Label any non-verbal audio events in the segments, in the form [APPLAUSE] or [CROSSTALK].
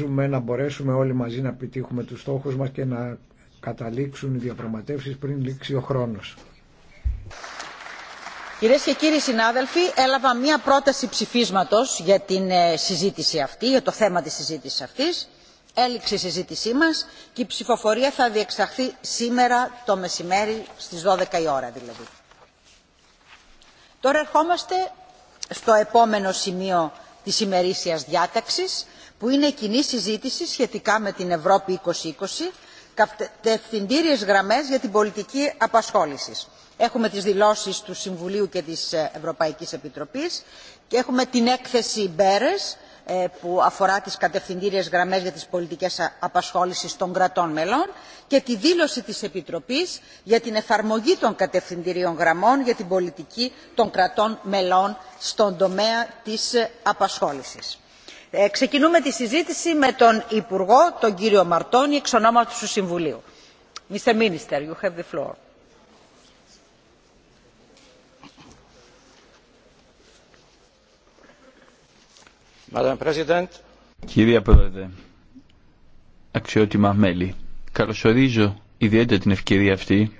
ελπίζουμε να μπορέσουμε όλοι μαζί να επιτύχουμε τους στόχους μας και να καταλήξουν οι διαπραγματεύσεις πριν λήξει ο χρόνος. Κυρίε και κύριοι συνάδελφοι, έλαβα μία πρόταση ψηφίσματος για την ε, συζήτηση αυτή, για το θέμα της συζήτησης αυτής. Έληξε η συζήτησή μας και η ψηφοφορία θα διεξαχθεί σήμερα το μεσημέρι στις 12 η ώρα δηλαδή. Τώρα ερχόμαστε στο επόμενο σημείο της ημερήσιας διάταξης που είναι κοινή συζήτηση σχετικά με την Ευρώπη 2020, κατευθυντήριες γραμμές για την πολιτική απασχόληση. Έχουμε τις δηλώσεις του Συμβουλίου και της ε, Ευρωπαϊκής Επιτροπής και έχουμε την έκθεση Μπέρες ε, που αφορά τις κατευθυντήριες γραμμές για τις πολιτικές απασχόλησης των κρατών μελών και τη δήλωση της Επιτροπής για την εφαρμογή των κατευθυντήριων γραμμών για την πολιτική των κρατών μελών στον τομέα της ε, απασχόλησης. Ε, ξεκινούμε τη συζήτηση με τον Υπουργό, τον κύριο Μαρτώνη, εξ ονόματος του Συμβουλίου. Mr. you have the Κυρία Πρόεδρε, αξιότιμα μέλη, καλωσορίζω ιδιαίτερα την ευκαιρία αυτή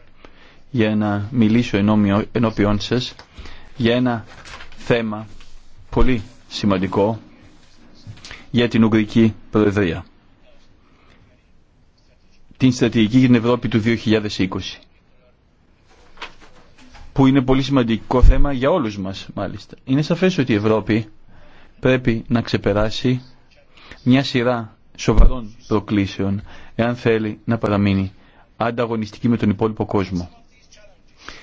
για να μιλήσω ενώπιον σας για ένα θέμα πολύ σημαντικό για την Ουγγρική Προεδρία. Την στρατηγική για την Ευρώπη του 2020 που είναι πολύ σημαντικό θέμα για όλους μας μάλιστα. Είναι σαφές ότι η Ευρώπη πρέπει να ξεπεράσει μια σειρά σοβαρών προκλήσεων εάν θέλει να παραμείνει ανταγωνιστική με τον υπόλοιπο κόσμο.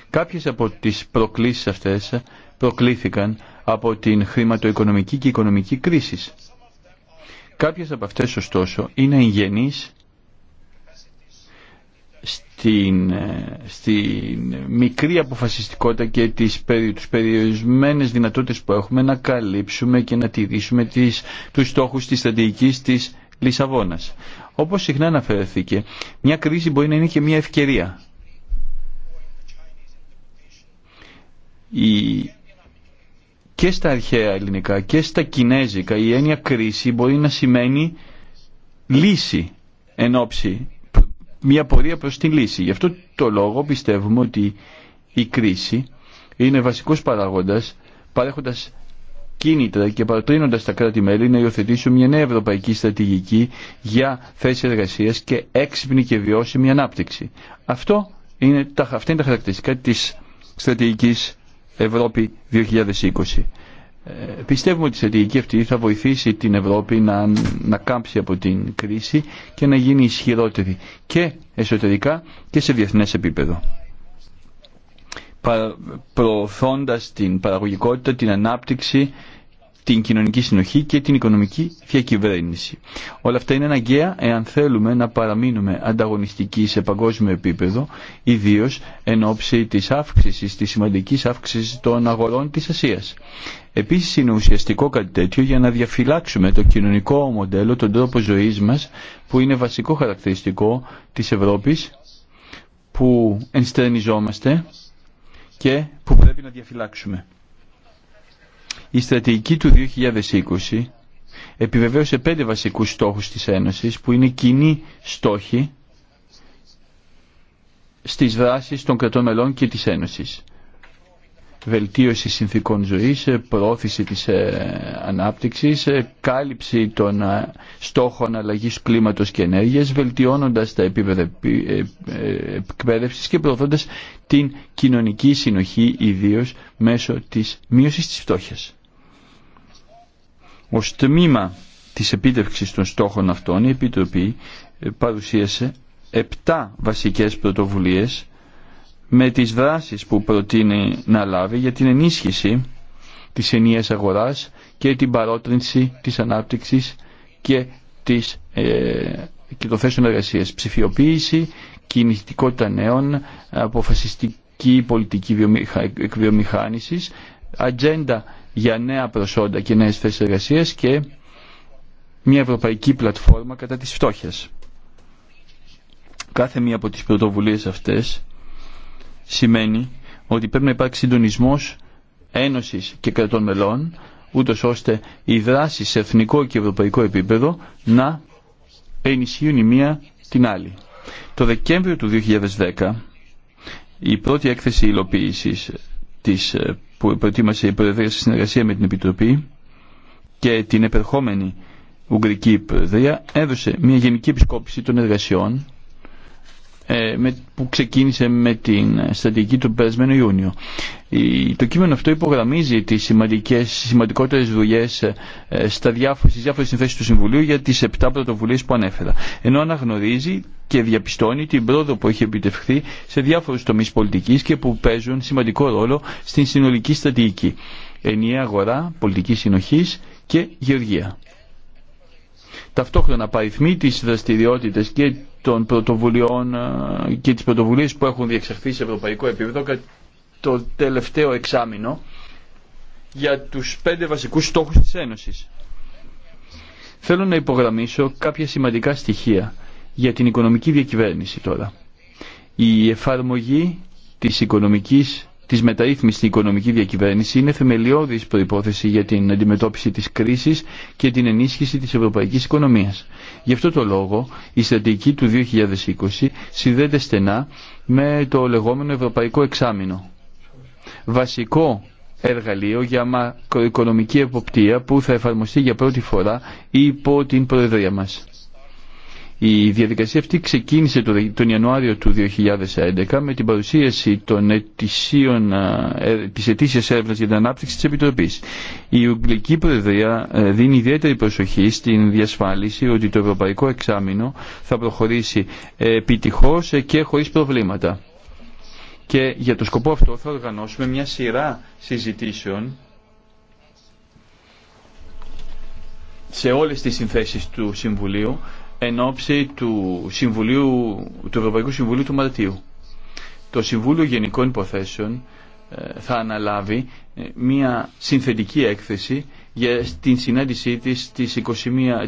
Κάποιες από τις προκλήσεις αυτές προκλήθηκαν από την χρηματοοικονομική και οικονομική κρίση. Κάποιες από αυτές ωστόσο είναι εγγενείς στην, ε, στην μικρή αποφασιστικότητα και τις, περι, τους περιορισμένες δυνατότητες που έχουμε να καλύψουμε και να τηρήσουμε τις, τους στόχους της στρατηγικής της Λισαβόνας. Όπως συχνά αναφερθήκε, μια κρίση μπορεί να είναι και μια ευκαιρία και στα αρχαία ελληνικά και στα κινέζικα η έννοια κρίση μπορεί να σημαίνει λύση εν ώψη, μια πορεία προς τη λύση. Γι' αυτό το λόγο πιστεύουμε ότι η κρίση είναι βασικός παράγοντας παρέχοντας κίνητρα και παρατρύνοντας τα κράτη-μέλη να υιοθετήσουν μια νέα ευρωπαϊκή στρατηγική για θέση εργασίας και έξυπνη και βιώσιμη ανάπτυξη. Αυτό είναι, αυτά είναι τα χαρακτηριστικά της στρατηγικής Ευρώπη 2020. Ε, πιστεύουμε ότι η στρατηγική αυτή θα βοηθήσει την Ευρώπη να, να κάμψει από την κρίση και να γίνει ισχυρότερη και εσωτερικά και σε διεθνές επίπεδο προωθώντας την παραγωγικότητα, την ανάπτυξη την κοινωνική συνοχή και την οικονομική διακυβέρνηση. Όλα αυτά είναι αναγκαία εάν θέλουμε να παραμείνουμε ανταγωνιστικοί σε παγκόσμιο επίπεδο, ιδίω εν ώψη τη αύξηση, τη σημαντική αύξηση των αγορών τη Ασία. Επίση είναι ουσιαστικό κάτι τέτοιο για να διαφυλάξουμε το κοινωνικό μοντέλο, τον τρόπο ζωή μα, που είναι βασικό χαρακτηριστικό τη Ευρώπη, που ενστερνιζόμαστε και που πρέπει να διαφυλάξουμε. Η στρατηγική του 2020 επιβεβαίωσε πέντε βασικούς στόχους της Ένωσης που είναι κοινή στόχοι στις δράσεις των κρατών μελών και της Ένωσης. Βελτίωση συνθήκων ζωής, προώθηση της ε, ανάπτυξης, ε, κάλυψη των ε, στόχων αλλαγής κλίματος και ενέργειας, βελτιώνοντας τα επίπεδα εκπαίδευση και προωθώντας την κοινωνική συνοχή ιδίως μέσω της μείωσης της φτώχειας. Ως τμήμα της επίτευξης των στόχων αυτών η Επιτροπή ε, παρουσίασε επτά βασικές πρωτοβουλίες με τις δράσεις που προτείνει να λάβει για την ενίσχυση της ενίας αγοράς και την παρότρινση της ανάπτυξης και, της, ε, και των θέσεων εργασίας. Ψηφιοποίηση, κινητικότητα νέων, αποφασιστική πολιτική εκβιομηχάνησης, ατζέντα για νέα προσόντα και νέες θέσεις εργασία και μια ευρωπαϊκή πλατφόρμα κατά της φτώχειας. Κάθε μία από τις πρωτοβουλίες αυτές σημαίνει ότι πρέπει να υπάρξει συντονισμός ένωσης και κρατών μελών, ούτω ώστε οι δράσει σε εθνικό και ευρωπαϊκό επίπεδο να ενισχύουν η μία την άλλη. Το Δεκέμβριο του 2010, η πρώτη έκθεση υλοποίησης της που προετοίμασε η Προεδρία σε συνεργασία με την Επιτροπή και την επερχόμενη Ουγγρική Προεδρία έδωσε μια γενική επισκόπηση των εργασιών ε, που ξεκίνησε με την στρατηγική του περασμένου Ιούνιο. Το κείμενο αυτό υπογραμμίζει τις σημαντικές, σημαντικότερες δουλειές ε, στα διάφορες, στις διάφορες συνθέσεις του Συμβουλίου για τις 7 πρωτοβουλίες που ανέφερα. Ενώ αναγνωρίζει και διαπιστώνει την πρόοδο που έχει επιτευχθεί σε διάφορους τομείς πολιτικής και που παίζουν σημαντικό ρόλο στην συνολική στρατηγική. Ενιαία αγορά, πολιτική συνοχής και γεωργία ταυτόχρονα παριθμεί τι δραστηριότητε και των πρωτοβουλειών ε, και τις πρωτοβουλίες που έχουν διεξαχθεί σε ευρωπαϊκό επίπεδο το τελευταίο εξάμεινο για του πέντε βασικούς στόχου της Ένωσης. Θέλω να υπογραμμίσω κάποια σημαντικά στοιχεία για την οικονομική διακυβέρνηση τώρα. Η εφαρμογή της οικονομικής της μεταρρύθμιση στην οικονομική διακυβέρνηση είναι θεμελιώδης προπόθεση για την αντιμετώπιση της κρίσης και την ενίσχυση της ευρωπαϊκής οικονομίας. Γι' αυτό το λόγο η στρατηγική του 2020 συνδέεται στενά με το λεγόμενο ευρωπαϊκό εξάμεινο. Βασικό εργαλείο για μακροοικονομική εποπτεία που θα εφαρμοστεί για πρώτη φορά υπό την Προεδρία μας. Η διαδικασία αυτή ξεκίνησε τον Ιανουάριο του 2011 με την παρουσίαση των ετησίων, ε, της έρευνας για την ανάπτυξη της Επιτροπής. Η Ουγγλική Προεδρία ε, δίνει ιδιαίτερη προσοχή στην διασφάλιση ότι το Ευρωπαϊκό Εξάμεινο θα προχωρήσει ε, επιτυχώς και χωρίς προβλήματα. Και για το σκοπό αυτό θα οργανώσουμε μια σειρά συζητήσεων σε όλες τις συνθέσεις του Συμβουλίου εν ώψη του, Συμβουλίου, του Ευρωπαϊκού Συμβουλίου του Μαρτίου. Το Συμβούλιο Γενικών Υποθέσεων ε, θα αναλάβει ε, μια συνθετική έκθεση για την συνάντησή της, 21,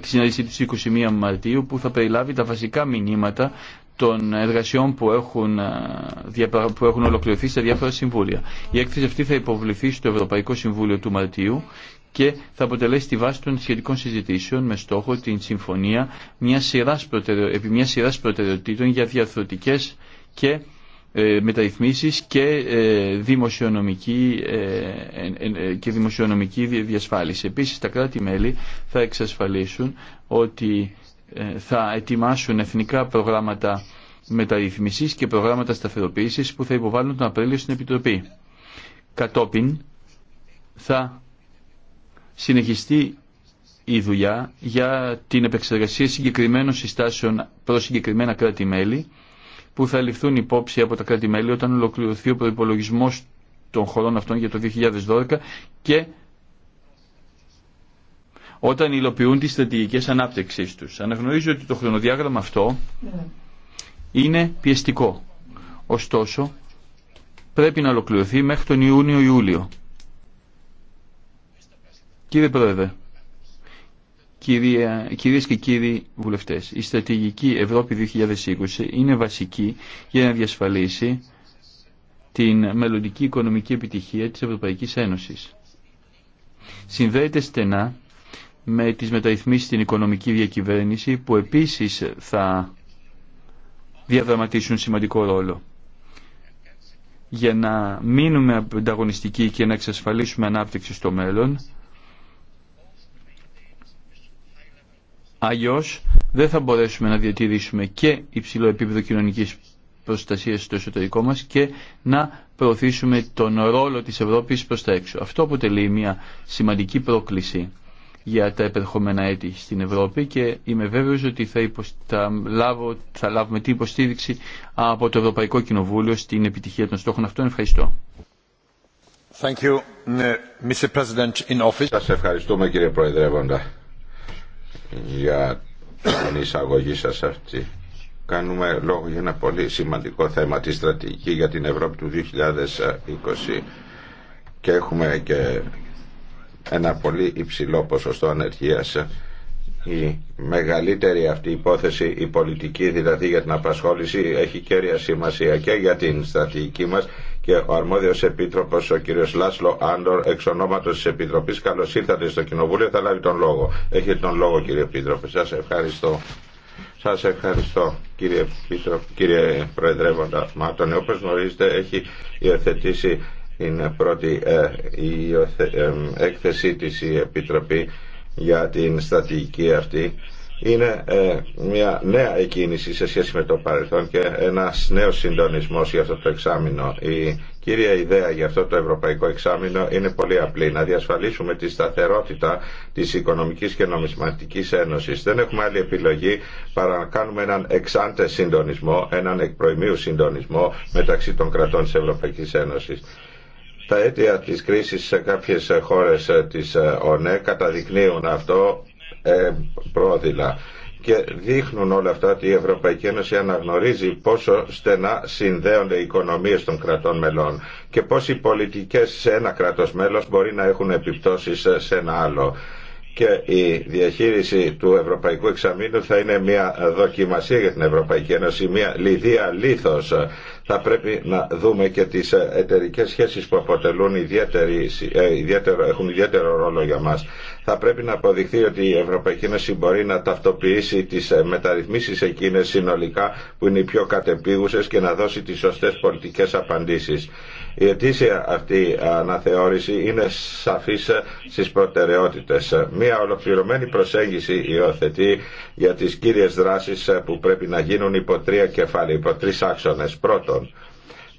τη συνάντησή της 21 Μαρτίου που θα περιλάβει τα βασικά μηνύματα των εργασιών που έχουν, ε, που έχουν ολοκληρωθεί σε διάφορα συμβούλια. Η έκθεση αυτή θα υποβληθεί στο Ευρωπαϊκό Συμβούλιο του Μαρτίου και θα αποτελέσει τη βάση των σχετικών συζητήσεων με στόχο την συμφωνία μια σειράς επί μια σειράς προτεραιοτήτων για διαρθρωτικές και ε, ε, ε, ε, και, δημοσιονομική, και δημοσιονομική διασφάλιση. Επίσης τα κράτη-μέλη θα εξασφαλίσουν ότι θα ετοιμάσουν εθνικά προγράμματα μεταρρυθμίσεις και προγράμματα σταθεροποίησης που θα υποβάλουν τον Απρίλιο στην Επιτροπή. Κατόπιν θα συνεχιστεί η δουλειά για την επεξεργασία συγκεκριμένων συστάσεων προς συγκεκριμένα κράτη-μέλη που θα ληφθούν υπόψη από τα κράτη-μέλη όταν ολοκληρωθεί ο προπολογισμό των χωρών αυτών για το 2012 και όταν υλοποιούν τις στρατηγικές ανάπτυξης τους. Αναγνωρίζω ότι το χρονοδιάγραμμα αυτό είναι πιεστικό. Ωστόσο, πρέπει να ολοκληρωθεί μέχρι τον Ιούνιο-Ιούλιο. Κύριε Πρόεδρε, κυρία, κυρίες και κύριοι βουλευτές, η στρατηγική Ευρώπη 2020 είναι βασική για να διασφαλίσει την μελλοντική οικονομική επιτυχία της Ευρωπαϊκής Ένωσης. Συνδέεται στενά με τις μεταρρυθμίσεις στην οικονομική διακυβέρνηση που επίσης θα διαδραματίσουν σημαντικό ρόλο. Για να μείνουμε ανταγωνιστικοί και να εξασφαλίσουμε ανάπτυξη στο μέλλον, Αλλιώ δεν θα μπορέσουμε να διατηρήσουμε και υψηλό επίπεδο κοινωνική προστασία στο εσωτερικό μα και να προωθήσουμε τον ρόλο τη Ευρώπη προ τα έξω. Αυτό αποτελεί μια σημαντική πρόκληση για τα επερχόμενα έτη στην Ευρώπη και είμαι βέβαιο ότι θα, λάβω... θα λάβουμε την υποστήριξη από το Ευρωπαϊκό Κοινοβούλιο στην επιτυχία των στόχων αυτών. Ευχαριστώ. Thank you, ευχαριστούμε κύριε Προεδρεύοντα για την εισαγωγή σας αυτή. Κάνουμε λόγο για ένα πολύ σημαντικό θέμα, τη στρατηγική για την Ευρώπη του 2020 και έχουμε και ένα πολύ υψηλό ποσοστό ανεργίας. Η μεγαλύτερη αυτή υπόθεση, η πολιτική δηλαδή για την απασχόληση, έχει κέρια σημασία και για την στρατηγική μας και ο αρμόδιος επίτροπος ο κύριος Λάσλο Άντορ εξ ονόματο τη Επιτροπής. Καλώς ήρθατε στο Κοινοβούλιο, θα λάβει τον λόγο. Έχετε τον λόγο κύριε Επίτροπε, σα ευχαριστώ. Σα ευχαριστώ κύριε, Επίτροπε, κύριε Προεδρεύοντα Μάτων. Όπω γνωρίζετε έχει υιοθετήσει την πρώτη ε, η, ε, ε, έκθεσή τη η Επιτροπή για την στρατηγική αυτή είναι ε, μια νέα εκκίνηση σε σχέση με το παρελθόν και ένας νέος συντονισμός για αυτό το εξάμεινο. Η κύρια ιδέα για αυτό το ευρωπαϊκό εξάμεινο είναι πολύ απλή. Να διασφαλίσουμε τη σταθερότητα της Οικονομικής και Νομισματικής Ένωσης. Δεν έχουμε άλλη επιλογή παρά να κάνουμε έναν εξάντε συντονισμό, έναν εκπροημίου συντονισμό μεταξύ των κρατών της Ευρωπαϊκής Ένωσης. Τα αίτια της κρίσης σε κάποιες χώρες της ε, ΟΝΕ καταδεικνύουν αυτό ε, πρόδειλα. Και δείχνουν όλα αυτά ότι η Ευρωπαϊκή Ένωση αναγνωρίζει πόσο στενά συνδέονται οι οικονομίες των κρατών μελών και πώς οι πολιτικές σε ένα κράτος μέλος μπορεί να έχουν επιπτώσεις σε ένα άλλο και η διαχείριση του Ευρωπαϊκού Εξαμήνου θα είναι μια δοκιμασία για την Ευρωπαϊκή Ένωση, μια λιδία λίθος. Θα πρέπει να δούμε και τις εταιρικέ σχέσεις που αποτελούν ε, ιδιαίτερο, έχουν ιδιαίτερο ρόλο για μας θα πρέπει να αποδειχθεί ότι η Ευρωπαϊκή Ένωση μπορεί να ταυτοποιήσει τις ε, μεταρρυθμίσεις εκείνες συνολικά που είναι οι πιο κατεπίγουσες και να δώσει τις σωστές πολιτικές απαντήσεις. Η αιτήσια αυτή αναθεώρηση είναι σαφής ε, στις προτεραιότητες. Μία ολοκληρωμένη προσέγγιση υιοθετεί για τις κύριες δράσεις ε, που πρέπει να γίνουν υπό τρία κεφάλαια, υπό τρεις άξονες. Πρώτον,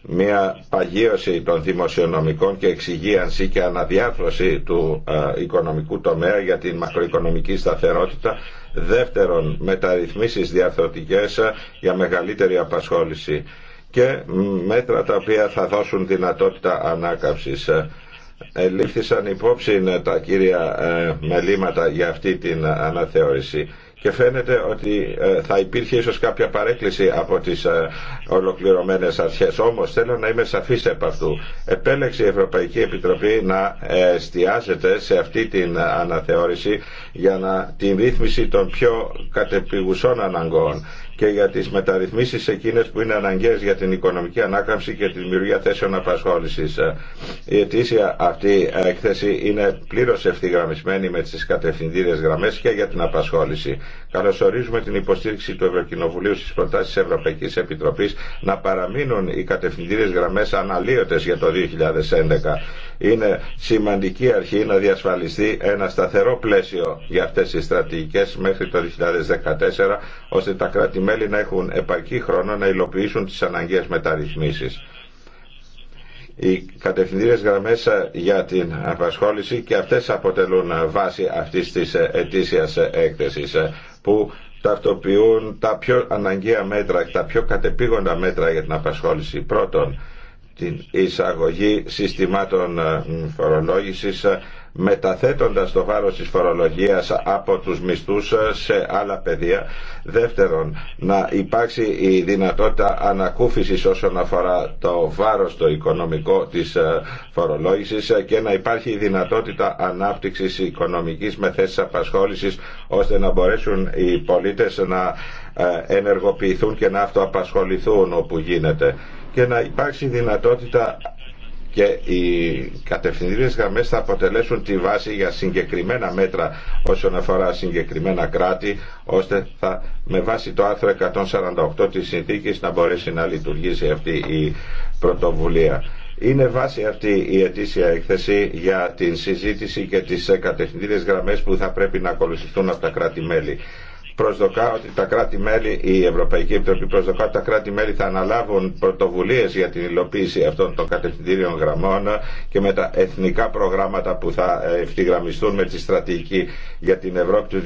μια παγίωση των δημοσιονομικών και εξυγίανση και αναδιάρθρωση του ε, οικονομικού τομέα για την μακροοικονομική σταθερότητα δεύτερον μεταρρυθμίσεις διαρθρωτικές ε, για μεγαλύτερη απασχόληση και μέτρα τα οποία θα δώσουν δυνατότητα ανάκαψης ε, Ελήφθησαν υπόψη τα κύρια μελήματα για αυτή την αναθεώρηση και φαίνεται ότι ε, θα υπήρχε ίσως κάποια παρέκκληση από τις ε, ολοκληρωμένες αρχές. Όμως θέλω να είμαι σαφής επ' αυτού. Επέλεξε η Ευρωπαϊκή Επιτροπή να εστιάζεται σε αυτή την αναθεώρηση για να, την ρύθμιση των πιο κατεπηγουσών αναγκών και για τις μεταρρυθμίσεις εκείνες που είναι αναγκαίες για την οικονομική ανάκαμψη και τη δημιουργία θέσεων απασχόλησης. Η ετήσια αυτή έκθεση είναι πλήρως ευθυγραμμισμένη με τις κατευθυντήριες γραμμές και για την απασχόληση. Καλωσορίζουμε την υποστήριξη του Ευρωκοινοβουλίου στις προτάσεις της Ευρωπαϊκής Επιτροπής να παραμείνουν οι κατευθυντήριες γραμμές αναλύωτες για το 2011. Είναι σημαντική αρχή να διασφαλιστεί ένα σταθερό πλαίσιο για αυτές τις στρατηγικές μέχρι το 2014 ώστε τα κρατη να έχουν επαρκή χρόνο να υλοποιήσουν τις αναγκαίες μεταρρυθμίσεις. Οι κατευθυντήριες γραμμές για την απασχόληση και αυτές αποτελούν βάση αυτής της ετήσιας έκθεσης που ταυτοποιούν τα πιο αναγκαία μέτρα και τα πιο κατεπήγοντα μέτρα για την απασχόληση. Πρώτον, την εισαγωγή συστημάτων φορολόγησης μεταθέτοντας το βάρος της φορολογίας από τους μισθούς σε άλλα πεδία. Δεύτερον, να υπάρξει η δυνατότητα ανακούφισης όσον αφορά το βάρος το οικονομικό της ε, φορολόγησης και να υπάρχει η δυνατότητα ανάπτυξης οικονομικής με θέσεις απασχόλησης ώστε να μπορέσουν οι πολίτες να ε, ενεργοποιηθούν και να αυτοαπασχοληθούν όπου γίνεται και να υπάρξει δυνατότητα και οι κατευθυντήριες γραμμές θα αποτελέσουν τη βάση για συγκεκριμένα μέτρα όσον αφορά συγκεκριμένα κράτη ώστε θα με βάση το άρθρο 148 της συνθήκης να μπορέσει να λειτουργήσει αυτή η πρωτοβουλία. Είναι βάση αυτή η ετήσια έκθεση για την συζήτηση και τις κατευθυντήριες γραμμές που θα πρέπει να ακολουθηθούν από τα κράτη-μέλη προσδοκά ότι τα κράτη-μέλη, η Ευρωπαϊκή Επιτροπή προσδοκά ότι τα κράτη-μέλη θα αναλάβουν πρωτοβουλίε για την υλοποίηση αυτών των κατευθυντήριων γραμμών και με τα εθνικά προγράμματα που θα ευθυγραμμιστούν με τη στρατηγική για την Ευρώπη του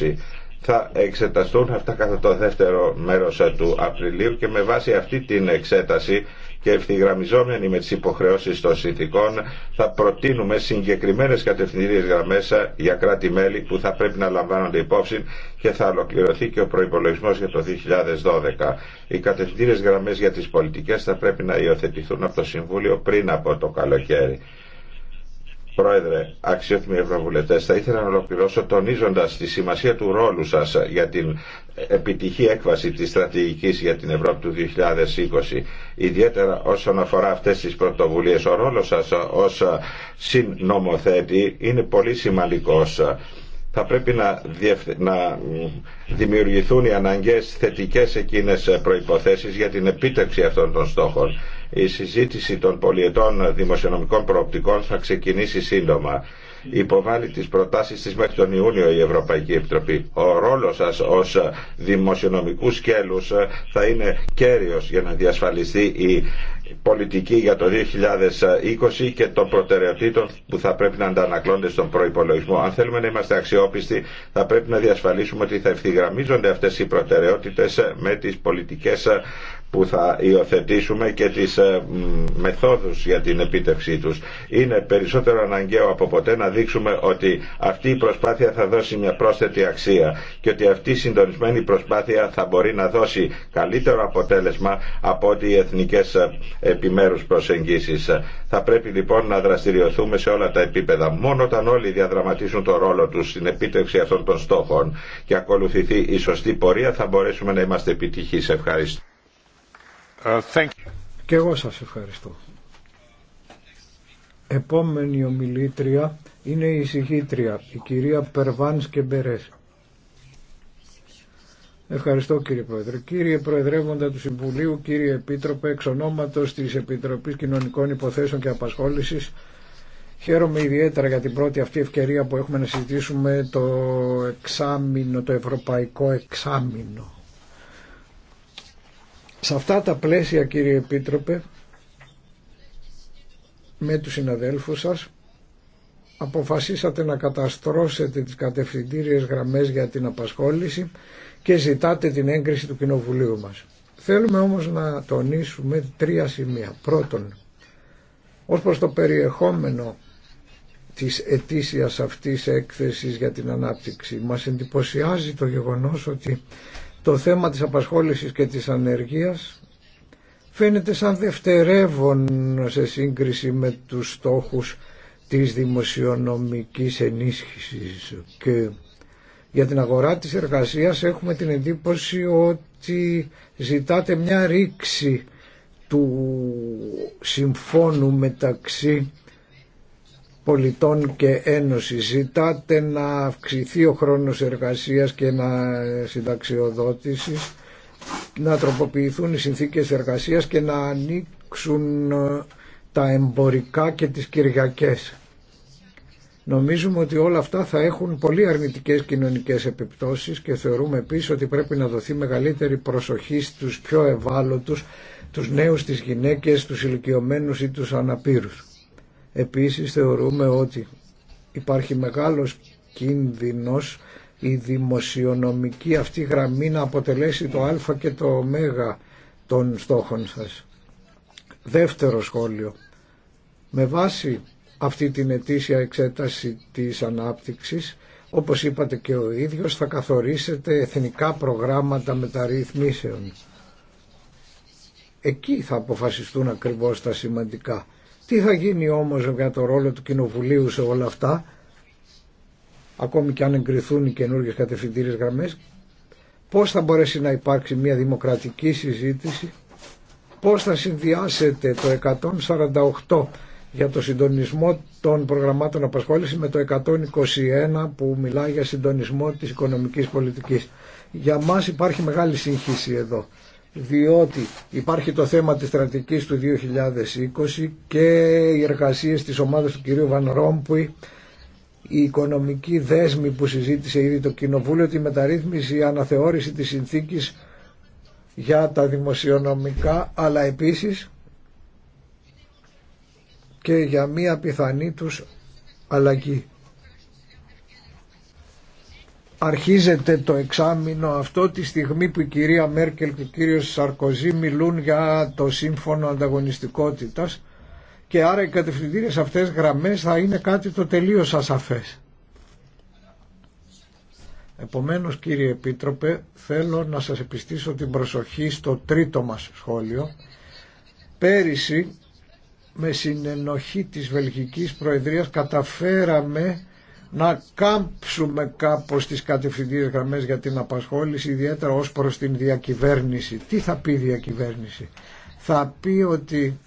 2020 θα εξεταστούν αυτά κατά το δεύτερο μέρος του Απριλίου και με βάση αυτή την εξέταση και ευθυγραμμιζόμενοι με τι υποχρεώσει των συνθηκών θα προτείνουμε συγκεκριμένες κατευθυντήριε γραμμέ για κράτη-μέλη που θα πρέπει να λαμβάνονται υπόψη και θα ολοκληρωθεί και ο προπολογισμό για το 2012. Οι κατευθυντήριε γραμμές για τις πολιτικές θα πρέπει να υιοθετηθούν από το Συμβούλιο πριν από το καλοκαίρι. Πρόεδρε, αξιότιμοι Ευρωβουλευτέ, θα ήθελα να ολοκληρώσω τονίζοντα τη σημασία του ρόλου σα για την επιτυχή έκβαση της στρατηγικής για την Ευρώπη του 2020 ιδιαίτερα όσον αφορά αυτές τις πρωτοβουλίες ο ρόλο σας ως συνομοθέτη είναι πολύ σημαντικό. θα πρέπει να, να δημιουργηθούν οι αναγκαίες θετικές εκείνες προϋποθέσεις για την επίτευξη αυτών των στόχων η συζήτηση των πολιετών δημοσιονομικών προοπτικών θα ξεκινήσει σύντομα. Υποβάλλει τις προτάσεις της μέχρι τον Ιούνιο η Ευρωπαϊκή Επιτροπή. Ο ρόλος σας ως δημοσιονομικού σκέλους θα είναι κέριος για να διασφαλιστεί η πολιτική για το 2020 και των προτεραιοτήτων που θα πρέπει να αντανακλώνται στον προϋπολογισμό. Αν θέλουμε να είμαστε αξιόπιστοι θα πρέπει να διασφαλίσουμε ότι θα ευθυγραμμίζονται αυτές οι προτεραιότητες με τις πολιτικές που θα υιοθετήσουμε και τις ε, μεθόδους για την επίτευξή τους. Είναι περισσότερο αναγκαίο από ποτέ να δείξουμε ότι αυτή η προσπάθεια θα δώσει μια πρόσθετη αξία και ότι αυτή η συντονισμένη προσπάθεια θα μπορεί να δώσει καλύτερο αποτέλεσμα από ότι οι εθνικές ε, επιμέρους προσεγγίσεις. Θα πρέπει λοιπόν να δραστηριοθούμε σε όλα τα επίπεδα. Μόνο όταν όλοι διαδραματίσουν το ρόλο τους στην επίτευξη αυτών των στόχων και ακολουθηθεί η σωστή πορεία θα μπορέσουμε να είμαστε επιτυχείς. Ευχαριστώ. Uh, και εγώ σας ευχαριστώ. Επόμενη ομιλήτρια είναι η συγγήτρια, η κυρία Περβάνς και Μπερές. Ευχαριστώ κύριε Πρόεδρε. Κύριε Προεδρεύοντα του Συμβουλίου, κύριε Επίτροπε, εξ ονόματος της Επιτροπής Κοινωνικών Υποθέσεων και Απασχόλησης, Χαίρομαι ιδιαίτερα για την πρώτη αυτή ευκαιρία που έχουμε να συζητήσουμε το εξάμεινο, το ευρωπαϊκό εξάμεινο. Σε αυτά τα πλαίσια κύριε Επίτροπε με τους συναδέλφους σας αποφασίσατε να καταστρώσετε τις κατευθυντήριες γραμμές για την απασχόληση και ζητάτε την έγκριση του Κοινοβουλίου μας. Θέλουμε όμως να τονίσουμε τρία σημεία. Πρώτον, ως προς το περιεχόμενο της αιτήσιας αυτής έκθεσης για την ανάπτυξη. Μας εντυπωσιάζει το γεγονός ότι το θέμα της απασχόλησης και της ανεργίας φαίνεται σαν δευτερεύον σε σύγκριση με τους στόχους της δημοσιονομικής ενίσχυσης και για την αγορά της εργασίας έχουμε την εντύπωση ότι ζητάτε μια ρήξη του συμφώνου μεταξύ πολιτών και ένωση. Ζητάτε να αυξηθεί ο χρόνος εργασίας και να συνταξιοδότηση, να τροποποιηθούν οι συνθήκες εργασίας και να ανοίξουν ε, τα εμπορικά και τις Κυριακές. Νομίζουμε ότι όλα αυτά θα έχουν πολύ αρνητικές κοινωνικές επιπτώσεις και θεωρούμε επίσης ότι πρέπει να δοθεί μεγαλύτερη προσοχή στους πιο ευάλωτους, τους νέους, τις γυναίκες, τους ηλικιωμένους ή τους αναπήρους. Επίσης θεωρούμε ότι υπάρχει μεγάλος κίνδυνος η δημοσιονομική αυτή γραμμή να αποτελέσει το α και το ω των στόχων σας. Δεύτερο σχόλιο. Με βάση αυτή την ετήσια εξέταση της ανάπτυξης, όπως είπατε και ο ίδιος, θα καθορίσετε εθνικά προγράμματα μεταρρυθμίσεων. Εκεί θα αποφασιστούν ακριβώς τα σημαντικά. Τι θα γίνει όμως για το ρόλο του Κοινοβουλίου σε όλα αυτά, ακόμη και αν εγκριθούν οι καινούργιες κατευθυντήριες γραμμές, πώς θα μπορέσει να υπάρξει μια δημοκρατική συζήτηση, πώς θα συνδυάσετε το 148 για το συντονισμό των προγραμμάτων απασχόληση με το 121 που μιλάει για συντονισμό της οικονομικής πολιτικής. Για μας υπάρχει μεγάλη σύγχυση εδώ διότι υπάρχει το θέμα της στρατηγικής του 2020 και οι εργασίες της ομάδας του κυρίου Βαν Ρόμπουη, η οικονομική δέσμη που συζήτησε ήδη το Κοινοβούλιο, τη μεταρρύθμιση, η αναθεώρηση της συνθήκης για τα δημοσιονομικά, αλλά επίσης και για μία πιθανή τους αλλαγή αρχίζεται το εξάμεινο αυτό τη στιγμή που η κυρία Μέρκελ και ο κύριος Σαρκοζή μιλούν για το σύμφωνο ανταγωνιστικότητας και άρα οι κατευθυντήρες αυτές γραμμές θα είναι κάτι το τελείως ασαφές. Επομένως κύριε Επίτροπε θέλω να σας επιστήσω την προσοχή στο τρίτο μας σχόλιο. Πέρυσι με συνενοχή της Βελγικής Προεδρίας καταφέραμε να κάμψουμε κάπως τις κατευθυντήρες γραμμές για την απασχόληση, ιδιαίτερα ως προς την διακυβέρνηση. Τι θα πει η διακυβέρνηση. Θα πει ότι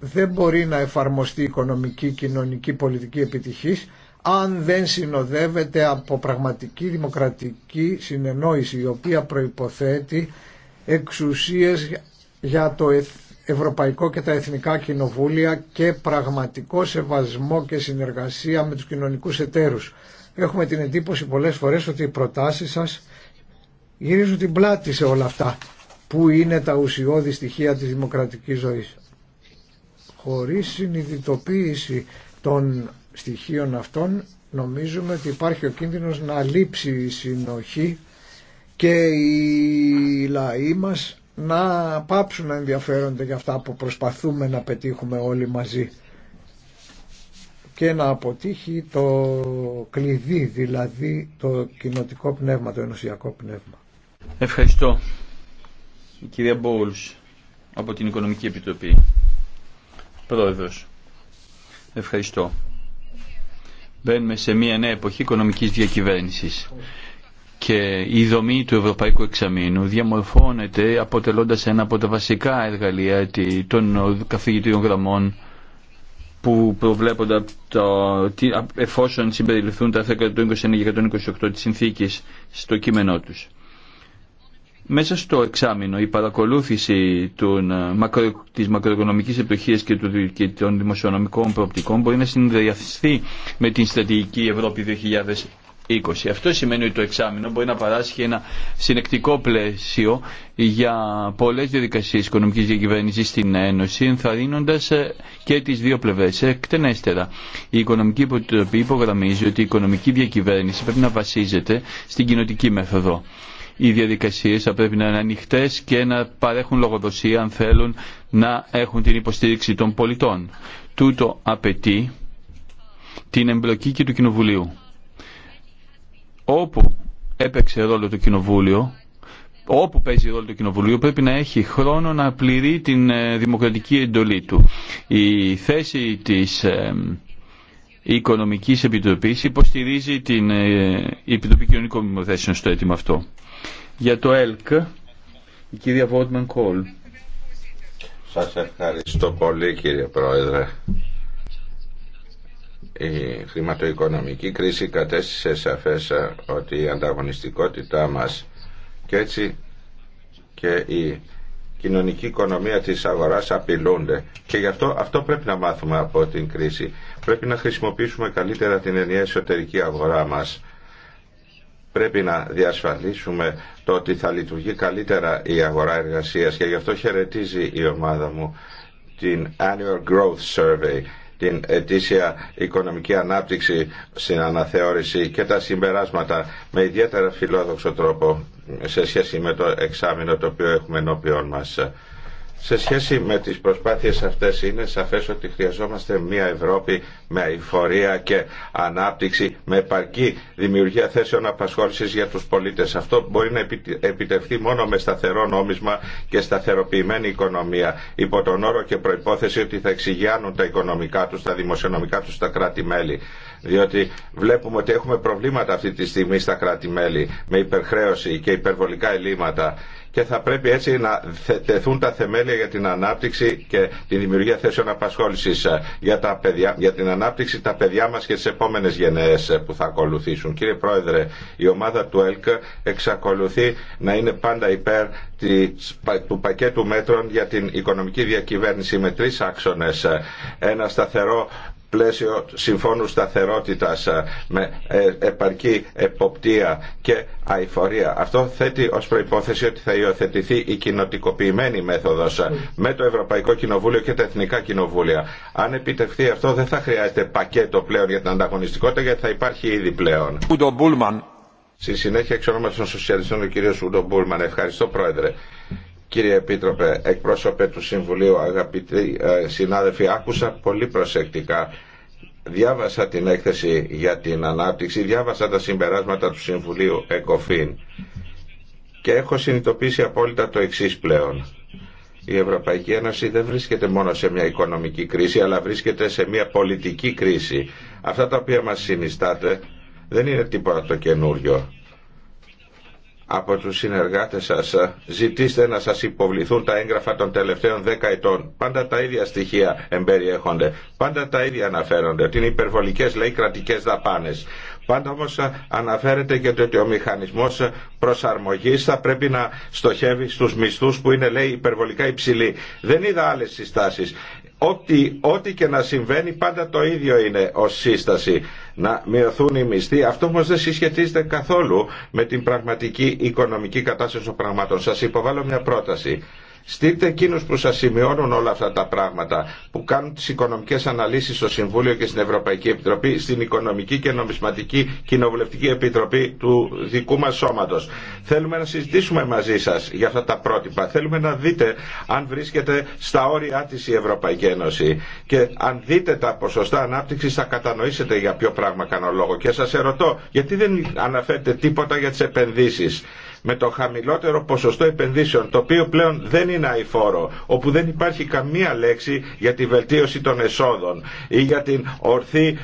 δεν μπορεί να εφαρμοστεί οικονομική, κοινωνική, πολιτική επιτυχής αν δεν συνοδεύεται από πραγματική δημοκρατική συνεννόηση η οποία προϋποθέτει εξουσίες για το Ευρωπαϊκό και τα Εθνικά Κοινοβούλια και πραγματικό σεβασμό και συνεργασία με τους κοινωνικούς εταίρους. Έχουμε την εντύπωση πολλές φορές ότι οι προτάσεις σας γυρίζουν την πλάτη σε όλα αυτά που είναι τα ουσιώδη στοιχεία της δημοκρατικής ζωής. Χωρίς συνειδητοποίηση των στοιχείων αυτών νομίζουμε ότι υπάρχει ο κίνδυνος να λείψει η συνοχή και οι λαοί μας να πάψουν να ενδιαφέρονται για αυτά που προσπαθούμε να πετύχουμε όλοι μαζί και να αποτύχει το κλειδί, δηλαδή το κοινοτικό πνεύμα, το ενωσιακό πνεύμα. Ευχαριστώ. Η κυρία Μπόουλς από την Οικονομική Επιτροπή. Πρόεδρος. Ευχαριστώ. Μπαίνουμε σε μια νέα εποχή οικονομικής διακυβέρνησης και η δομή του Ευρωπαϊκού Εξαμήνου διαμορφώνεται αποτελώντας ένα από τα βασικά εργαλεία των καθηγητήριων γραμμών που προβλέπονται το, εφόσον συμπεριληφθούν τα 129 και 128 της συνθήκης στο κείμενό τους. Μέσα στο εξάμεινο η παρακολούθηση των, ε, μακρο, της μακροοικονομικής επιτυχίας και, των δημοσιονομικών προοπτικών μπορεί να συνδυαστεί με την στρατηγική Ευρώπη 20. Αυτό σημαίνει ότι το εξάμεινο μπορεί να παράσχει ένα συνεκτικό πλαίσιο για πολλές διαδικασίες οικονομικής διακυβέρνησης στην Ένωση, ενθαρρύνοντας ε, και τις δύο πλευρές. Ε, εκτενέστερα, η Οικονομική Υποτροπή υπογραμμίζει ότι η οικονομική διακυβέρνηση πρέπει να βασίζεται στην κοινωτική μέθοδο. Οι διαδικασίε θα πρέπει να είναι ανοιχτέ και να παρέχουν λογοδοσία αν θέλουν να έχουν την υποστήριξη των πολιτών. Τούτο απαιτεί την εμπλοκή και του Κοινοβουλίου όπου έπαιξε ρόλο το κοινοβούλιο, όπου παίζει ρόλο το κοινοβούλιο, πρέπει να έχει χρόνο να πληρεί την ε, δημοκρατική εντολή του. Η θέση της η ε, Οικονομικής Επιτροπής υποστηρίζει την ε, Επιτροπή Κοινωνικών Μημοθέσεων στο αίτημα αυτό. Για το ΕΛΚ, η κυρία Βότμαν Κόλ. Σας ευχαριστώ πολύ κύριε Πρόεδρε η χρηματοοικονομική κρίση κατέστησε σαφές ε, ότι η ανταγωνιστικότητά μας και έτσι και η κοινωνική οικονομία της αγοράς απειλούνται και γι' αυτό αυτό πρέπει να μάθουμε από την κρίση. Πρέπει να χρησιμοποιήσουμε καλύτερα την ενιαία εσωτερική αγορά μας. Πρέπει να διασφαλίσουμε το ότι θα λειτουργεί καλύτερα η αγορά εργασίας και γι' αυτό χαιρετίζει η ομάδα μου την Annual Growth Survey την ετήσια οικονομική ανάπτυξη στην αναθεώρηση και τα συμπεράσματα με ιδιαίτερα φιλόδοξο τρόπο σε σχέση με το εξάμεινο το οποίο έχουμε ενώπιόν μας. Σε σχέση με τις προσπάθειες αυτές είναι σαφές ότι χρειαζόμαστε μια Ευρώπη με αηφορία και ανάπτυξη, με επαρκή δημιουργία θέσεων απασχόλησης για τους πολίτες. Αυτό μπορεί να επιτευχθεί μόνο με σταθερό νόμισμα και σταθεροποιημένη οικονομία, υπό τον όρο και προϋπόθεση ότι θα εξηγιάνουν τα οικονομικά τους, τα δημοσιονομικά τους, στα κράτη-μέλη διότι βλέπουμε ότι έχουμε προβλήματα αυτή τη στιγμή στα κράτη-μέλη με υπερχρέωση και υπερβολικά ελλείμματα και θα πρέπει έτσι να τεθούν τα θεμέλια για την ανάπτυξη και τη δημιουργία θέσεων απασχόλησης ε, για, για την ανάπτυξη τα παιδιά μας και τις επόμενες γενναίες ε, που θα ακολουθήσουν. Κύριε Πρόεδρε, η ομάδα του ΕΛΚ εξακολουθεί να είναι πάντα υπέρ του πακέτου μέτρων για την οικονομική διακυβέρνηση με τρει άξονες. Ε, ένα σταθερό πλαίσιο συμφώνου σταθερότητας ε, με ε, επαρκή εποπτεία και αηφορία. Αυτό θέτει ως προϋπόθεση ότι θα υιοθετηθεί η κοινοτικοποιημένη μέθοδος ε, με το Ευρωπαϊκό Κοινοβούλιο και τα Εθνικά Κοινοβούλια. Αν επιτευχθεί αυτό δεν θα χρειάζεται πακέτο πλέον για την ανταγωνιστικότητα γιατί θα υπάρχει ήδη πλέον. Στη συνέχεια εξ ονόματος των Σοσιαλιστών ο κ. Ούντο Μπούλμαν. Ευχαριστώ Πρόεδρε. Κύριε Επίτροπε, εκπρόσωπε του Συμβουλίου, αγαπητοί ε, συνάδελφοι, άκουσα πολύ προσεκτικά διάβασα την έκθεση για την ανάπτυξη, διάβασα τα συμπεράσματα του Συμβουλίου ΕΚΟΦΗΝ και έχω συνειδητοποιήσει απόλυτα το εξή πλέον. Η Ευρωπαϊκή Ένωση δεν βρίσκεται μόνο σε μια οικονομική κρίση, αλλά βρίσκεται σε μια πολιτική κρίση. Αυτά τα οποία μας συνιστάτε δεν είναι τίποτα το καινούριο από τους συνεργάτες σας ε, ζητήστε να σας υποβληθούν τα έγγραφα των τελευταίων δέκα ετών. Πάντα τα ίδια στοιχεία εμπεριέχονται. Πάντα τα ίδια αναφέρονται. Ότι είναι υπερβολικές λέει κρατικές δαπάνες. Πάντα όμω ε, αναφέρεται και ότι ο μηχανισμό ε, προσαρμογή θα πρέπει να στοχεύει στου μισθού που είναι, λέει, υπερβολικά υψηλοί. Δεν είδα άλλε συστάσει. Ό,τι, ό,τι και να συμβαίνει πάντα το ίδιο είναι ως σύσταση να μειωθούν οι μισθοί. Αυτό όμως δεν συσχετίζεται καθόλου με την πραγματική οικονομική κατάσταση των πραγμάτων. Σας υποβάλλω μια πρόταση. Στείλτε εκείνου που σα σημειώνουν όλα αυτά τα πράγματα, που κάνουν τι οικονομικέ αναλύσει στο Συμβούλιο και στην Ευρωπαϊκή Επιτροπή, στην Οικονομική και Νομισματική Κοινοβουλευτική Επιτροπή του δικού μα σώματο. Θέλουμε να συζητήσουμε μαζί σα για αυτά τα πρότυπα. Θέλουμε να δείτε αν βρίσκεται στα όρια τη η Ευρωπαϊκή Ένωση. Και αν δείτε τα ποσοστά ανάπτυξη, θα κατανοήσετε για ποιο πράγμα κάνω λόγο. Και σα ερωτώ, γιατί δεν αναφέρετε τίποτα για τι επενδύσει με το χαμηλότερο ποσοστό επενδύσεων, το οποίο πλέον δεν είναι αηφόρο, όπου δεν υπάρχει καμία λέξη για τη βελτίωση των εσόδων ή για την ορθή ε,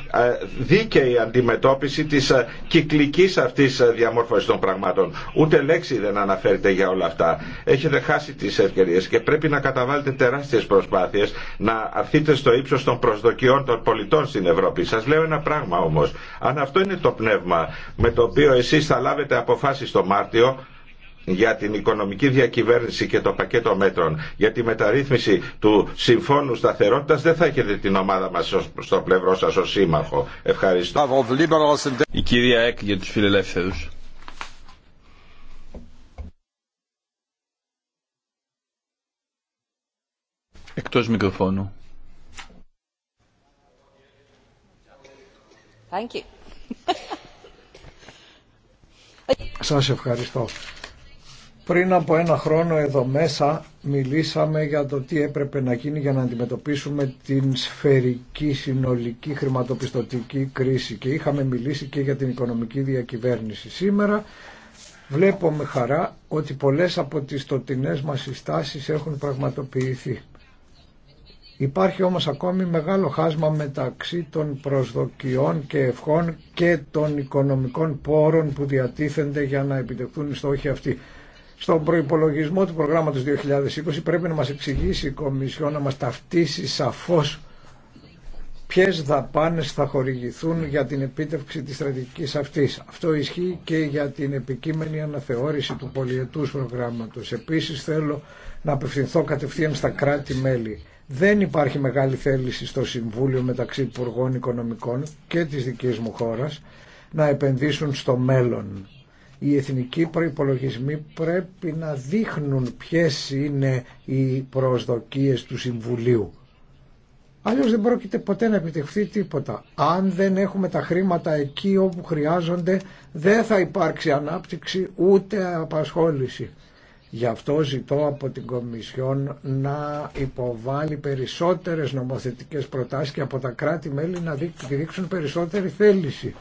δίκαιη αντιμετώπιση της ε, κυκλικής αυτής ε, διαμόρφωσης των πραγμάτων. Ούτε λέξη δεν αναφέρεται για όλα αυτά. Έχετε χάσει τις ευκαιρίες και πρέπει να καταβάλλετε τεράστιες προσπάθειες να αρθείτε στο ύψος των προσδοκιών των πολιτών στην Ευρώπη. Σας λέω ένα πράγμα όμως. Αν αυτό είναι το πνεύμα με το οποίο εσείς θα λάβετε αποφάσεις το Μάρτιο, για την οικονομική διακυβέρνηση και το πακέτο μέτρων για τη μεταρρύθμιση του Συμφώνου Σταθερότητα δεν θα έχετε την ομάδα μα στο πλευρό σα ω σύμμαχο. Ευχαριστώ. Η κυρία Εκ για του φιλελεύθερου. Εκτός μικροφώνου. Σας ευχαριστώ. Πριν από ένα χρόνο εδώ μέσα μιλήσαμε για το τι έπρεπε να γίνει για να αντιμετωπίσουμε την σφαιρική συνολική χρηματοπιστωτική κρίση και είχαμε μιλήσει και για την οικονομική διακυβέρνηση. Σήμερα βλέπω με χαρά ότι πολλές από τις τοτινές μας συστάσεις έχουν πραγματοποιηθεί. Υπάρχει όμως ακόμη μεγάλο χάσμα μεταξύ των προσδοκιών και ευχών και των οικονομικών πόρων που διατίθενται για να επιτευχθούν οι στόχοι αυτοί στον προϋπολογισμό του προγράμματος 2020 πρέπει να μας εξηγήσει η Κομισιό, να μας ταυτίσει σαφώς ποιες δαπάνες θα χορηγηθούν για την επίτευξη της στρατηγικής αυτής. Αυτό ισχύει και για την επικείμενη αναθεώρηση του πολιετούς προγράμματος. Επίσης θέλω να απευθυνθώ κατευθείαν στα κράτη-μέλη. Δεν υπάρχει μεγάλη θέληση στο Συμβούλιο μεταξύ Υπουργών Οικονομικών και της δικής μου χώρας να επενδύσουν στο μέλλον οι εθνικοί προϋπολογισμοί πρέπει να δείχνουν ποιες είναι οι προσδοκίες του Συμβουλίου. Αλλιώς δεν πρόκειται ποτέ να επιτευχθεί τίποτα. Αν δεν έχουμε τα χρήματα εκεί όπου χρειάζονται δεν θα υπάρξει ανάπτυξη ούτε απασχόληση. Γι' αυτό ζητώ από την Κομισιόν να υποβάλει περισσότερες νομοθετικές προτάσεις και από τα κράτη-μέλη να δείξουν περισσότερη θέληση.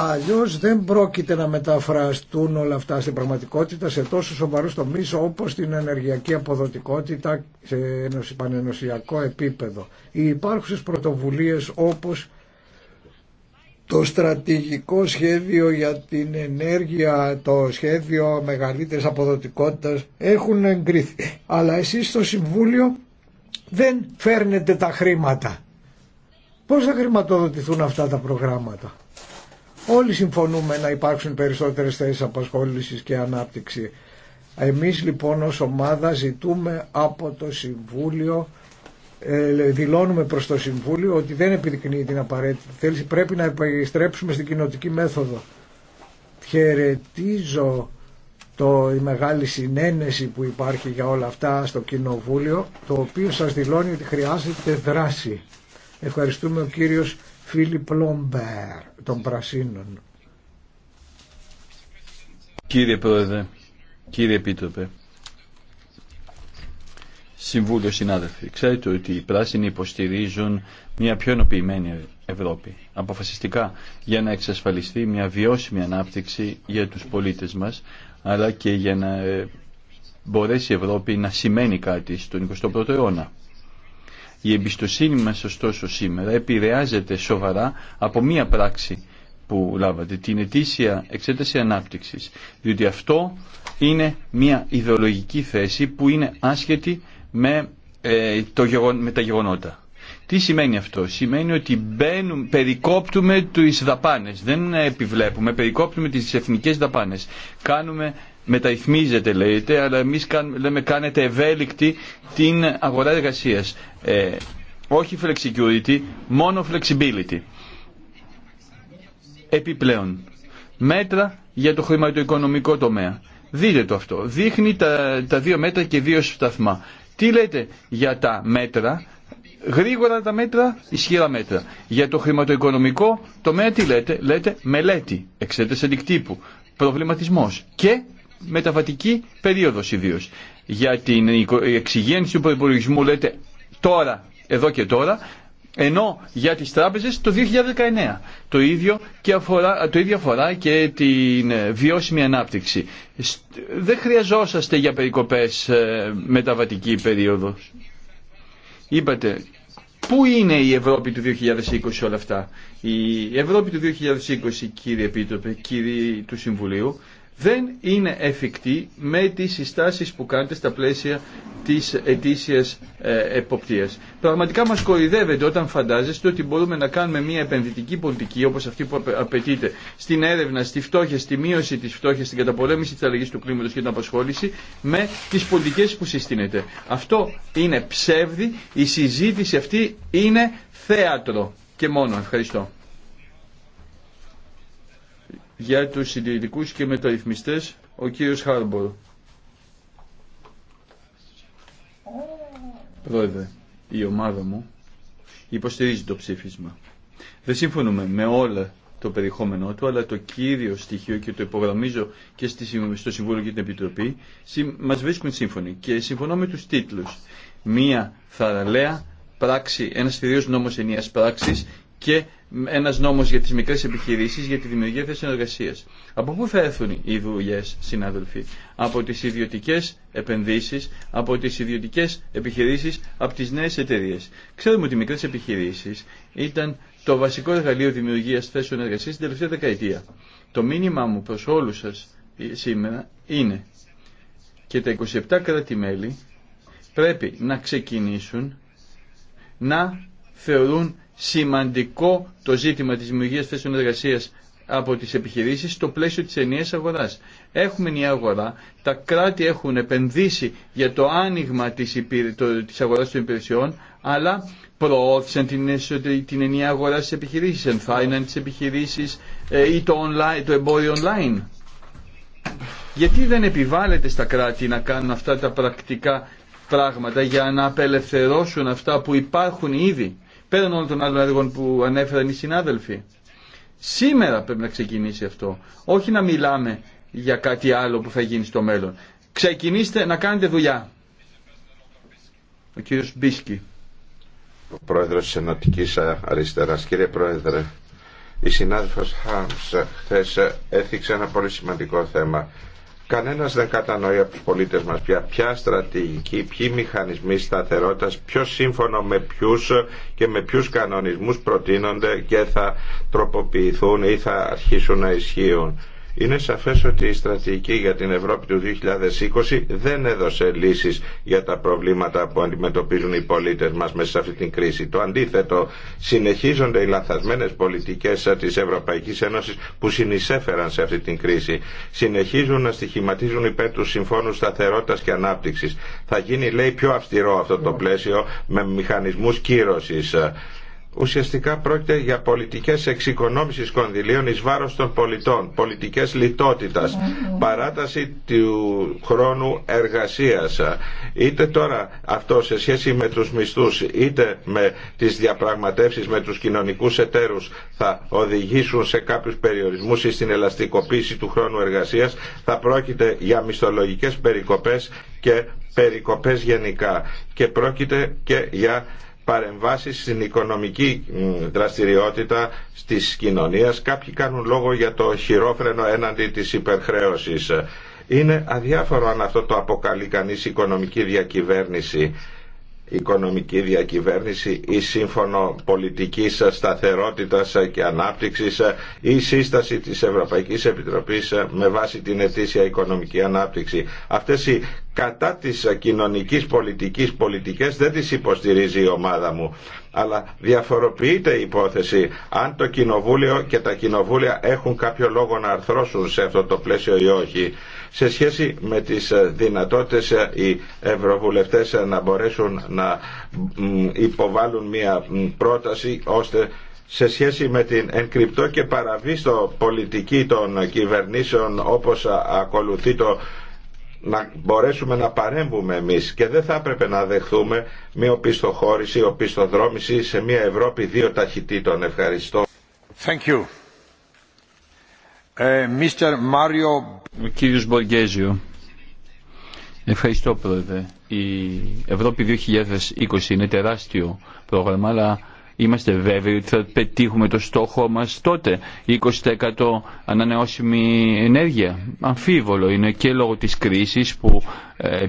Αλλιώς δεν πρόκειται να μεταφραστούν όλα αυτά στην πραγματικότητα σε τόσο σοβαρούς τομείς όπως την ενεργειακή αποδοτικότητα σε πανενωσιακό επίπεδο. Οι υπάρχουσες πρωτοβουλίες όπως το στρατηγικό σχέδιο για την ενέργεια, το σχέδιο μεγαλύτερης αποδοτικότητας έχουν εγκριθεί. Αλλά εσείς στο Συμβούλιο δεν φέρνετε τα χρήματα. Πώς θα χρηματοδοτηθούν αυτά τα προγράμματα. Όλοι συμφωνούμε να υπάρξουν περισσότερες θέσεις απασχόλησης και ανάπτυξη. Εμείς λοιπόν ως ομάδα ζητούμε από το Συμβούλιο, ε, δηλώνουμε προς το Συμβούλιο ότι δεν επιδεικνύει την απαραίτητη θέληση, πρέπει να επιστρέψουμε στην κοινοτική μέθοδο. Χαιρετίζω το, η μεγάλη συνένεση που υπάρχει για όλα αυτά στο Κοινοβούλιο, το οποίο σας δηλώνει ότι χρειάζεται δράση. Ευχαριστούμε ο κύριος Φίλιπ Λόμπερ των Πρασίνων. Κύριε Πρόεδρε, κύριε Επίτροπε, Συμβούλιο συνάδελφοι, ξέρετε ότι οι πράσινοι υποστηρίζουν μια πιο ενοποιημένη Ευρώπη, αποφασιστικά για να εξασφαλιστεί μια βιώσιμη ανάπτυξη για τους πολίτες μας, αλλά και για να ε, μπορέσει η Ευρώπη να σημαίνει κάτι στον 21ο αιώνα. Η εμπιστοσύνη μας ωστόσο σήμερα επηρεάζεται σοβαρά από μία πράξη που λάβατε, την ετήσια εξέταση ανάπτυξης, διότι αυτό είναι μία ιδεολογική θέση που είναι άσχετη με, ε, το, με τα γεγονότα. Τι σημαίνει αυτό. Σημαίνει ότι περικόπτουμε τις δαπάνες. Δεν επιβλέπουμε, περικόπτουμε τις εθνικές δαπάνες. Κάνουμε μεταρρυθμίζεται λέγεται, αλλά εμείς λέμε κάνετε ευέλικτη την αγορά εργασίας. Ε, όχι flexicurity, μόνο flexibility. Επιπλέον, μέτρα για το χρηματοοικονομικό τομέα. Δείτε το αυτό. Δείχνει τα, τα δύο μέτρα και δύο σταθμά. Τι λέτε για τα μέτρα, γρήγορα τα μέτρα, ισχυρά μέτρα. Για το χρηματοοικονομικό τομέα τι λέτε, λέτε μελέτη, εξέταση αντικτύπου, προβληματισμός και μεταβατική περίοδος ιδίω. Για την εξυγέννηση του προπολογισμού λέτε τώρα, εδώ και τώρα, ενώ για τις τράπεζες το 2019. Το ίδιο, και αφορά, το ίδιο αφορά και την ε, βιώσιμη ανάπτυξη. Δεν χρειαζόσαστε για περικοπές ε, μεταβατική περίοδο. Είπατε, πού είναι η Ευρώπη του 2020 όλα αυτά. Η Ευρώπη του 2020, κύριε Επίτροπε, κύριοι του Συμβουλίου, δεν είναι εφικτή με τις συστάσεις που κάνετε στα πλαίσια της ετήσιας ε, εποπτείας. Πραγματικά μας κοϊδεύεται όταν φαντάζεστε ότι μπορούμε να κάνουμε μια επενδυτική πολιτική όπως αυτή που απαιτείται στην έρευνα, στη φτώχεια, στη μείωση της φτώχειας, στην καταπολέμηση της αλλαγής του κλίματος και την απασχόληση με τις πολιτικές που συστήνεται. Αυτό είναι ψεύδι, η συζήτηση αυτή είναι θέατρο και μόνο. Ευχαριστώ για τους συντηρητικούς και μεταρρυθμιστές ο κύριος Χάρμπορ. Πρόεδρε, η ομάδα μου υποστηρίζει το ψήφισμα. Δεν σύμφωνουμε με όλα το περιεχόμενό του, αλλά το κύριο στοιχείο και το υπογραμμίζω και στο Συμβούλιο και την Επιτροπή, Μα βρίσκουν σύμφωνοι και συμφωνώ με τους τίτλους. Μία θαραλέα πράξη, ένας θηρίο νόμος ενίας πράξης και ένα νόμο για τι μικρέ επιχειρήσει για τη δημιουργία θέσεων εργασία. Από πού θα έρθουν οι δουλειέ, συνάδελφοι, από τι ιδιωτικέ επενδύσει, από τι ιδιωτικέ επιχειρήσει, από τι νέε εταιρείε. Ξέρουμε ότι οι μικρέ επιχειρήσει ήταν το βασικό εργαλείο δημιουργία θέσεων εργασία την τελευταία δεκαετία. Το μήνυμά μου προ όλου σα σήμερα είναι και τα 27 κράτη-μέλη πρέπει να ξεκινήσουν να θεωρούν σημαντικό το ζήτημα της δημιουργίας θέσεων εργασίας από τις επιχειρήσεις στο πλαίσιο της ενιαίας αγοράς. Έχουμε μια αγορά, τα κράτη έχουν επενδύσει για το άνοιγμα της, υπηρε... της αγοράς των υπηρεσιών, αλλά προώθησαν την, την ενιαία αγορά στις επιχειρήσεις, ενθάρρυναν τις επιχειρήσεις ε, ή το, online, το εμπόριο online. Γιατί δεν επιβάλλεται στα κράτη να κάνουν αυτά τα πρακτικά πράγματα για να απελευθερώσουν αυτά που υπάρχουν ήδη πέραν όλων των άλλων έργων που ανέφεραν οι συνάδελφοι. Σήμερα πρέπει να ξεκινήσει αυτό. Όχι να μιλάμε για κάτι άλλο που θα γίνει στο μέλλον. Ξεκινήστε να κάνετε δουλειά. Ο κύριος Μπίσκι. Ο πρόεδρος της Ενωτικής Αριστεράς. Κύριε Πρόεδρε, η συνάδελφος Χάμς χθε έθιξε ένα πολύ σημαντικό θέμα Κανένας δεν κατανοεί από τους πολίτες μας πια ποια στρατηγική, ποιοι μηχανισμοί σταθερότητας, ποιο σύμφωνο με ποιους και με ποιους κανονισμούς προτείνονται και θα τροποποιηθούν ή θα αρχίσουν να ισχύουν. Είναι σαφές ότι η στρατηγική για την Ευρώπη του 2020 δεν έδωσε λύσεις για τα προβλήματα που αντιμετωπίζουν οι πολίτες μας μέσα σε αυτή την κρίση. Το αντίθετο, συνεχίζονται οι λαθασμένες πολιτικές της Ευρωπαϊκής Ένωσης που συνεισέφεραν σε αυτή την κρίση. Συνεχίζουν να στοιχηματίζουν υπέρ του Συμφώνου Σταθερότητας και Ανάπτυξης. Θα γίνει, λέει, πιο αυστηρό αυτό το πλαίσιο με μηχανισμούς κύρωσης Ουσιαστικά πρόκειται για πολιτικές εξοικονόμησης κονδυλίων εις βάρος των πολιτών, πολιτικές λιτότητας, παράταση του χρόνου εργασίας. Είτε τώρα αυτό σε σχέση με τους μισθούς, είτε με τις διαπραγματεύσεις με τους κοινωνικούς εταίρους θα οδηγήσουν σε κάποιους περιορισμούς ή στην ελαστικοποίηση του χρόνου εργασίας, θα πρόκειται για μισθολογικές περικοπές και περικοπές γενικά. Και πρόκειται και για παρεμβάσεις στην οικονομική δραστηριότητα της κοινωνίας. Κάποιοι κάνουν λόγο για το χειρόφρενο έναντι της υπερχρέωσης. Είναι αδιάφορο αν αυτό το αποκαλεί κανείς οικονομική διακυβέρνηση οικονομική διακυβέρνηση ή σύμφωνο πολιτικής σταθερότητας και ανάπτυξης ή σύσταση της Ευρωπαϊκής Επιτροπής με βάση την ετήσια οικονομική ανάπτυξη. Αυτές οι κατά της κοινωνικής πολιτικής πολιτικές δεν τις υποστηρίζει η ομάδα μου αλλά διαφοροποιείται η υπόθεση αν το κοινοβούλιο και τα κοινοβούλια έχουν κάποιο λόγο να αρθρώσουν σε αυτό το πλαίσιο ή όχι σε σχέση με τις δυνατότητες ε, οι ευρωβουλευτές ε, να μπορέσουν να υποβάλουν μια πρόταση ώστε σε σχέση με την ενκρυπτό και παραβίστο πολιτική των κυβερνήσεων όπως ακολουθεί το να μπορέσουμε να παρέμβουμε εμείς και δεν θα έπρεπε να δεχθούμε μια οπισθοχώρηση, οπισθοδρόμηση σε μια Ευρώπη δύο ταχυτήτων. Ευχαριστώ. Thank you. Ε, Mr. Mario... κύριος Μποργέζιο. Ευχαριστώ πρόεδρε. Η Ευρώπη 2020 είναι τεράστιο πρόγραμμα αλλά Είμαστε βέβαιοι ότι θα πετύχουμε το στόχο μας τότε. 20% ανανεώσιμη ενέργεια. Αμφίβολο είναι και λόγω της κρίσης που ε,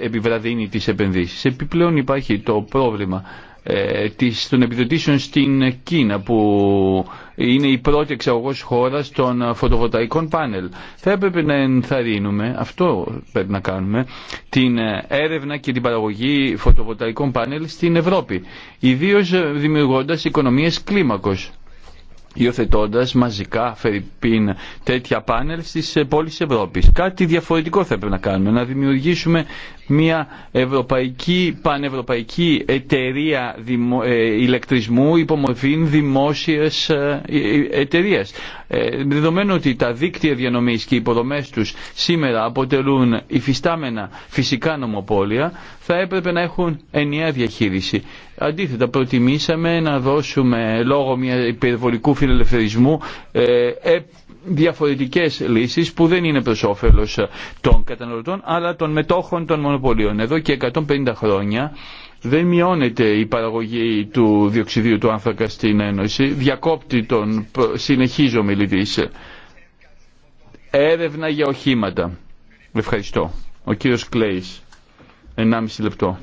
επιβραδύνει τις επενδύσεις. Επιπλέον υπάρχει το πρόβλημα ε, των επιδοτήσεων στην Κίνα που είναι η πρώτη εξαγωγός χώρα των φωτοβολταϊκών πάνελ. Θα έπρεπε να ενθαρρύνουμε, αυτό πρέπει να κάνουμε, την έρευνα και την παραγωγή φωτοβολταϊκών πάνελ στην Ευρώπη, ιδίως δημιουργώντας οικονομίες κλίμακος υιοθετώντα μαζικά φερρυπίν τέτοια πάνελ στι ε, πόλει τη Ευρώπη. Κάτι διαφορετικό θα έπρεπε να κάνουμε, να δημιουργήσουμε μια ευρωπαϊκή, πανευρωπαϊκή εταιρεία ε, ηλεκτρισμού υπομορφήν δημόσια ε, εταιρεία. Ε, δεδομένου ότι τα δίκτυα διανομής και οι υποδομές τους σήμερα αποτελούν υφιστάμενα φυσικά νομοπόλια, θα έπρεπε να έχουν ενιαία διαχείριση. Αντίθετα, προτιμήσαμε να δώσουμε λόγω μια υπερβολικού φιλελευθερισμού ε, ε, διαφορετικές λύσεις που δεν είναι προς όφελος των καταναλωτών αλλά των μετόχων των μονοπωλίων. Εδώ και 150 χρόνια δεν μειώνεται η παραγωγή του διοξιδίου του άνθρακα στην Ένωση, διακόπτει τον συνεχίζω μιλητής. Έρευνα για οχήματα. Ευχαριστώ. Ο κύριος Κλέης. 1,5 λεπτό.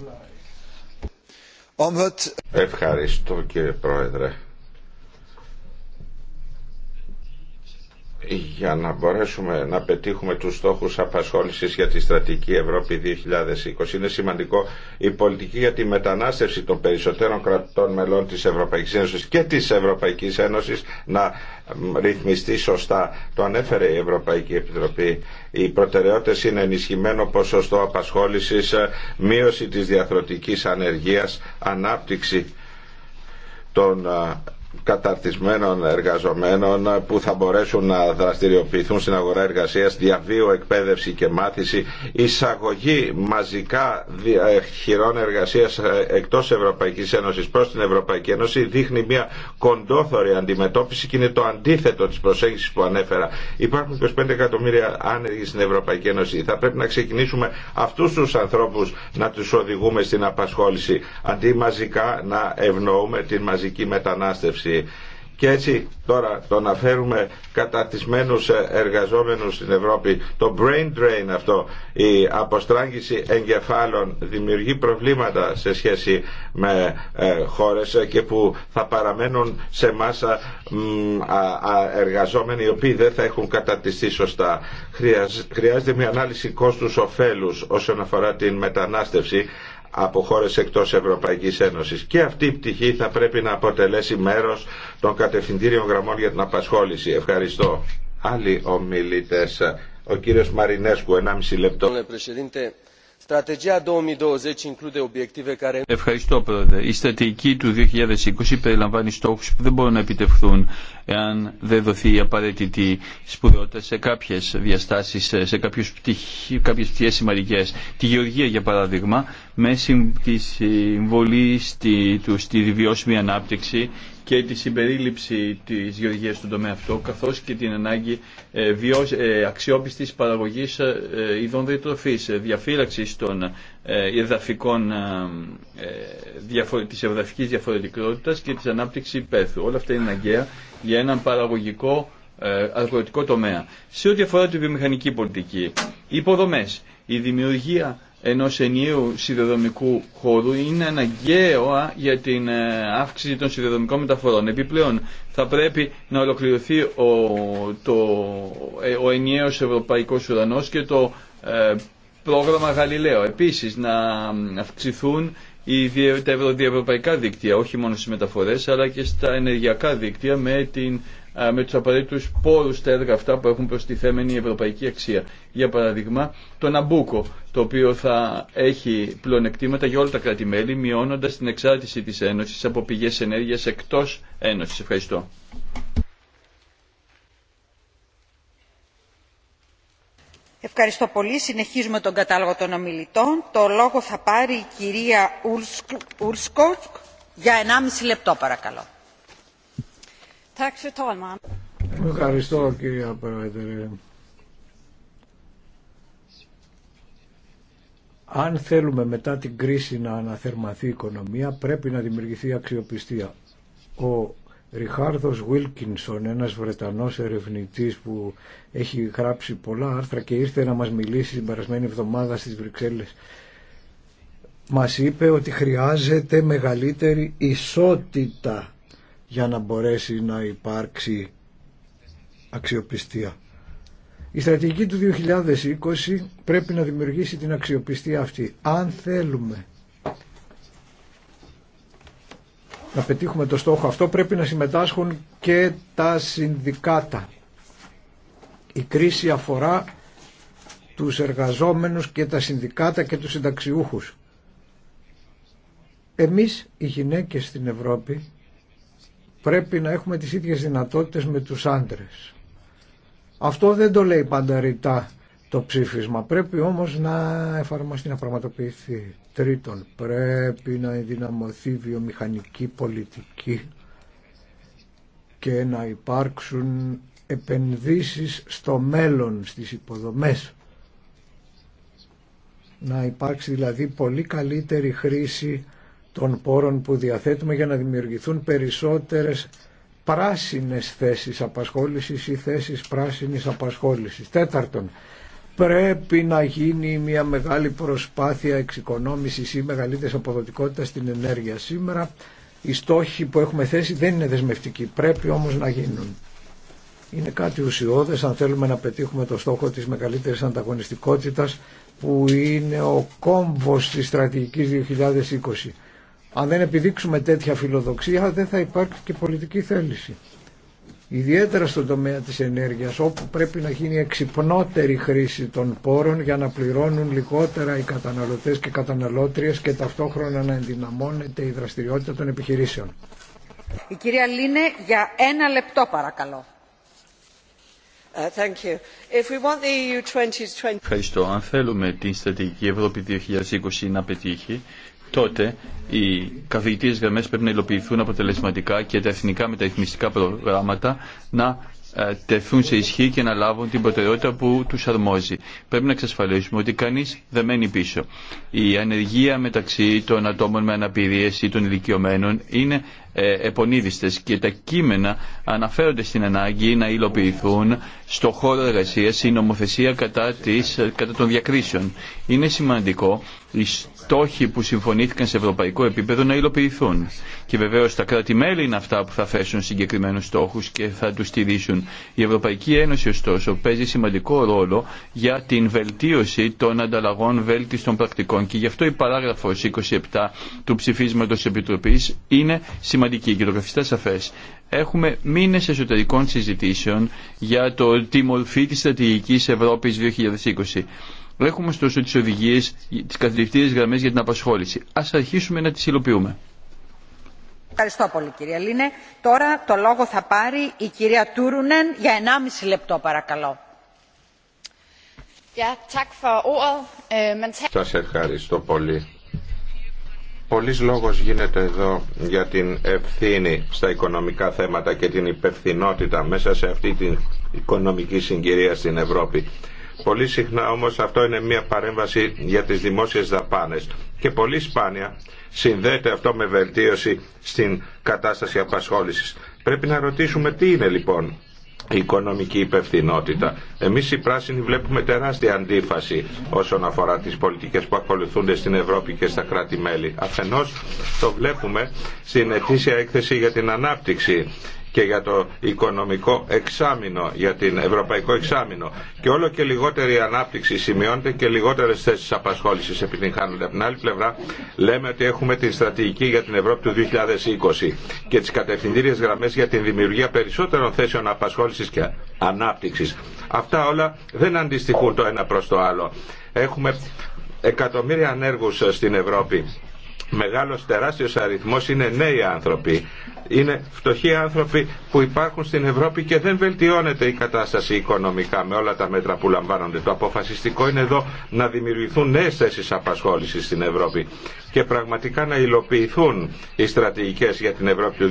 Ευχαριστώ κύριε Πρόεδρε. για να μπορέσουμε να πετύχουμε τους στόχους απασχόλησης για τη στρατηγική Ευρώπη 2020. Είναι σημαντικό η πολιτική για τη μετανάστευση των περισσότερων κρατών μελών της Ευρωπαϊκής Ένωσης και της Ευρωπαϊκής Ένωσης να ρυθμιστεί σωστά. Το ανέφερε η Ευρωπαϊκή Επιτροπή. Οι προτεραιότητες είναι ενισχυμένο ποσοστό απασχόλησης, μείωση της διαθροτικής ανεργίας, ανάπτυξη των καταρτισμένων εργαζομένων που θα μπορέσουν να δραστηριοποιηθούν στην αγορά εργασίας, διαβίω εκπαίδευση και μάθηση, εισαγωγή μαζικά ε, χειρών εργασίας ε, εκτός Ευρωπαϊκής Ένωσης προς την Ευρωπαϊκή Ένωση δείχνει μια κοντόθωρη αντιμετώπιση και είναι το αντίθετο της προσέγγισης που ανέφερα. Υπάρχουν 25 εκατομμύρια άνεργοι στην Ευρωπαϊκή Ένωση. Θα πρέπει να ξεκινήσουμε αυτού του ανθρώπους να τους οδηγούμε στην απασχόληση αντί μαζικά να ευνοούμε την μαζική μετανάστευση. Και έτσι τώρα το να φέρουμε κατατισμένους εργαζόμενους στην Ευρώπη, το brain drain αυτό, η αποστράγγιση εγκεφάλων δημιουργεί προβλήματα σε σχέση με ε, χώρες και που θα παραμένουν σε μάσα εργαζόμενοι οι οποίοι δεν θα έχουν κατατιστεί σωστά. Χρειάζεται μια ανάλυση κόστους-οφέλους όσον αφορά την μετανάστευση από χώρες εκτός Ευρωπαϊκής Ένωσης. Και αυτή η πτυχή θα πρέπει να αποτελέσει μέρος των κατευθυντήριων γραμμών για την απασχόληση. Ευχαριστώ. Άλλοι ομιλητές. Ο κύριος Μαρινέσκου, 1,5 λεπτό. Ευχαριστώ πρόεδρε. Η στρατηγική του 2020 περιλαμβάνει στόχους που δεν μπορούν να επιτευχθούν εάν δεν δοθεί η απαραίτητη σπουδότητα σε κάποιες διαστάσεις, σε κάποιε πτυχέ πτυχές Τη γεωργία για παράδειγμα, με τη συμβολή του, στη βιώσιμη ανάπτυξη και τη συμπερίληψη τη γεωργία στον τομέα αυτό, καθώς και την ανάγκη ε, ε, αξιόπιστης παραγωγής ε, ειδών διατροφής, διαφύλαξης των εδαφικών, της εδαφικής διαφορετικότητας και της ανάπτυξης πέθου. Όλα αυτά είναι αναγκαία για έναν παραγωγικό αγροτικό τομέα. Σε ό,τι αφορά τη βιομηχανική πολιτική, υποδομέ υποδομές, η δημιουργία ενός ενιαίου σιδεδομικού χώρου είναι αναγκαίο για την ε, αύξηση των σιδεδομικών μεταφορών. Επιπλέον θα πρέπει να ολοκληρωθεί ο, το, ε, ο ενιαίος ευρωπαϊκός ουρανός και το ε, πρόγραμμα Γαλιλαίο. Επίσης να αυξηθούν οι, τα ευρωπαϊκά δίκτυα, όχι μόνο στις μεταφορές αλλά και στα ενεργειακά δίκτυα με την με τους απαραίτητους πόρους τα έργα αυτά που έχουν προστιθέμενη ευρωπαϊκή αξία. Για παραδείγμα, το Ναμπούκο, το οποίο θα έχει πλονεκτήματα για όλα τα κράτη-μέλη, μειώνοντας την εξάρτηση της Ένωσης από πηγές ενέργειας εκτός Ένωσης. Ευχαριστώ. Ευχαριστώ πολύ. Συνεχίζουμε τον κατάλογο των ομιλητών. Το λόγο θα πάρει η κυρία Ουρσκοτ για 1,5 λεπτό παρακαλώ. Ευχαριστώ κυρία Πρόεδρε. Αν θέλουμε μετά την κρίση να αναθερμαθεί η οικονομία πρέπει να δημιουργηθεί αξιοπιστία. Ο Ριχάρδος Βίλκινσον, ένας Βρετανός ερευνητής που έχει γράψει πολλά άρθρα και ήρθε να μας μιλήσει την περασμένη εβδομάδα στις Βρυξέλλες, μας είπε ότι χρειάζεται μεγαλύτερη ισότητα για να μπορέσει να υπάρξει αξιοπιστία. Η στρατηγική του 2020 πρέπει να δημιουργήσει την αξιοπιστία αυτή. Αν θέλουμε να πετύχουμε το στόχο αυτό πρέπει να συμμετάσχουν και τα συνδικάτα. Η κρίση αφορά τους εργαζόμενους και τα συνδικάτα και τους συνταξιούχους. Εμείς οι γυναίκες στην Ευρώπη πρέπει να έχουμε τις ίδιες δυνατότητες με τους άντρες. Αυτό δεν το λέει πάντα ρητά το ψήφισμα. Πρέπει όμως να εφαρμοστεί, να πραγματοποιηθεί. Τρίτον, πρέπει να ενδυναμωθεί βιομηχανική πολιτική και να υπάρξουν επενδύσεις στο μέλλον, στις υποδομές. Να υπάρξει δηλαδή πολύ καλύτερη χρήση των πόρων που διαθέτουμε για να δημιουργηθούν περισσότερες πράσινες θέσεις απασχόλησης ή θέσεις πράσινης απασχόλησης. Τέταρτον, πρέπει να γίνει μια μεγάλη προσπάθεια εξοικονόμησης ή μεγαλύτερης αποδοτικότητας στην ενέργεια. Σήμερα οι στόχοι που έχουμε θέσει δεν είναι δεσμευτικοί, πρέπει όμως να γίνουν. Είναι κάτι ουσιώδες αν θέλουμε να πετύχουμε το στόχο της μεγαλύτερης ανταγωνιστικότητας που είναι ο κόμβος της στρατηγικής 2020 αν δεν επιδείξουμε τέτοια φιλοδοξία δεν θα υπάρχει και πολιτική θέληση. Ιδιαίτερα στον τομέα της ενέργειας όπου πρέπει να γίνει εξυπνότερη χρήση των πόρων για να πληρώνουν λιγότερα οι καταναλωτές και καταναλώτριες και ταυτόχρονα να ενδυναμώνεται η δραστηριότητα των επιχειρήσεων. Η κυρία Λίνε για ένα λεπτό παρακαλώ. Ευχαριστώ. Αν θέλουμε την στρατηγική Ευρώπη 2020 να πετύχει, τότε οι καθηγητές γραμμές πρέπει να υλοποιηθούν αποτελεσματικά και τα εθνικά μεταρρυθμιστικά προγράμματα να ε, τεθούν σε ισχύ και να λάβουν την προτεραιότητα που τους αρμόζει. Πρέπει να εξασφαλίσουμε ότι κανείς δεν μένει πίσω. Η ανεργία μεταξύ των ατόμων με αναπηρίες ή των ηλικιωμένων είναι ε, επονίδιστες και τα κείμενα αναφέρονται στην ανάγκη να υλοποιηθούν στο χώρο εργασίας η νομοθεσία κατά, της, κατά των διακρίσεων. Είναι σημαντικό οι στόχοι που συμφωνήθηκαν σε ευρωπαϊκό επίπεδο να υλοποιηθούν. Και βεβαίω τα κράτη-μέλη είναι αυτά που θα θέσουν συγκεκριμένου στόχου και θα του στηρίσουν. Η Ευρωπαϊκή Ένωση, ωστόσο, παίζει σημαντικό ρόλο για την βελτίωση των ανταλλαγών βέλτιστων πρακτικών. Και γι' αυτό η παράγραφο 27 του ψηφίσματο τη Επιτροπή είναι σημαντική και το καθιστά σαφέ έχουμε μήνες εσωτερικών συζητήσεων για το, τη μορφή της στρατηγικής Ευρώπης 2020. Έχουμε ωστόσο τι οδηγίε, τι καθηληφτήρες γραμμέ για την απασχόληση. Ας αρχίσουμε να τις υλοποιούμε. Ευχαριστώ πολύ κυρία Λίνε. Τώρα το λόγο θα πάρει η κυρία Τούρουνεν για 1,5 λεπτό παρακαλώ. Øh, Σας ευχαριστώ πολύ. Πολλής λόγος γίνεται εδώ για την ευθύνη στα οικονομικά θέματα και την υπευθυνότητα μέσα σε αυτή την οικονομική συγκυρία στην Ευρώπη. Πολύ συχνά όμως αυτό είναι μια παρέμβαση για τις δημόσιες δαπάνες και πολύ σπάνια συνδέεται αυτό με βελτίωση στην κατάσταση απασχόλησης. Πρέπει να ρωτήσουμε τι είναι λοιπόν η οικονομική υπευθυνότητα. Εμείς οι πράσινοι βλέπουμε τεράστια αντίφαση όσον αφορά τις πολιτικές που ακολουθούνται στην Ευρώπη και στα κράτη-μέλη. Αφενός το βλέπουμε στην ετήσια έκθεση για την ανάπτυξη και για το οικονομικό εξάμεινο, για την ευρωπαϊκό εξάμεινο. Και όλο και λιγότερη ανάπτυξη σημειώνεται και λιγότερε θέσει απασχόληση επιτυγχάνονται. Από την άλλη πλευρά, λέμε ότι έχουμε την στρατηγική για την Ευρώπη του 2020 και τι κατευθυντήριε γραμμέ για την δημιουργία περισσότερων θέσεων απασχόληση και ανάπτυξη. Αυτά όλα δεν αντιστοιχούν το ένα προ το άλλο. Έχουμε εκατομμύρια ανέργους στην Ευρώπη μεγάλος τεράστιος αριθμός είναι νέοι άνθρωποι. Είναι φτωχοί άνθρωποι που υπάρχουν στην Ευρώπη και δεν βελτιώνεται η κατάσταση οικονομικά με όλα τα μέτρα που λαμβάνονται. Το αποφασιστικό είναι εδώ να δημιουργηθούν νέες θέσεις απασχόλησης στην Ευρώπη και πραγματικά να υλοποιηθούν οι στρατηγικές για την Ευρώπη του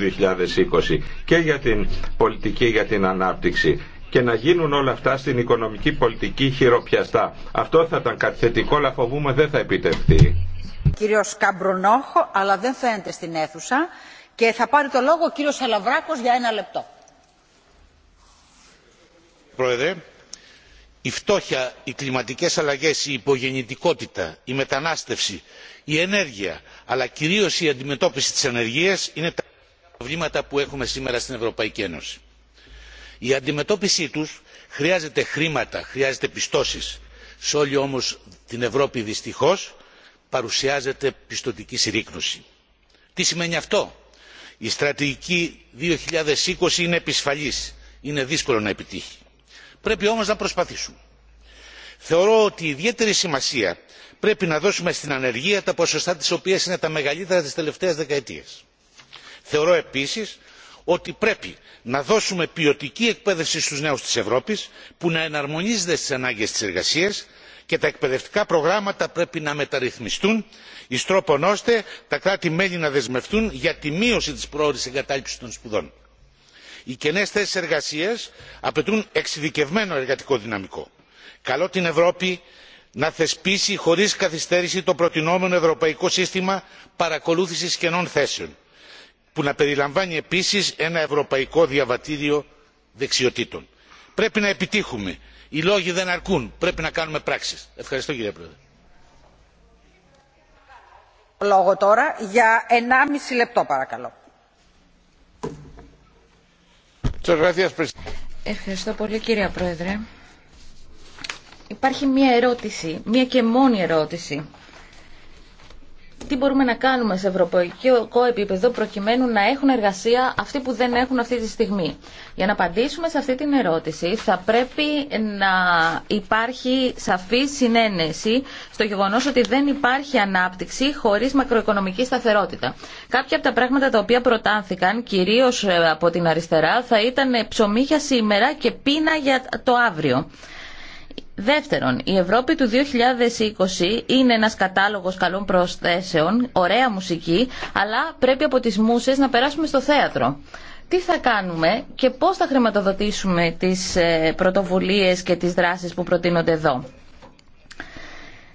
2020 και για την πολιτική για την ανάπτυξη και να γίνουν όλα αυτά στην οικονομική πολιτική χειροπιαστά. Αυτό θα ήταν κάτι θετικό, αλλά φοβούμαι δεν θα επιτευχθεί. Κύριος Καμπρονόχο, αλλά δεν φαίνεται στην αίθουσα και θα πάρει το λόγο ο κύριος Αλαβράκος για ένα λεπτό. Πρόεδρε, η φτώχεια, οι κλιματικές αλλαγές, η υπογεννητικότητα, η μετανάστευση, η ενέργεια, αλλά κυρίως η αντιμετώπιση της ανεργίας είναι τα προβλήματα που έχουμε σήμερα στην Ευρωπαϊκή Ένωση η αντιμετώπιση τους χρειάζεται χρήματα χρειάζεται πιστώσει, σε όλη όμω την ευρώπη δυστυχώς παρουσιάζεται πιστωτική συρρήκνωση. τι σημαίνει αυτό; η στρατηγική 2020 είναι επισφαλής είναι δύσκολο να επιτύχει. πρέπει όμως να προσπαθήσουμε. θεωρώ ότι ιδιαίτερη σημασία πρέπει να δώσουμε στην ανεργία τα ποσοστά τη οποία είναι τα μεγαλύτερα τη τελευταία δεκαετία. θεωρώ επίση ότι πρέπει να δώσουμε ποιοτική εκπαίδευση στου νέου τη Ευρώπη που να εναρμονίζεται στι ανάγκε τη εργασία και τα εκπαιδευτικά προγράμματα πρέπει να μεταρρυθμιστούν ει τρόπον ώστε τα κράτη μέλη να δεσμευτούν για τη μείωση τη πρόορη εγκατάλειψη των σπουδών. οι κενέ θέσει εργασία απαιτούν εξειδικευμένο εργατικό δυναμικό. καλώ την ευρώπη να θεσπίσει χωρί καθυστέρηση το προτινόμενο ευρωπαϊκό σύστημα παρακολούθηση κενών θέσεων που να περιλαμβάνει επίσης ένα ευρωπαϊκό διαβατήριο δεξιοτήτων. πρέπει να επιτύχουμε. οι λόγοι δεν αρκούν πρέπει να κάνουμε πράξεις. ευχαριστώ κύριε πρόεδρε. Λόγο τώρα για λεπτό παρακαλώ. Ευχαριστώ πολύ κύριε Πρόεδρε. Υπάρχει μία ερώτηση, μία και μόνη ερώτηση τι μπορούμε να κάνουμε σε ευρωπαϊκό επίπεδο προκειμένου να έχουν εργασία αυτοί που δεν έχουν αυτή τη στιγμή. Για να απαντήσουμε σε αυτή την ερώτηση θα πρέπει να υπάρχει σαφή συνένεση στο γεγονός ότι δεν υπάρχει ανάπτυξη χωρίς μακροοικονομική σταθερότητα. Κάποια από τα πράγματα τα οποία προτάθηκαν κυρίως ε, από την αριστερά θα ήταν ψωμίχια σήμερα και πείνα για το αύριο. Δεύτερον, η Ευρώπη του 2020 είναι ένας κατάλογος καλών προσθέσεων, ωραία μουσική, αλλά πρέπει από τις μουσες να περάσουμε στο θέατρο. Τι θα κάνουμε και πώς θα χρηματοδοτήσουμε τις ε, πρωτοβουλίες και τις δράσεις που προτείνονται εδώ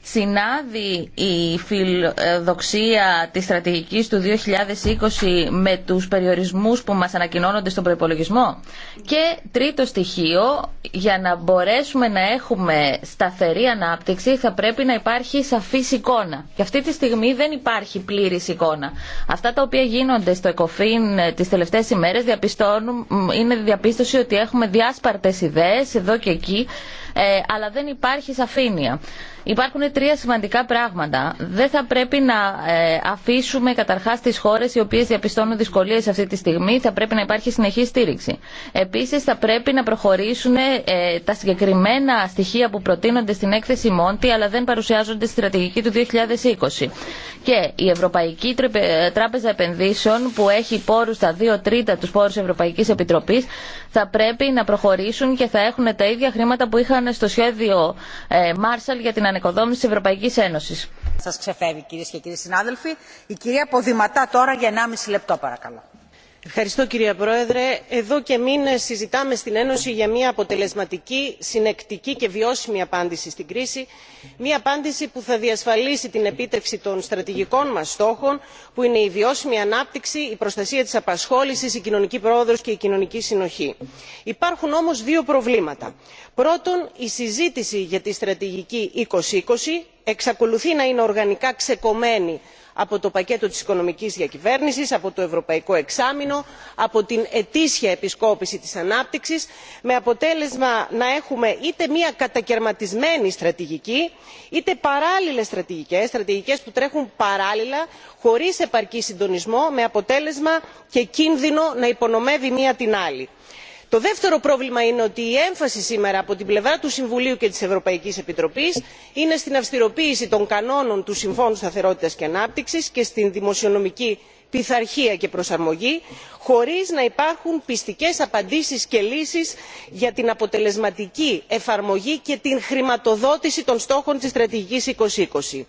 συνάδει η φιλοδοξία της στρατηγικής του 2020 με τους περιορισμούς που μας ανακοινώνονται στον προϋπολογισμό. Και τρίτο στοιχείο, για να μπορέσουμε να έχουμε σταθερή ανάπτυξη θα πρέπει να υπάρχει σαφής εικόνα. Και αυτή τη στιγμή δεν υπάρχει πλήρης εικόνα. Αυτά τα οποία γίνονται στο ΕΚΟΦΗΝ ε, τις τελευταίες ημέρες είναι διαπίστωση ότι έχουμε διάσπαρτες ιδέες εδώ και εκεί, ε, αλλά δεν υπάρχει σαφήνεια. Υπάρχουν τρία σημαντικά πράγματα. Δεν θα πρέπει να ε, αφήσουμε καταρχά τι χώρε οι οποίε διαπιστώνουν δυσκολίε αυτή τη στιγμή. Θα πρέπει να υπάρχει συνεχή στήριξη. Επίση, θα πρέπει να προχωρήσουν ε, τα συγκεκριμένα στοιχεία που προτείνονται στην έκθεση Μόντι, αλλά δεν παρουσιάζονται στη στρατηγική του 2020. Και η Ευρωπαϊκή Τράπεζα Επενδύσεων, που έχει πόρου στα δύο τρίτα του πόρου Ευρωπαϊκή Επιτροπή, θα πρέπει να προχωρήσουν και θα έχουν τα ίδια χρήματα που είχαν στο σχέδιο ε, Marshall για την της Ευρωπαϊκής Ένωσης. Σας ξεφεύγει κυρίες και κύριοι συνάδελφοι. Η κυρία Ποδηματά τώρα για 1,5 λεπτό παρακαλώ κύριε πρόεδρε εδώ και μήνες συζητάμε στην ένωση για μια αποτελεσματική συνεκτική και βιώσιμη απάντηση στην κρίση μια απάντηση που θα διασφαλίσει την επίτευξη των στρατηγικών μας στόχων που είναι η βιώσιμη ανάπτυξη η προστασία της απασχόλησης η κοινωνική πρόοδος και η κοινωνική συνοχή. υπάρχουν όμως δύο προβλήματα. πρώτον η συζήτηση για τη στρατηγική 2020 εξακολουθεί να είναι οργανικά ξεκομμένη από το πακέτο της οικονομικής διακυβέρνησης από το ευρωπαϊκό εξάμεινο από την ετήσια επισκόπηση της ανάπτυξης με αποτέλεσμα να έχουμε είτε μια κατακαιρματισμένη στρατηγική είτε παράλληλες στρατηγικές στρατηγικές που τρέχουν παράλληλα χωρίς επαρκή συντονισμό με αποτέλεσμα και κίνδυνο να υπονομεύει μία την άλλη το δεύτερο πρόβλημα είναι ότι η έμφαση σήμερα από την πλευρά του συμβουλίου και της ευρωπαϊκής επιτροπής είναι στην αυστηροποίηση των κανόνων του συμφώνου σταθερότητας και ανάπτυξης και στην δημοσιονομική πειθαρχία και προσαρμογή χωρίς να υπάρχουν πιστικές απαντήσεις και λύσεις για την αποτελεσματική εφαρμογή και την χρηματοδότηση των στόχων της στρατηγικής. 2020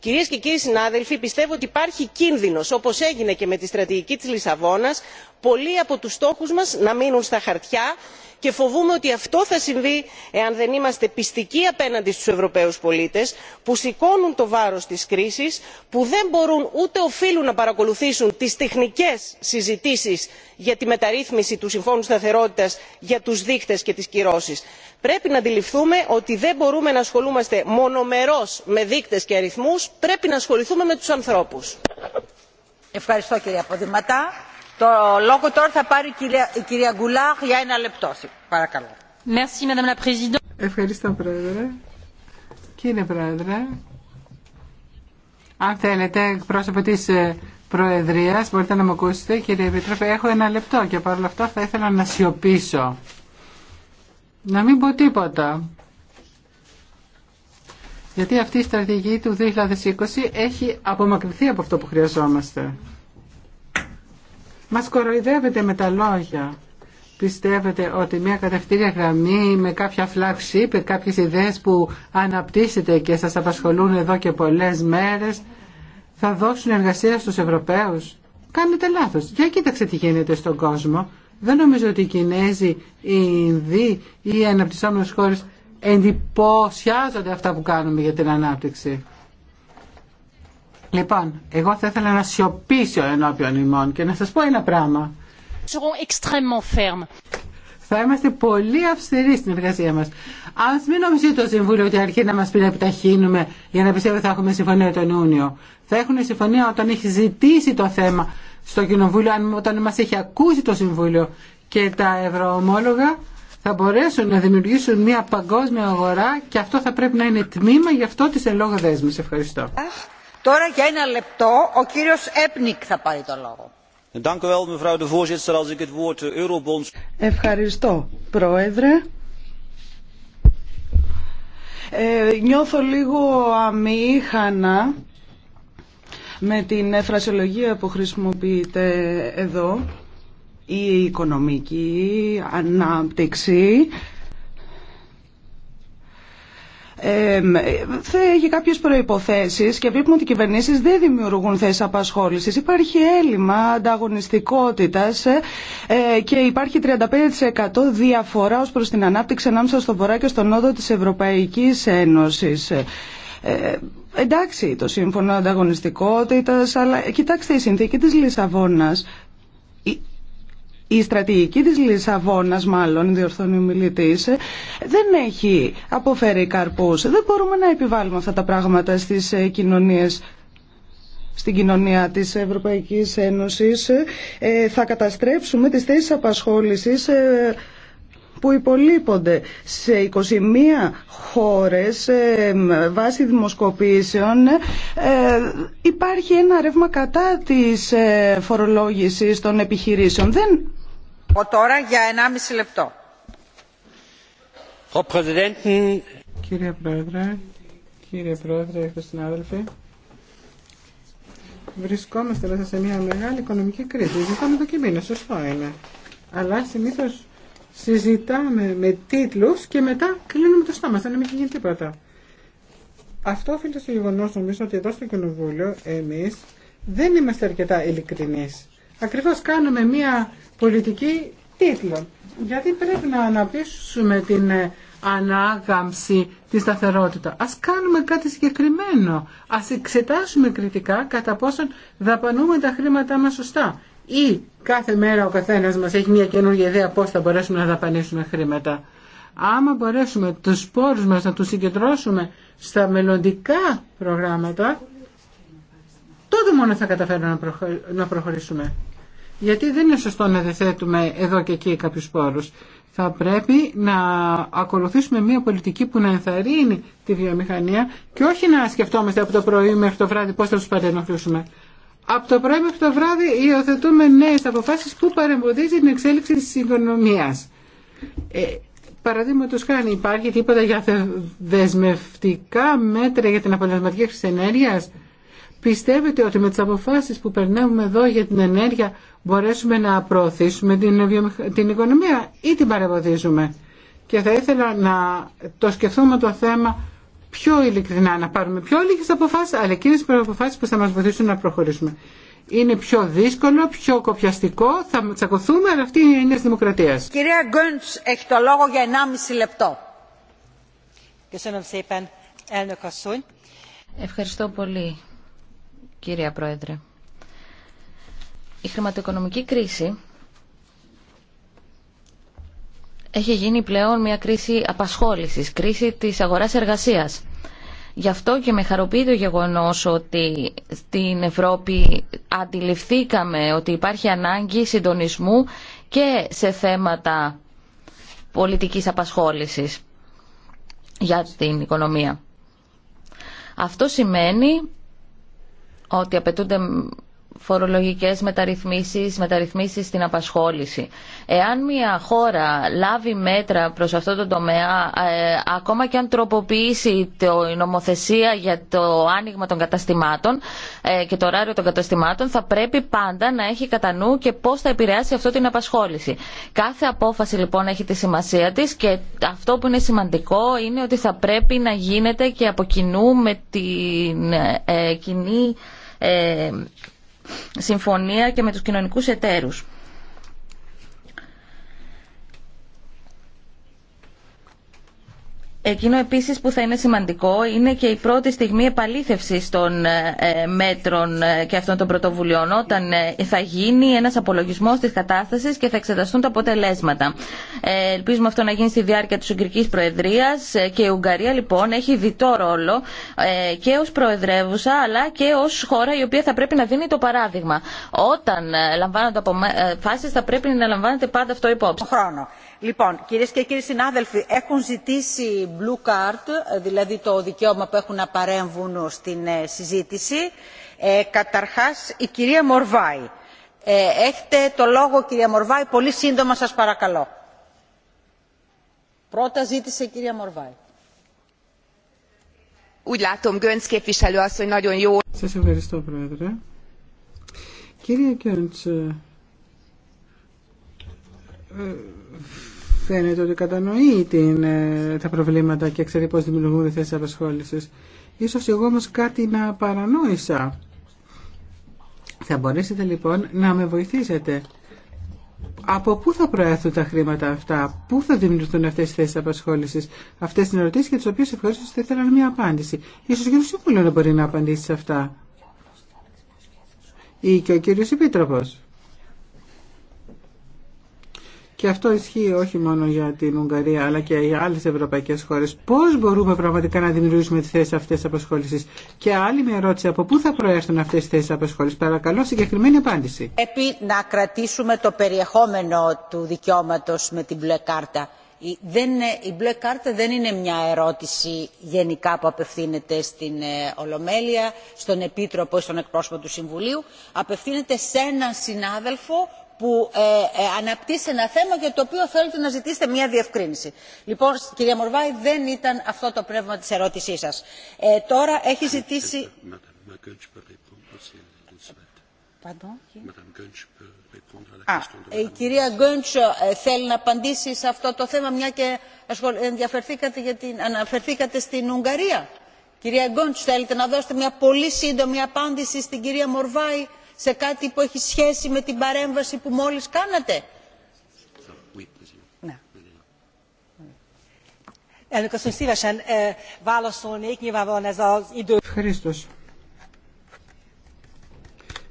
κυρίε και κύριοι συνάδελφοι πιστεύω ότι υπάρχει κίνδυνο όπω έγινε και με τη στρατηγική της Λισαβόνας, πολλοί από τους στόχους μας να μείνουν στα χαρτιά και και φοβούμαι ότι αυτό θα συμβεί εάν δεν είμαστε πιστικοί απέναντι στους ευρωπαίους πολίτες που σηκώνουν το βάρος της κρίσης που δεν μπορούν ούτε οφείλουν να παρακολουθήσουν τις τεχνικές συζητήσεις για τη μεταρρύθμιση του συμφώνου σταθερότητας για τους δείκτες και τις κυρώσεις. πρέπει να αντιληφθούμε ότι δεν μπορούμε να ασχολούμαστε μονομερώς με δείκτες και αριθμούς πρέπει να ασχοληθούμε με τους ανθρώπους. Ευχαριστώ το λόγο τώρα θα πάρει η κυρία, Γκουλάχ για ένα λεπτό. Παρακαλώ. Ευχαριστώ, Πρόεδρε. Κύριε Πρόεδρε, αν θέλετε, εκπρόσωπο τη ε, Προεδρία, μπορείτε να με ακούσετε. Κύριε Επιτρόπε, έχω ένα λεπτό και παρόλα αυτά θα ήθελα να σιωπήσω. Να μην πω τίποτα. Γιατί αυτή η στρατηγική του 2020 έχει απομακρυνθεί από αυτό που χρειαζόμαστε. Μας κοροϊδεύετε με τα λόγια. Πιστεύετε ότι μια κατευθύνια γραμμή με κάποια με κάποιες ιδέες που αναπτύσσετε και σας απασχολούν εδώ και πολλές μέρες, θα δώσουν εργασία στους Ευρωπαίους. Κάνετε λάθος. Για κοίταξε τι γίνεται στον κόσμο. Δεν νομίζω ότι οι Κινέζοι, οι Ινδοί ή οι αναπτυσσόμενες χώρες εντυπωσιάζονται αυτά που κάνουμε για την ανάπτυξη. Λοιπόν, εγώ θα ήθελα να σιωπήσω ενώπιον ημών και να σας πω ένα πράγμα. Θα είμαστε πολύ αυστηροί στην εργασία μας. Ας μην νομίζει το Συμβούλιο ότι αρχίζει να μας πει να επιταχύνουμε για να πιστεύω ότι θα έχουμε συμφωνία τον Ιούνιο. Θα έχουν συμφωνία όταν έχει ζητήσει το θέμα στο Κοινοβούλιο, όταν μας έχει ακούσει το Συμβούλιο και τα ευρωομόλογα θα μπορέσουν να δημιουργήσουν μια παγκόσμια αγορά και αυτό θα πρέπει να είναι τμήμα γι' αυτό της ελόγω Ευχαριστώ. Τώρα για ένα λεπτό ο κύριος Έπνικ θα πάρει το λόγο. Ευχαριστώ, Πρόεδρε. Ε, νιώθω λίγο αμήχανα με την φρασιολογία που χρησιμοποιείται εδώ. Η οικονομική ανάπτυξη έχει κάποιες προϋποθέσεις και βλέπουμε ότι οι κυβερνήσεις δεν δημιουργούν θέσεις απασχόλησης. Υπάρχει έλλειμμα ανταγωνιστικότητας ε, και υπάρχει 35% διαφορά ως προς την ανάπτυξη ανάμεσα στον Βορρά και στον Νότο της Ευρωπαϊκής Ένωσης. Ε, εντάξει το σύμφωνο ανταγωνιστικότητας, αλλά κοιτάξτε η συνθήκη της Λισαβόνας η στρατηγική της Λισαβόνας μάλλον, διορθώνει ο μιλητής, δεν έχει αποφέρει καρπούς. Δεν μπορούμε να επιβάλλουμε αυτά τα πράγματα στις ε, κοινωνίες στην κοινωνία της Ευρωπαϊκής Ένωσης ε, θα καταστρέψουμε τις θέσεις απασχόλησης ε, που υπολείπονται σε 21 χώρες βάσει δημοσκοπήσεων υπάρχει ένα ρεύμα κατά της φορολόγησης των επιχειρήσεων. Δεν ο τώρα Κύριε Πρόεδρε, κύριε Πρόεδρε, συνάδελφοι, βρισκόμαστε μέσα σε μια μεγάλη οικονομική κρίση. Ζητάμε το κείμενο, σωστό είναι. Αλλά συνήθω συζητάμε με τίτλου και μετά κλείνουμε το στόμα, σαν να μην έχει γίνει τίποτα. Αυτό οφείλεται στο γεγονό, νομίζω, ότι εδώ στο Κοινοβούλιο εμεί δεν είμαστε αρκετά ειλικρινεί ακριβώς κάνουμε μία πολιτική τίτλων. Γιατί πρέπει να αναπτύσσουμε την ε, ανάγαμψη, τη σταθερότητα. Ας κάνουμε κάτι συγκεκριμένο. Ας εξετάσουμε κριτικά κατά πόσον δαπανούμε τα χρήματά μας σωστά. Ή κάθε μέρα ο καθένας μας έχει μια καινούργια τίτλο. πώς θα μπορέσουμε να δαπανίσουμε χρήματα. Άμα μπορέσουμε τους σπόρους μας να τους συγκεντρώσουμε στα μελλοντικά προγράμματα, τότε μόνο θα καταφέρουμε να προχωρήσουμε. Γιατί δεν είναι σωστό να διαθέτουμε εδώ και εκεί κάποιους πόρους. Θα πρέπει να ακολουθήσουμε μια πολιτική που να ενθαρρύνει τη βιομηχανία και όχι να σκεφτόμαστε από το πρωί μέχρι το βράδυ πώς θα τους παρενοχλήσουμε. Από το πρωί μέχρι το βράδυ υιοθετούμε νέες αποφάσεις που παρεμποδίζει την εξέλιξη της οικονομίας. Ε, Παραδείγματο υπάρχει τίποτα για δεσμευτικά μέτρα για την αποτελεσματική ενέργεια Πιστεύετε ότι με τις αποφάσεις που περνάμε εδώ για την ενέργεια μπορέσουμε να προωθήσουμε την, την οικονομία ή την παρεμποδίζουμε. Και θα ήθελα να το σκεφτούμε το θέμα πιο ειλικρινά, να πάρουμε πιο λίγες αποφάσεις, αλλά εκείνες τις αποφάσεις που θα μας βοηθήσουν να προχωρήσουμε. Είναι πιο δύσκολο, πιο κοπιαστικό, θα τσακωθούμε, αλλά αυτή είναι η έννοια της δημοκρατίας. Κυρία έχει λόγο για 1,5 λεπτό. Ευχαριστώ πολύ, κυρία Πρόεδρε. Η χρηματοοικονομική κρίση έχει γίνει πλέον μια κρίση απασχόλησης, κρίση της αγοράς εργασίας. Γι' αυτό και με χαροποιεί το γεγονός ότι στην Ευρώπη αντιληφθήκαμε ότι υπάρχει ανάγκη συντονισμού και σε θέματα πολιτικής απασχόλησης για την οικονομία. Αυτό σημαίνει ότι απαιτούνται φορολογικές μεταρρυθμίσεις, μεταρρυθμίσεις στην απασχόληση. Εάν μια χώρα λάβει μέτρα προς αυτό το τομέα, ε, ακόμα και αν τροποποιήσει το, η νομοθεσία για το άνοιγμα των καταστημάτων ε, και το ωράριο των καταστημάτων, θα πρέπει πάντα να έχει κατά νου και πώς θα επηρεάσει αυτό την απασχόληση. Κάθε απόφαση λοιπόν έχει τη σημασία της και αυτό που είναι σημαντικό είναι ότι θα πρέπει να γίνεται και από κοινού με την ε, κοινή ε, συμφωνία και με τους κοινωνικούς εταίρους. Εκείνο επίσης που θα είναι σημαντικό είναι και η πρώτη στιγμή επαλήθευσης των ε, μέτρων ε, και αυτών των πρωτοβουλειών όταν ε, θα γίνει ένας απολογισμός της κατάστασης και θα εξεταστούν τα αποτελέσματα. Ελπίζουμε αυτό να γίνει στη διάρκεια της Ουγγρικής Προεδρίας και η Ουγγαρία λοιπόν έχει διτό ρόλο και ως Προεδρεύουσα αλλά και ως χώρα η οποία θα πρέπει να δίνει το παράδειγμα. Όταν λαμβάνονται αποφάσεις θα πρέπει να λαμβάνεται πάντα αυτό υπόψη. Λοιπόν, κυρίε και κύριοι συνάδελφοι, έχουν ζητήσει blue card, ε, δηλαδή το δικαίωμα που έχουν να παρέμβουν στην ε, συζήτηση. Καταρχά, ε, καταρχάς, η κυρία Μορβάη. έχετε το λόγο, κυρία Μορβάη, πολύ σύντομα σας παρακαλώ. Πρώτα ζήτησε η κυρία Μορβάη. Σας ευχαριστώ, Πρόεδρε. Κυρία Κιόντς, φαίνεται ότι κατανοεί την, ε, τα προβλήματα και ξέρει πώς δημιουργούνται θέσεις απασχόλησης. Ίσως εγώ όμως κάτι να παρανόησα. Θα μπορέσετε λοιπόν να με βοηθήσετε. Από πού θα προέρθουν τα χρήματα αυτά, πού θα δημιουργηθούν αυτές οι θέσεις απασχόλησης, αυτές οι ερωτήσει για τις οποίες ευχαρίστω θα ήθελα μια απάντηση. Ίσως και ο Σύμβουλο να μπορεί να απαντήσει σε αυτά. Ή και ο κύριο Επίτροπο. Και αυτό ισχύει όχι μόνο για την Ουγγαρία αλλά και για άλλε ευρωπαϊκέ χώρε. Πώ μπορούμε πραγματικά να δημιουργήσουμε τι θέσει αυτέ τη απασχόληση. Και άλλη μια ερώτηση, από πού θα προέρθουν αυτές τις θέσεις απασχόλησης. Παρακαλώ συγκεκριμένη απάντηση. Επί να κρατήσουμε το περιεχόμενο του δικαιώματο με την μπλε κάρτα. Η, δεν, μπλε κάρτα δεν είναι μια ερώτηση γενικά που απευθύνεται στην ε, Ολομέλεια, στον Επίτροπο ή στον εκπρόσωπο του Συμβουλίου. Απευθύνεται σε έναν συνάδελφο που ε, ε, αναπτύσσει ένα θέμα για το οποίο θέλετε να ζητήσετε μια διευκρίνηση. Λοιπόν, κυρία Μορβάη, δεν ήταν αυτό το πνεύμα της ερώτησής σας. Ε, τώρα έχει ζητήσει... Α, η κυρία Γκόντς θέλει να απαντήσει σε αυτό το θέμα, μια και ενδιαφερθήκατε για αναφερθήκατε στην Ουγγαρία. Κυρία Γκόντς, θέλετε να δώσετε μια πολύ σύντομη απάντηση στην κυρία Μορβάη σε κάτι που έχει σχέση με την παρέμβαση που μόλις κάνατε. Ναι. Eh, Ευχαριστώ.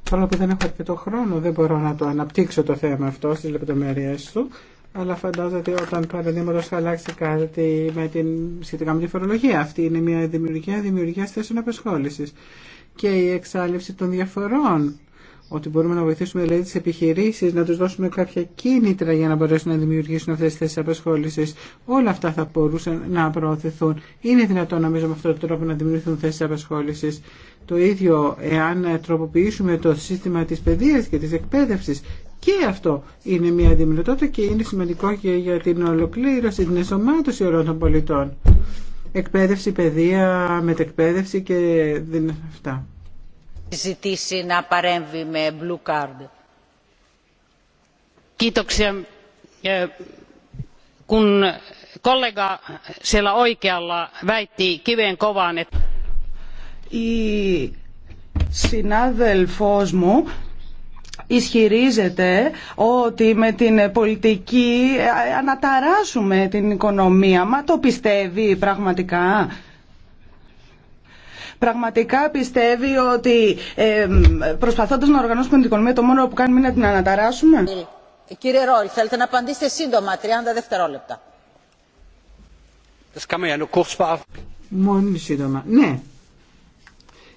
Παρόλο που δεν έχω αρκετό χρόνο, δεν μπορώ να το αναπτύξω το θέμα αυτό στις λεπτομέρειες του, αλλά φαντάζομαι ότι όταν παραδείγματος θα αλλάξει κάτι με την, σχετικά με τη φορολογία. Αυτή είναι μια δημιουργία δημιουργία θέσεων απεσχόλησης. και η εξάλληψη των διαφορών ότι μπορούμε να βοηθήσουμε δηλαδή τις επιχειρήσεις, να του δώσουμε κάποια κίνητρα για να μπορέσουν να δημιουργήσουν αυτέ τι θέσει απασχόληση. Όλα αυτά θα μπορούσαν να προωθηθούν. Είναι δυνατόν νομίζω με αυτόν τον τρόπο να δημιουργηθούν θέσεις απασχόληση. Το ίδιο εάν τροποποιήσουμε το σύστημα τη παιδεία και τη εκπαίδευση. Και αυτό είναι μια δημιουργότητα και είναι σημαντικό και για την ολοκλήρωση, την εσωμάτωση όλων των πολιτών. Εκπαίδευση, παιδεία, μετεκπαίδευση και δεν αυτά ζητήσει να παρέμβει με blue card. Kiitoksia. Ε, kun kollega siellä oikealla väitti kiveen kovaan, että... Η συνάδελφός μου ισχυρίζεται ότι με την πολιτική αναταράσουμε την οικονομία. Μα το πιστεύει πραγματικά πραγματικά πιστεύει ότι ε, προσπαθώντας να οργανώσουμε την οικονομία το μόνο που κάνουμε είναι να την αναταράσουμε. Κύριε Ρόλ, θέλετε να απαντήσετε σύντομα, 30 δευτερόλεπτα. Μόνο σύντομα. Ναι.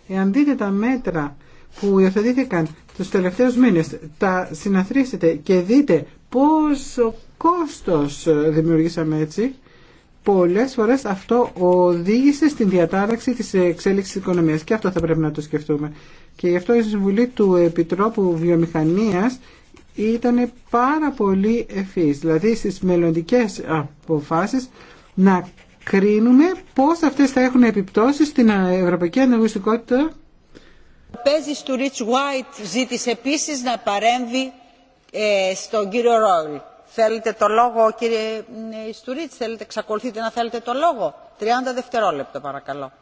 Εάν δείτε τα μέτρα που υιοθετήθηκαν τους τελευταίους μήνες, τα συναθρήσετε και δείτε πόσο κόστος δημιουργήσαμε έτσι, πολλές φορές αυτό οδήγησε στην διατάραξη της εξέλιξης της οικονομίας και αυτό θα πρέπει να το σκεφτούμε. Και γι' αυτό η συμβουλή του Επιτρόπου Βιομηχανίας ήταν πάρα πολύ ευφύς. Δηλαδή στις μελλοντικές αποφάσεις να κρίνουμε πώς αυτές θα έχουν επιπτώσεις στην ευρωπαϊκή ανταγωνιστικότητα. Ο Πέζης του Ριτς White ζήτησε επίσης να παρέμβει ε, στον κύριο Ρόλ. Θέλετε το λόγο, κύριε Στουρίτς, θέλετε, εξακολουθείτε να θέλετε το λόγο. 30 δευτερόλεπτο, παρακαλώ.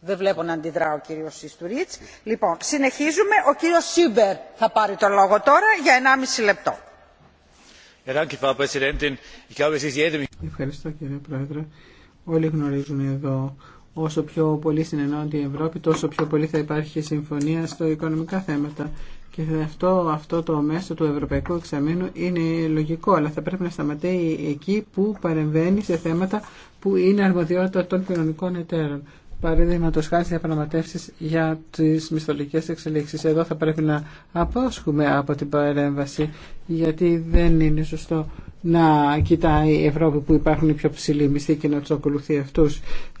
Δεν βλέπω να αντιδρά ο κύριο Ιστουρίτς. Λοιπόν, συνεχίζουμε. Ο κύριος Σίμπερ θα πάρει το λόγο τώρα για 1,5 λεπτό. Ε, Ευχαριστώ, κύριε Πρόεδρε. Όλοι γνωρίζουν εδώ όσο πιο πολύ συνενώνεται η Ευρώπη, τόσο πιο πολύ θα υπάρχει συμφωνία στο οικονομικά θέματα. Και αυτό, αυτό το μέσο του Ευρωπαϊκού Εξαμήνου είναι λογικό, αλλά θα πρέπει να σταματεί εκεί που παρεμβαίνει σε θέματα που είναι αρμοδιότητα των κοινωνικών εταίρων παραδείγματο χάρη διαπραγματεύσει για τι μισθολογικέ εξελίξει. Εδώ θα πρέπει να απόσχουμε από την παρέμβαση, γιατί δεν είναι σωστό να κοιτάει η Ευρώπη που υπάρχουν οι πιο ψηλοί μισθοί και να του ακολουθεί αυτού.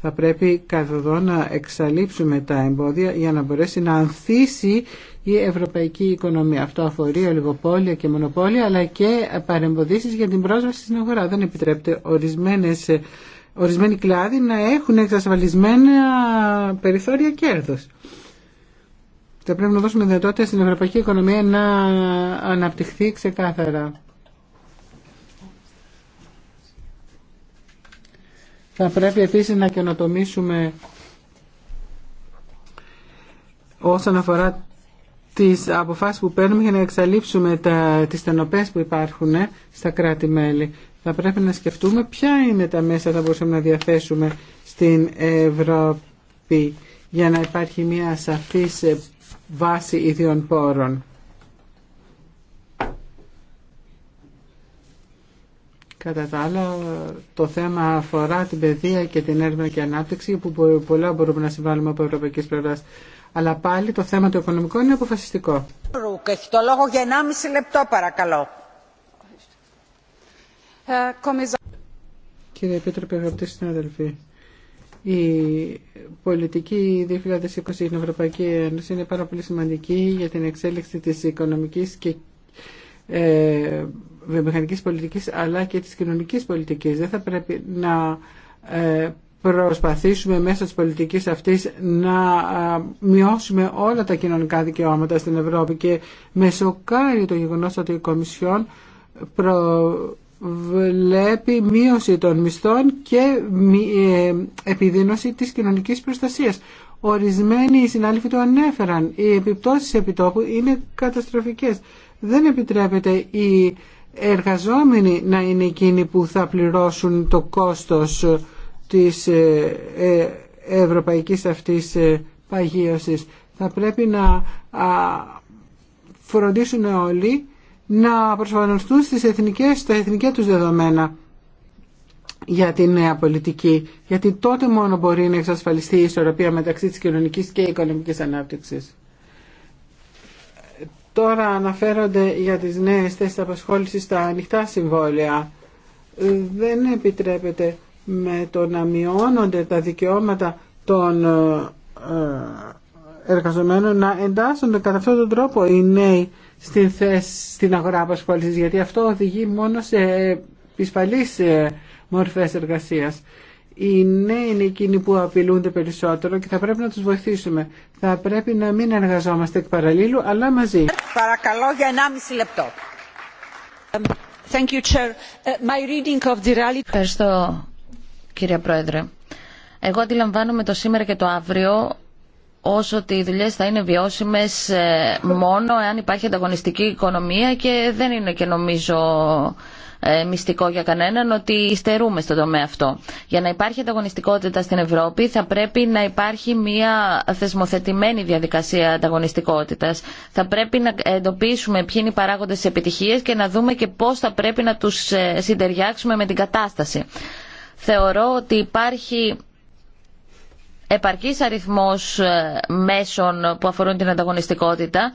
Θα πρέπει εδώ να εξαλείψουμε τα εμπόδια για να μπορέσει να ανθίσει η ευρωπαϊκή οικονομία. Αυτό αφορεί ολιγοπόλια και μονοπόλια, αλλά και παρεμποδίσει για την πρόσβαση στην αγορά. Δεν επιτρέπεται ορισμένε ορισμένοι κλάδοι να έχουν εξασφαλισμένα περιθώρια κέρδους. Θα πρέπει να δώσουμε δυνατότητα στην ευρωπαϊκή οικονομία να αναπτυχθεί ξεκάθαρα. Θα πρέπει επίσης να καινοτομήσουμε όσον αφορά τις αποφάσεις που παίρνουμε για να εξαλείψουμε τα, τις στενοπές που υπάρχουν ε, στα κράτη-μέλη θα πρέπει να σκεφτούμε ποια είναι τα μέσα που θα μπορούσαμε να διαθέσουμε στην Ευρώπη για να υπάρχει μια σαφή βάση ιδιών πόρων. Κατά τα άλλα, το θέμα αφορά την παιδεία και την έρευνα και ανάπτυξη, που πολλά μπορούμε να συμβάλλουμε από ευρωπαϊκή πλευρά. Αλλά πάλι το θέμα του οικονομικό είναι αποφασιστικό. έχει το λόγο για 1,5 λεπτό, παρακαλώ. Κύριε Επίτροπε, αγαπητοί συνάδελφοι, η πολιτική 2020 στην Ευρωπαϊκή Ένωση είναι πάρα πολύ σημαντική για την εξέλιξη της οικονομικής και ε, βιομηχανικής πολιτικής αλλά και της κοινωνικής πολιτικής. Δεν θα πρέπει να ε, προσπαθήσουμε μέσα της πολιτικής αυτής να ε, μειώσουμε όλα τα κοινωνικά δικαιώματα στην Ευρώπη και με σοκάρει το γεγονός ότι η Κομισιόν προ βλέπει μείωση των μισθών και ε, επιδείνωση της κοινωνικής προστασίας. Ορισμένοι συνάδελφοι το ανέφεραν. Οι επιπτώσεις επιτόπου είναι καταστροφικές. Δεν επιτρέπεται οι εργαζόμενοι να είναι εκείνοι που θα πληρώσουν το κόστος της ε, ε, ευρωπαϊκής αυτής παγίωσης. Θα πρέπει να φροντίσουν όλοι να προσαρμοστούν στις εθνικές, στα εθνικά τους δεδομένα για τη νέα πολιτική, γιατί τότε μόνο μπορεί να εξασφαλιστεί η ισορροπία μεταξύ της κοινωνικής και οικονομικής ανάπτυξης. Τώρα αναφέρονται για τις νέες θέσεις απασχόλησης στα ανοιχτά συμβόλαια. Δεν επιτρέπεται με το να μειώνονται τα δικαιώματα των ε, ε, εργαζομένων να εντάσσονται κατά αυτόν τον τρόπο οι νέοι στην, θέση, στην αγορά απασχόληση, γιατί αυτό οδηγεί μόνο σε επισφαλείς ε, μορφέ εργασία. Οι νέοι είναι εκείνοι που απειλούνται περισσότερο και θα πρέπει να του βοηθήσουμε. Θα πρέπει να μην εργαζόμαστε εκ παραλίλου, αλλά μαζί. Παρακαλώ για 1,5 λεπτό. Ευχαριστώ, κύριε Πρόεδρε. Εγώ αντιλαμβάνομαι το σήμερα και το αύριο ως ότι οι δουλειές θα είναι βιώσιμες ε, μόνο εάν υπάρχει ανταγωνιστική οικονομία και δεν είναι και νομίζω ε, μυστικό για κανέναν ότι υστερούμε στον τομέα αυτό. Για να υπάρχει ανταγωνιστικότητα στην Ευρώπη θα πρέπει να υπάρχει μια θεσμοθετημένη διαδικασία ανταγωνιστικότητας. Θα πρέπει να εντοπίσουμε ποιοι είναι οι παράγοντες της επιτυχίας και να δούμε και πώς θα πρέπει να τους ε, συντεριάξουμε με την κατάσταση. Θεωρώ ότι υπάρχει επαρκής αριθμός ε, μέσων που αφορούν την ανταγωνιστικότητα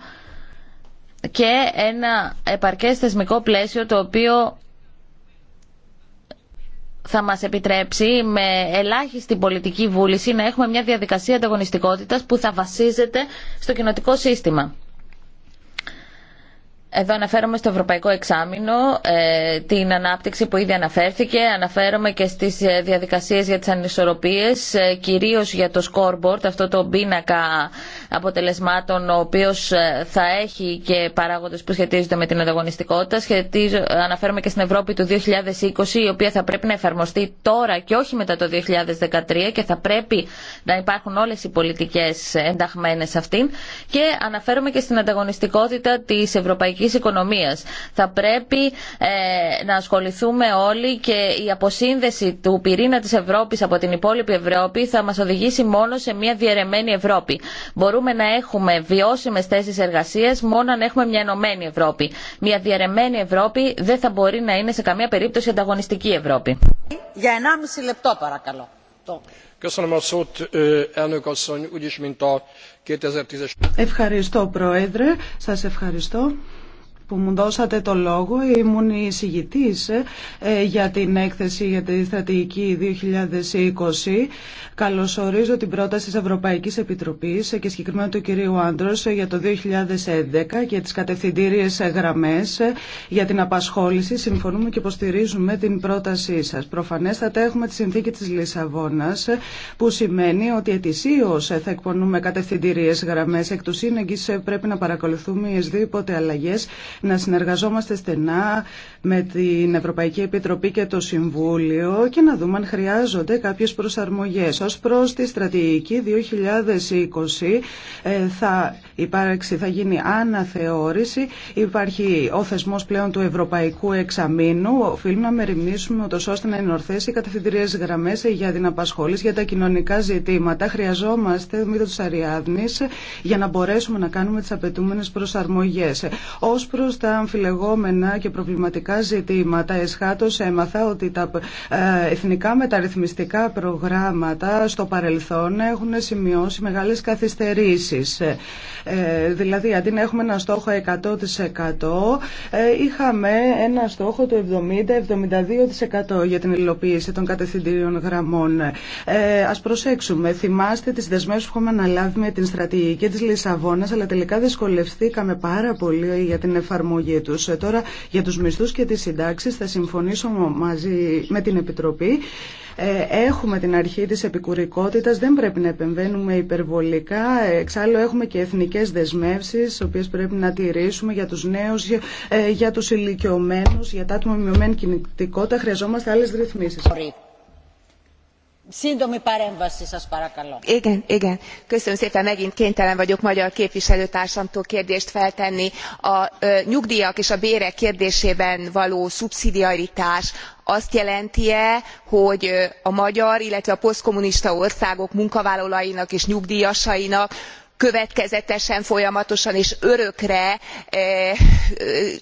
και ένα επαρκές θεσμικό πλαίσιο το οποίο θα μας επιτρέψει με ελάχιστη πολιτική βούληση να έχουμε μια διαδικασία ανταγωνιστικότητας που θα βασίζεται στο κοινοτικό σύστημα. Εδώ αναφέρομαι στο Ευρωπαϊκό Εξάμεινο, ε, την ανάπτυξη που ήδη αναφέρθηκε. Αναφέρομαι και στις ε, διαδικασίες για τις ανισορροπίες, ε, κυρίως για το scoreboard, αυτό το πίνακα αποτελεσμάτων, ο οποίος θα έχει και παράγοντες που σχετίζονται με την ανταγωνιστικότητα. Σχετίζω, αναφέρομαι και στην Ευρώπη του 2020, η οποία θα πρέπει να εφαρμοστεί τώρα και όχι μετά το 2013 και θα πρέπει να υπάρχουν όλες οι πολιτικές ενταγμένες σε αυτήν. Και αναφέρομαι και στην ανταγωνιστικότητα της Ευρωπαϊκής θα πρέπει ε, να ασχοληθούμε όλοι και η αποσύνδεση του πυρήνα τη Ευρώπη από την υπόλοιπη Ευρώπη θα μα οδηγήσει μόνο σε μια διαιρεμένη Ευρώπη. Μπορούμε να έχουμε βιώσιμε θέσει εργασία μόνο αν έχουμε μια ενωμένη Ευρώπη. Μια διαιρεμένη Ευρώπη δεν θα μπορεί να είναι σε καμία περίπτωση ανταγωνιστική Ευρώπη. Για 1,5 λεπτό παρακαλώ. Ευχαριστώ Πρόεδρε, σας ευχαριστώ που μου δώσατε το λόγο. Ήμουν η εισηγητής ε, για την έκθεση για τη στρατηγική 2020. Καλωσορίζω την πρόταση της Ευρωπαϊκής Επιτροπής και συγκεκριμένα του κυρίου Άντρος για το 2011 και τις κατευθυντήριες γραμμές για την απασχόληση. Συμφωνούμε και υποστηρίζουμε την πρότασή σας. Προφανέστατα έχουμε τη συνθήκη της Λισαβόνας που σημαίνει ότι ετησίως θα εκπονούμε κατευθυντήριες γραμμές. Εκ του ε, πρέπει να παρακολουθούμε οι αλλαγέ να συνεργαζόμαστε στενά με την Ευρωπαϊκή Επιτροπή και το Συμβούλιο και να δούμε αν χρειάζονται κάποιες προσαρμογές. Ως προς τη στρατηγική 2020 ε, θα υπάρξει, θα γίνει αναθεώρηση. Υπάρχει ο θεσμός πλέον του Ευρωπαϊκού Εξαμήνου. Οφείλουμε να μεριμνήσουμε ούτως ώστε να ενορθέσει ορθές γραμμέ γραμμές για την απασχόληση, για τα κοινωνικά ζητήματα. Χρειαζόμαστε μύθο τη Αριάδνης για να μπορέσουμε να κάνουμε τις απαιτούμενε προσαρμογές στα αμφιλεγόμενα και προβληματικά ζητήματα, εσχάτως έμαθα ότι τα ε, εθνικά μεταρρυθμιστικά προγράμματα στο παρελθόν έχουν σημειώσει μεγάλες καθυστερήσεις. Ε, δηλαδή, αντί να έχουμε ένα στόχο 100% ε, είχαμε ένα στόχο του 70-72% για την υλοποίηση των κατευθυντήριων γραμμών. Ας προσέξουμε, θυμάστε τις δεσμεύσεις που έχουμε αναλάβει με την στρατηγική της Λισαβόνας, αλλά τελικά δυσκολευτήκαμε πάρα πολύ για την εφαρμογή εφαρμογή ε, Τώρα για του μισθού και τι συντάξει. θα συμφωνήσω μαζί με την Επιτροπή. Ε, έχουμε την αρχή της επικουρικότητας, δεν πρέπει να επεμβαίνουμε υπερβολικά. Εξάλλου έχουμε και εθνικές δεσμεύσεις, τις οποίες πρέπει να τηρήσουμε για τους νέους, για ε, τους ηλικιωμένου, για τα άτομα με μειωμένη κινητικότητα. Χρειαζόμαστε άλλε ρυθμίσεις. Σύντομη παρέμβαση Igen, igen. Köszönöm szépen, megint kénytelen vagyok magyar képviselőtársamtól kérdést feltenni. A nyugdíjak és a bérek kérdésében való szubszidiaritás azt jelenti e hogy a magyar illetve a posztkommunista országok munkavállalóinak és nyugdíjasainak következetesen folyamatosan és örökre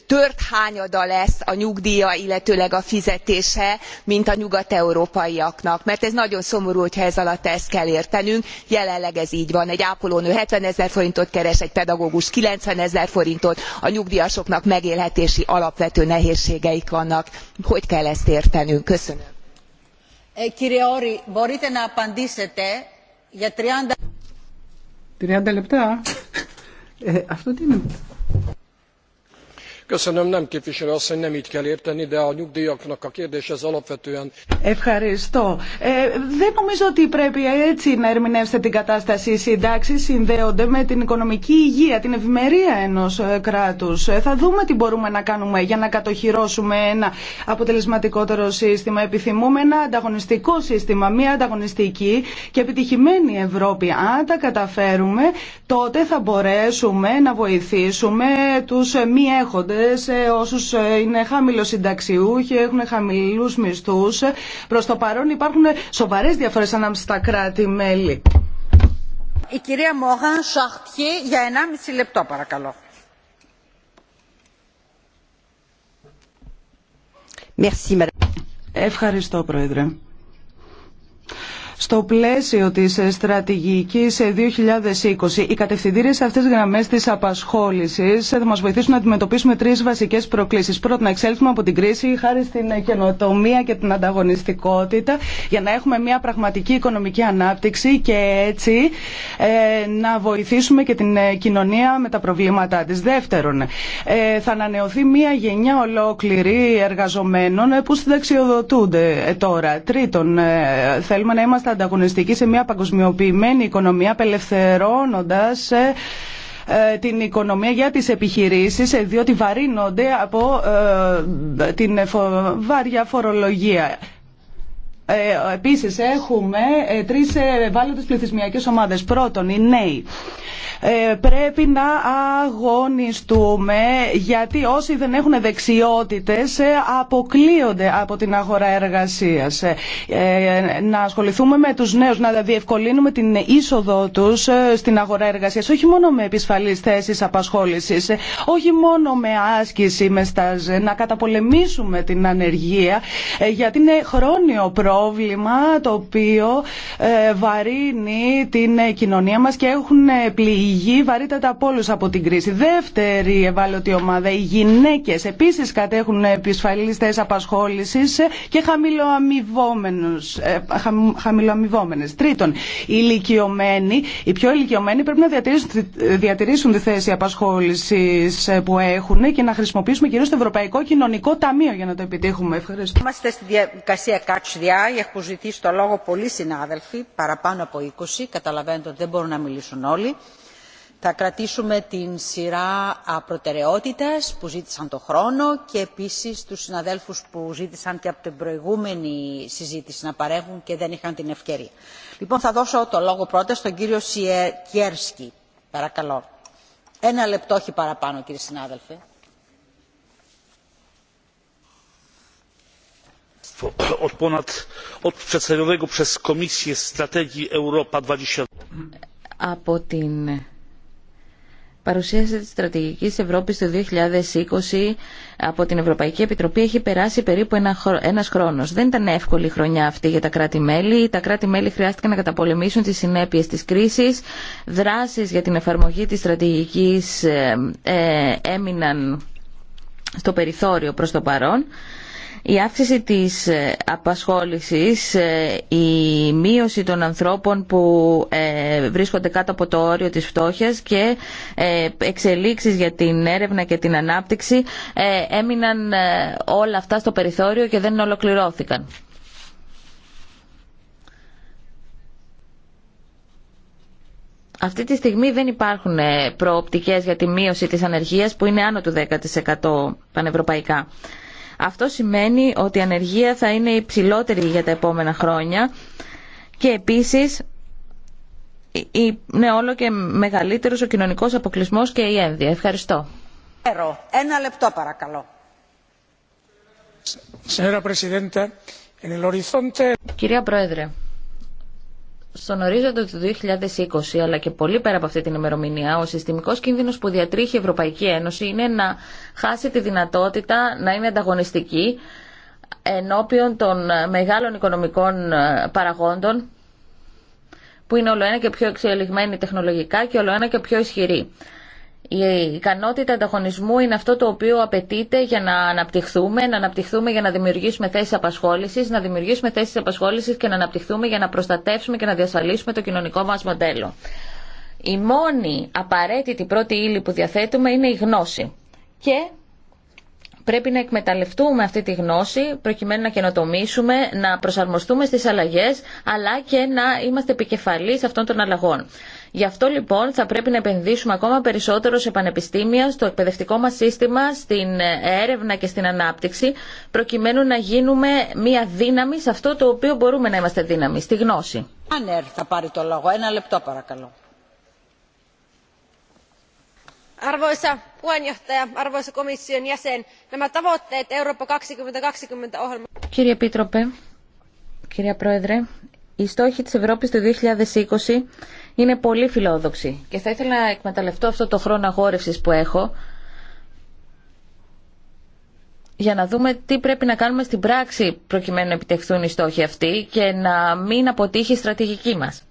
tört hányada lesz a nyugdja illetőleg a fizetése mint a nyugat európaiaknak mert ez nagyon szomorú hogyha alatt ezt kell értenünk jelenleg ez gy van egy ápolónő seventy ezer forintot keres egy pedagógus ninety forintot a nyugdjasoknak megélhetési alapvető nehézségeik vannak. hogy kell ezt értenünk? köszönöm. 30 λεπτά. Ε, αυτό τι είναι. Ευχαριστώ. Ε, δεν νομίζω ότι πρέπει έτσι να ερμηνεύσετε την κατάσταση. Οι συντάξει συνδέονται με την οικονομική υγεία, την ευημερία ενό ε, κράτου. Ε, θα δούμε τι μπορούμε να κάνουμε για να κατοχυρώσουμε ένα αποτελεσματικότερο σύστημα. Επιθυμούμε ένα ανταγωνιστικό σύστημα, μια ανταγωνιστική και επιτυχημένη Ευρώπη. Αν τα καταφέρουμε, τότε θα μπορέσουμε να βοηθήσουμε του μη έχοντε σε όσους ε, είναι χαμηλοσυνταξιούχοι, έχουν χαμηλούς μισθούς. Προς το παρόν υπάρχουν σοβαρές διαφορές ανάμεσα στα κράτη-μέλη. Η κυρία Μόγαν Σαχτιέ για 1,5 λεπτό παρακαλώ. Merci, Ευχαριστώ, Πρόεδρε. Στο πλαίσιο της στρατηγικής 2020, οι κατευθυντήριες αυτές γραμμές της απασχόλησης θα μας βοηθήσουν να αντιμετωπίσουμε τρεις βασικές προκλήσεις. Πρώτον, να εξέλθουμε από την κρίση χάρη στην καινοτομία και την ανταγωνιστικότητα για να έχουμε μια πραγματική οικονομική ανάπτυξη και έτσι ε, να βοηθήσουμε και την ε, κοινωνία με τα προβλήματά της. Δεύτερον, ε, θα ανανεωθεί μια γενιά ολόκληρη εργαζομένων που συνταξιοδοτούνται τώρα. Τρίτον, θέλουμε να είμαστε ανταγωνιστική σε μια παγκοσμιοποιημένη οικονομία απελευθερώνοντας ε, ε, την οικονομία για τις επιχειρήσεις ε, διότι βαρύνονται από την βαριά φορολογία. Ε, Επίση έχουμε ε, τρει ε, ευάλωτε πληθυσμιακέ ομάδε. Πρώτον, οι νέοι. Πρέπει να αγωνιστούμε γιατί όσοι δεν έχουν δεξιότητες αποκλείονται από την αγορά εργασίας. Να ασχοληθούμε με τους νέου, να διευκολύνουμε την είσοδο τους στην αγορά εργασία, Όχι μόνο με επισφαλείς θέσεις απασχόλησης, όχι μόνο με άσκηση, με στάζ, να καταπολεμήσουμε την ανεργία γιατί είναι χρόνιο πρόβλημα πρόβλημα το οποίο ε, βαρύνει την ε, κοινωνία μας και έχουν ε, πληγεί βαρύτατα από όλους από την κρίση. Δεύτερη ευάλωτη ομάδα, οι γυναίκες επίσης κατέχουν επισφαλίστες απασχόλησης απασχόλησης και χαμηλοαμοιβόμενες. Τρίτον, οι ηλικιωμένοι, οι πιο ηλικιωμένοι πρέπει να διατηρήσουν, διατηρήσουν τη θέση απασχόλησης που έχουν και να χρησιμοποιήσουμε κυρίως το Ευρωπαϊκό Κοινωνικό Ταμείο για να το επιτύχουμε. Ευχαριστώ. Είμαστε στη διαδικασία Catch the έχουν ζητήσει το λόγο πολλοί συνάδελφοι, παραπάνω από είκοσι. Καταλαβαίνετε ότι δεν μπορούν να μιλήσουν όλοι. Θα κρατήσουμε την σειρά προτεραιότητα που ζήτησαν το χρόνο και επίσης τους συναδέλφους που ζήτησαν και από την προηγούμενη συζήτηση να παρέχουν και δεν είχαν την ευκαιρία. Λοιπόν, θα δώσω το λόγο πρώτα στον κύριο Σιερ Παρακαλώ. Ένα λεπτό, όχι παραπάνω, κύριε συνάδελφε. Από την παρουσίαση της στρατηγικής Ευρώπης του 2020 από την Ευρωπαϊκή Επιτροπή έχει περάσει περίπου ένα, ένας χρόνος. Δεν ήταν εύκολη η χρονιά αυτή για τα κράτη-μέλη. Τα κράτη-μέλη χρειάστηκαν να καταπολεμήσουν τις συνέπειες της κρίσης. Δράσεις για την εφαρμογή της στρατηγικής ε, ε, έμειναν στο περιθώριο προς το παρόν. Η αύξηση της ε, απασχόλησης, ε, η μείωση των ανθρώπων που ε, βρίσκονται κάτω από το όριο της φτώχειας και εξελίξεις για την έρευνα και την ανάπτυξη έμειναν όλα αυτά στο περιθώριο και δεν ολοκληρώθηκαν. Αυτή τη στιγμή δεν υπάρχουν προοπτικές για τη μείωση της ανεργίας που είναι άνω του 10% πανευρωπαϊκά. Αυτό σημαίνει ότι η ανεργία θα είναι υψηλότερη για τα επόμενα χρόνια και επίσης είναι όλο και μεγαλύτερος ο κοινωνικός αποκλεισμός και η ένδυα. Ευχαριστώ. Ένα λεπτό παρακαλώ. Κυρία Πρόεδρε, στον ορίζοντα του 2020, αλλά και πολύ πέρα από αυτή την ημερομηνία, ο συστημικό κίνδυνο που διατρέχει η Ευρωπαϊκή Ένωση είναι να χάσει τη δυνατότητα να είναι ανταγωνιστική ενώπιον των μεγάλων οικονομικών ε, παραγόντων που είναι όλο ένα και πιο εξελιγμένοι τεχνολογικά και όλο ένα και πιο ισχυροί. Η ικανότητα ανταγωνισμού είναι αυτό το οποίο απαιτείται για να αναπτυχθούμε, να αναπτυχθούμε για να δημιουργήσουμε θέσει απασχόληση, να δημιουργήσουμε θέσει απασχόληση και να αναπτυχθούμε για να προστατεύσουμε και να διασφαλίσουμε το κοινωνικό μα μοντέλο. Η μόνη απαραίτητη πρώτη ύλη που διαθέτουμε είναι η γνώση. Και πρέπει να εκμεταλλευτούμε αυτή τη γνώση προκειμένου να καινοτομήσουμε, να προσαρμοστούμε στι αλλαγέ, αλλά και να είμαστε επικεφαλεί αυτών των αλλαγών. Γι' αυτό λοιπόν θα πρέπει να επενδύσουμε ακόμα περισσότερο σε πανεπιστήμια, στο εκπαιδευτικό μας σύστημα, στην έρευνα και στην ανάπτυξη, προκειμένου να γίνουμε μία δύναμη σε αυτό το οποίο μπορούμε να είμαστε δύναμη, στη γνώση. θα πάρει το λόγο. Ένα λεπτό παρακαλώ. Arvoisa puheenjohtaja, arvoisa komission jäsen, nämä tavoitteet Eurooppa 2020 Κύριε Επίτροπε, κύριε Πρόεδρε, οι στόχοι της Ευρώπης 2020 είναι πολύ φιλόδοξη και θα ήθελα να εκμεταλλευτώ αυτό το χρόνο αγόρευσης που έχω για να δούμε τι πρέπει να κάνουμε στην πράξη προκειμένου να επιτευχθούν οι στόχοι αυτοί και να μην αποτύχει η στρατηγική μας.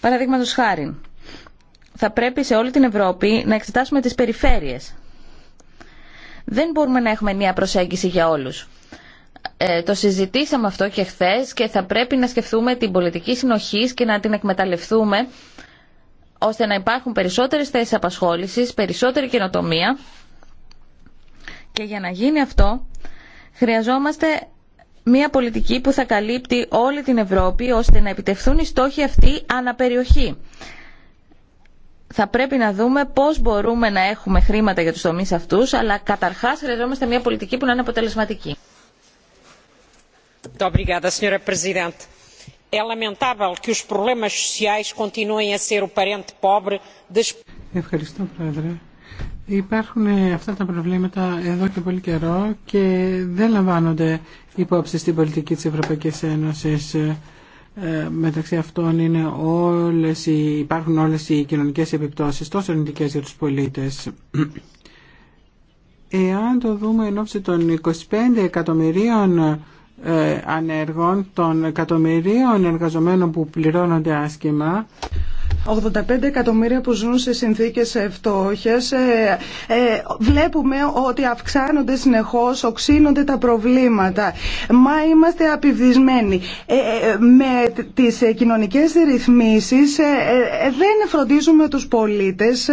Παραδείγματος χάρη, θα πρέπει σε όλη την Ευρώπη να εξετάσουμε τις περιφέρειες. Δεν μπορούμε να έχουμε μια προσέγγιση για όλους. Ε, το συζητήσαμε αυτό και χθε και θα πρέπει να σκεφτούμε την πολιτική συνοχή και να την εκμεταλλευτούμε ώστε να υπάρχουν περισσότερε θέσει απασχόληση, περισσότερη καινοτομία και για να γίνει αυτό χρειαζόμαστε μια πολιτική που θα καλύπτει όλη την Ευρώπη ώστε να επιτευχθούν οι στόχοι αυτοί αναπεριοχή. Θα πρέπει να δούμε πώς μπορούμε να έχουμε χρήματα για τους τομείς αυτούς, αλλά καταρχάς χρειαζόμαστε μια πολιτική που να είναι αποτελεσματική. Ευχαριστώ, Πρόεδρε. Υπάρχουν ε, αυτά τα προβλήματα εδώ και πολύ καιρό και δεν λαμβάνονται υπόψη στην πολιτική της Ευρωπαϊκής Ένωσης. Ε, μεταξύ αυτών είναι όλες οι, υπάρχουν όλες οι κοινωνικές επιπτώσεις τόσο αρνητικές για τους πολίτες. Εάν το δούμε εν των 25 εκατομμυρίων ε, ανέργων, των εκατομμυρίων εργαζομένων που πληρώνονται άσχημα 85 εκατομμύρια που ζουν σε συνθήκες φτώχειας. Ε, ε, βλέπουμε ότι αυξάνονται συνεχώς, οξύνονται τα προβλήματα. Μα είμαστε απειβδισμένοι. με τις κοινωνικές ρυθμίσεις δεν φροντίζουμε τους πολίτες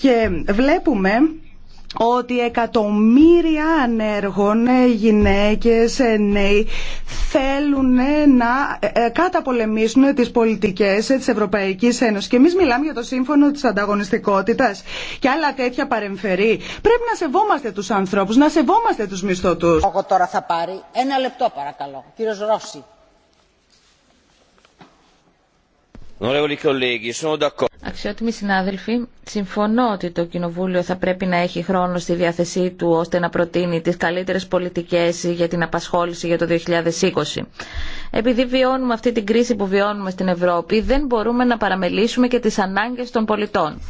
και βλέπουμε ότι εκατομμύρια ανέργων ε, γυναίκες, ε, νέοι θέλουν ε, να καταπολεμήσουν τις πολιτικές της Ευρωπαϊκής Ένωσης. Και εμείς μιλάμε για το σύμφωνο της ανταγωνιστικότητας και άλλα τέτοια παρεμφερή. Πρέπει να σεβόμαστε τους ανθρώπους, να σεβόμαστε τους μισθωτούς. Εγώ τώρα θα πάρει ένα λεπτό παρακαλώ. Κύριος Ρώση. Αξιότιμοι συνάδελφοι, συμφωνώ ότι το Κοινοβούλιο θα πρέπει να έχει χρόνο στη διάθεσή του ώστε να προτείνει τις καλύτερες πολιτικές για την απασχόληση για το 2020. Επειδή βιώνουμε αυτή την κρίση που βιώνουμε στην Ευρώπη, δεν μπορούμε να παραμελήσουμε και τις ανάγκες των πολιτών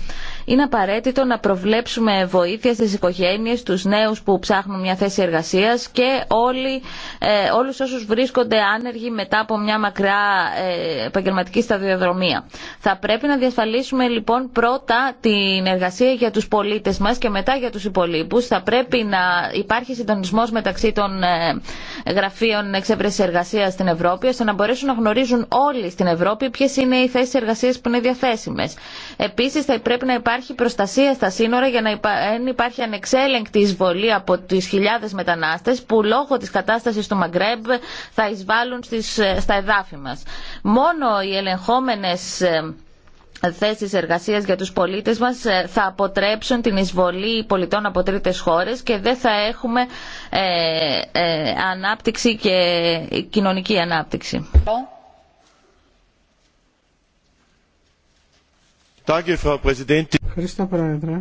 είναι απαραίτητο να προβλέψουμε βοήθεια στις οικογένειες, τους νέους που ψάχνουν μια θέση εργασίας και όλοι, ε, όλους όσους βρίσκονται άνεργοι μετά από μια μακρά ε, επαγγελματική σταδιοδρομία. Θα πρέπει να διασφαλίσουμε λοιπόν πρώτα την εργασία για τους πολίτες μας και μετά για τους υπολείπους. Θα πρέπει να υπάρχει συντονισμός μεταξύ των ε, γραφείων εξέβρεσης εργασίας στην Ευρώπη ώστε να μπορέσουν να γνωρίζουν όλοι στην Ευρώπη ποιες είναι οι θέσεις εργασίας που είναι διαθέσιμες. Επίσης θα πρέπει να υπάρχει υπάρχει προστασία στα σύνορα για να υπάρχει ανεξέλεγκτη εισβολή από τις χιλιάδες μετανάστες που λόγω της κατάστασης του Μαγκρέμπ θα εισβάλλουν στις, ε, στα εδάφη μας. Μόνο οι ελεγχόμενες ε, θέσεις εργασίας για τους πολίτες μας ε, θα αποτρέψουν την εισβολή πολιτών από τρίτες χώρες και δεν θα έχουμε ανάπτυξη και κοινωνική ανάπτυξη. Ευχαριστώ, Πρόεδρε.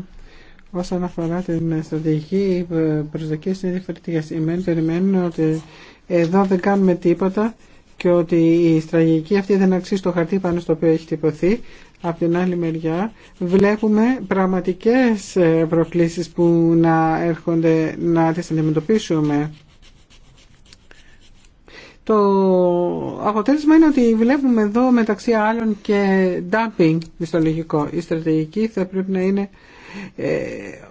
Όσον αφορά την στρατηγική, οι προσδοκίε είναι διαφορετικέ. Οι μεν περιμένουν ότι εδώ δεν κάνουμε τίποτα και ότι η στρατηγική αυτή δεν αξίζει το χαρτί πάνω στο οποίο έχει τυπωθεί. Απ' την άλλη μεριά βλέπουμε πραγματικέ προκλήσεις που να έρχονται να τι αντιμετωπίσουμε. Το αποτέλεσμα είναι ότι βλέπουμε εδώ μεταξύ άλλων και dumping μισθολογικό. Η στρατηγική θα πρέπει να είναι ε,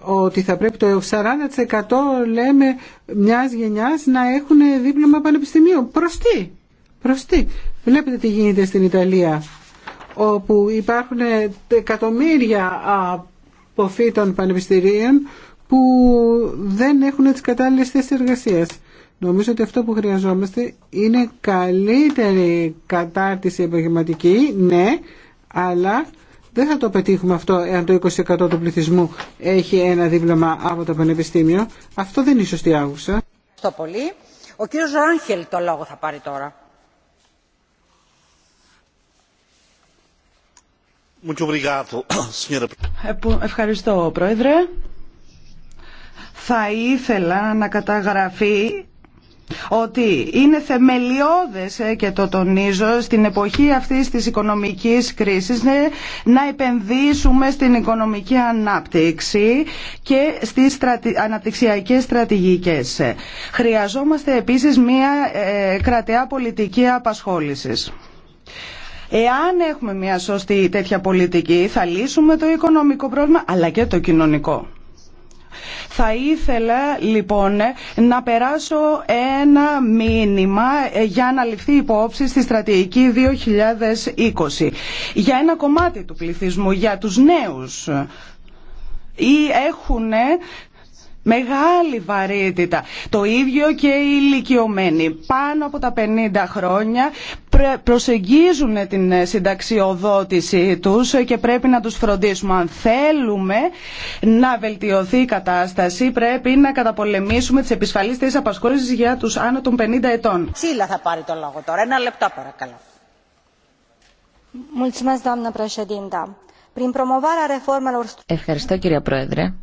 ότι θα πρέπει το 40% λέμε μιας γενιάς να έχουν δίπλωμα πανεπιστημίου. Προς τι? Προς τι? Βλέπετε τι γίνεται στην Ιταλία όπου υπάρχουν εκατομμύρια αποφύτων πανεπιστημίων που δεν έχουν τις κατάλληλες θέσεις εργασίας. Νομίζω ότι αυτό που χρειαζόμαστε είναι καλύτερη κατάρτιση επαγγελματική, ναι, αλλά δεν θα το πετύχουμε αυτό εάν το 20% του πληθυσμού έχει ένα δίπλωμα από το Πανεπιστήμιο. Αυτό δεν είναι σωστή άγουσα. Ευχαριστώ πολύ. Ο κύριος Ράγχελ το λόγο θα πάρει τώρα. [COUGHS] Ευχαριστώ, Πρόεδρε. Θα ήθελα να καταγραφεί ότι είναι θεμελιώδες ε, και το τονίζω στην εποχή αυτής της οικονομικής κρίσης ναι, να επενδύσουμε στην οικονομική ανάπτυξη και στις αναπτυξιακές στρατηγικές. Χρειαζόμαστε επίσης μια ε, κρατεά πολιτική απασχόλησης. Εάν έχουμε μια σωστή τέτοια πολιτική θα λύσουμε το οικονομικό πρόβλημα αλλά και το κοινωνικό. Θα ήθελα λοιπόν να περάσω ένα μήνυμα για να ληφθεί υπόψη στη στρατηγική 2020 για ένα κομμάτι του πληθυσμού, για τους νέους ή έχουν Μεγάλη βαρύτητα. Το ίδιο και οι ηλικιωμένοι. Πάνω από τα 50 χρόνια προσεγγίζουν την συνταξιοδότησή τους και πρέπει να τους φροντίσουμε. Αν θέλουμε να βελτιωθεί η κατάσταση πρέπει να καταπολεμήσουμε τις επισφαλείς θέσεις απασχόλησης για τους άνω των 50 ετών. Σίλα, θα πάρει το λόγο τώρα. Ένα λεπτό παρακαλώ. Ευχαριστώ κύριε Πρόεδρε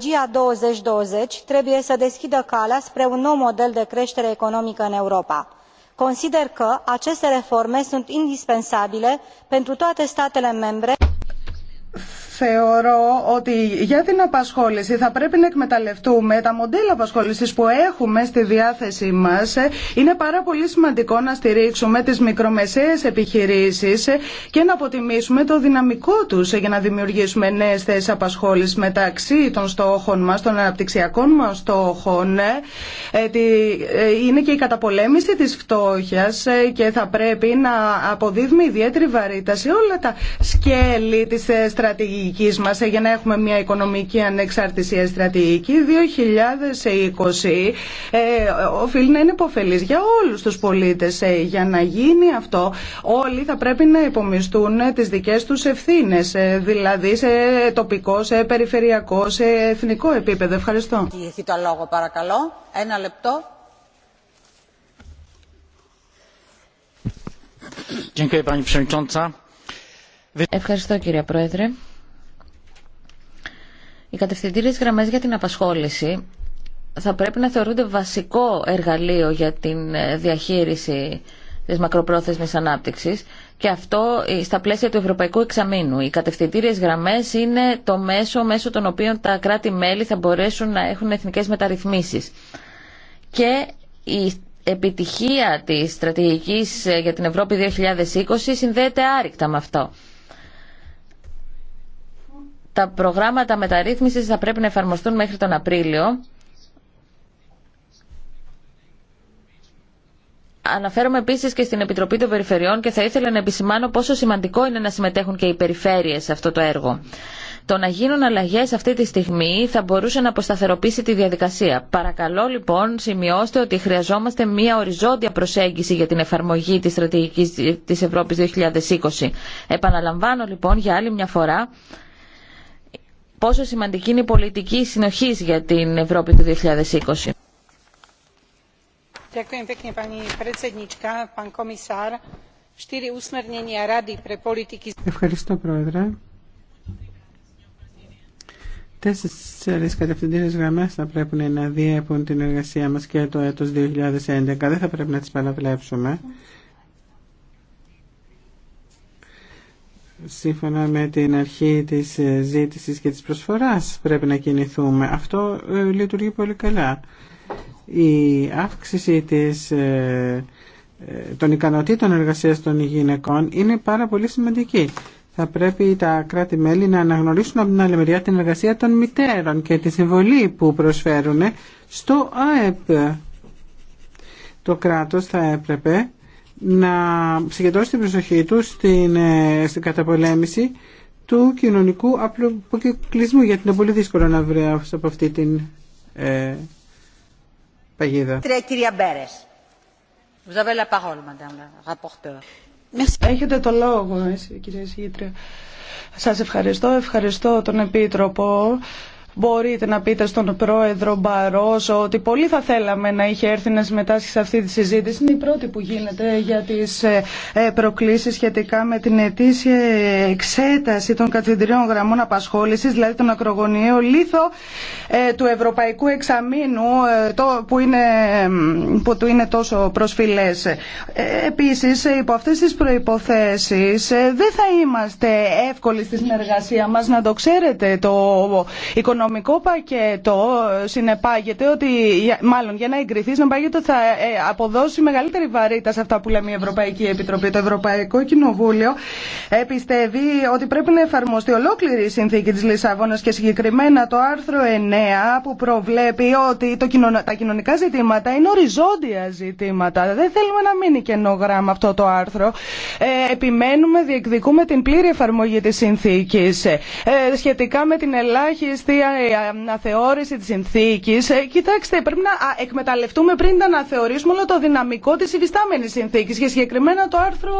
strategia două mii douăzeci trebuie să deschidă calea spre un nou model de cretere economică în europa. consider că aceste reforme sunt indispensabile pentru toate statele membre i θεωρώ ότι για την απασχόληση θα πρέπει να εκμεταλλευτούμε τα μοντέλα απασχόλησης που έχουμε στη διάθεσή μας. Είναι πάρα πολύ σημαντικό να στηρίξουμε τις μικρομεσαίες επιχειρήσεις και να αποτιμήσουμε το δυναμικό τους για να δημιουργήσουμε νέες θέσει απασχόλησης μεταξύ των στόχων μας, των αναπτυξιακών μας στόχων. Ε, ε, είναι και η καταπολέμηση της φτώχεια ε, και θα πρέπει να αποδίδουμε ιδιαίτερη βαρύτητα όλα τα σκέλη τη στρατηγική ε, για να έχουμε μια οικονομική ανεξαρτησία στρατηγική 2020 ε, οφείλει να είναι υποφελής για όλους τους πολίτες. Ε, για να γίνει αυτό όλοι θα πρέπει να υπομιστούν τις δικές τους ευθύνες, δηλαδή σε τοπικό, σε περιφερειακό, σε εθνικό επίπεδο. Ευχαριστώ. Έχει το λόγο παρακαλώ. Ένα λεπτό. Ευχαριστώ κύριε Πρόεδρε. Οι κατευθυντήριες γραμμές για την απασχόληση θα πρέπει να θεωρούνται βασικό εργαλείο για την ε, διαχείριση της μακροπρόθεσμης ανάπτυξης και αυτό ε, στα πλαίσια του Ευρωπαϊκού Εξαμήνου. Οι κατευθυντήριες γραμμές είναι το μέσο μέσω των οποίων τα κράτη-μέλη θα μπορέσουν να έχουν εθνικές μεταρρυθμίσεις. Και η επιτυχία της στρατηγικής ε, για την Ευρώπη 2020 συνδέεται άρρηκτα με αυτό τα προγράμματα μεταρρύθμισης θα πρέπει να εφαρμοστούν μέχρι τον Απρίλιο. Αναφέρομαι επίση και στην Επιτροπή των Περιφερειών και θα ήθελα να επισημάνω πόσο σημαντικό είναι να συμμετέχουν και οι περιφέρειε σε αυτό το έργο. Το να γίνουν αλλαγέ αυτή τη στιγμή θα μπορούσε να αποσταθεροποιήσει τη διαδικασία. Παρακαλώ λοιπόν σημειώστε ότι χρειαζόμαστε μια οριζόντια προσέγγιση για την εφαρμογή τη στρατηγική τη Ευρώπη 2020. Επαναλαμβάνω λοιπόν για άλλη μια φορά πόσο σημαντική είναι η πολιτική συνοχή για την Ευρώπη του 2020. Ďakujem pekne pani predsednička, pán komisár. Štyri usmernenia Rady pre politiky... Ευχαριστώ, Πρόεδρε. Τέσσερις κατευθυντήρες γραμμές θα πρέπει να διέπουν την εργασία μας και το έτος 2011. Δεν θα πρέπει να τις παραβλέψουμε. σύμφωνα με την αρχή της ε, ζήτησης και της προσφοράς πρέπει να κινηθούμε. Αυτό ε, λειτουργεί πολύ καλά. Η αύξηση της, ε, των ικανοτήτων εργασίας των γυναικών είναι πάρα πολύ σημαντική. Θα πρέπει τα κράτη-μέλη να αναγνωρίσουν από την άλλη μεριά την εργασία των μητέρων και τη συμβολή που προσφέρουν στο ΑΕΠ. Το κράτος θα έπρεπε να συγκεντρώσει την προσοχή του στην, ε, στην καταπολέμηση του κοινωνικού αποκλεισμού, γιατί είναι πολύ δύσκολο να βρει από αυτή την ε, παγίδα. Κυρία Μπέρες, Έχετε το λόγο, εσύ, κυρία Σίγητρια. Σας ευχαριστώ, ευχαριστώ τον Επίτροπο μπορείτε να πείτε στον πρόεδρο Μπαρόζο ότι πολύ θα θέλαμε να είχε έρθει να συμμετάσχει σε αυτή τη συζήτηση. Είναι η πρώτη που γίνεται για τις ε, ε, προκλήσεις σχετικά με την ετήσια εξέταση των καθηγητριών γραμμών απασχόλησης, δηλαδή τον ακρογωνιαίο λίθο ε, του Ευρωπαϊκού Εξαμήνου το, που, είναι, που του είναι τόσο προσφυλές. Επίσης, υπό αυτές τις προϋποθέσεις δεν θα είμαστε εύκολοι στη συνεργασία μας να το ξέρετε το οικονομικό οικονομικό πακέτο συνεπάγεται ότι, μάλλον για να εγκριθεί, συνεπάγεται ότι θα ε, αποδώσει μεγαλύτερη βαρύτητα σε αυτά που λέμε η Ευρωπαϊκή Επιτροπή. Το Ευρωπαϊκό Κοινοβούλιο πιστεύει ότι πρέπει να εφαρμοστεί ολόκληρη η συνθήκη τη Λισαβόνα και συγκεκριμένα το άρθρο 9 που προβλέπει ότι το τα κοινωνικά ζητήματα είναι οριζόντια ζητήματα. Δεν θέλουμε να μείνει κενό γράμμα αυτό το άρθρο. Ε, επιμένουμε, διεκδικούμε την πλήρη εφαρμογή τη συνθήκη. Ε, σχετικά με την ελάχιστη αναθεώρηση της συνθήκης, ε, κοιτάξτε, πρέπει να εκμεταλλευτούμε πριν να αναθεωρήσουμε όλο το δυναμικό της υφιστάμενης συνθήκης και συγκεκριμένα το άρθρο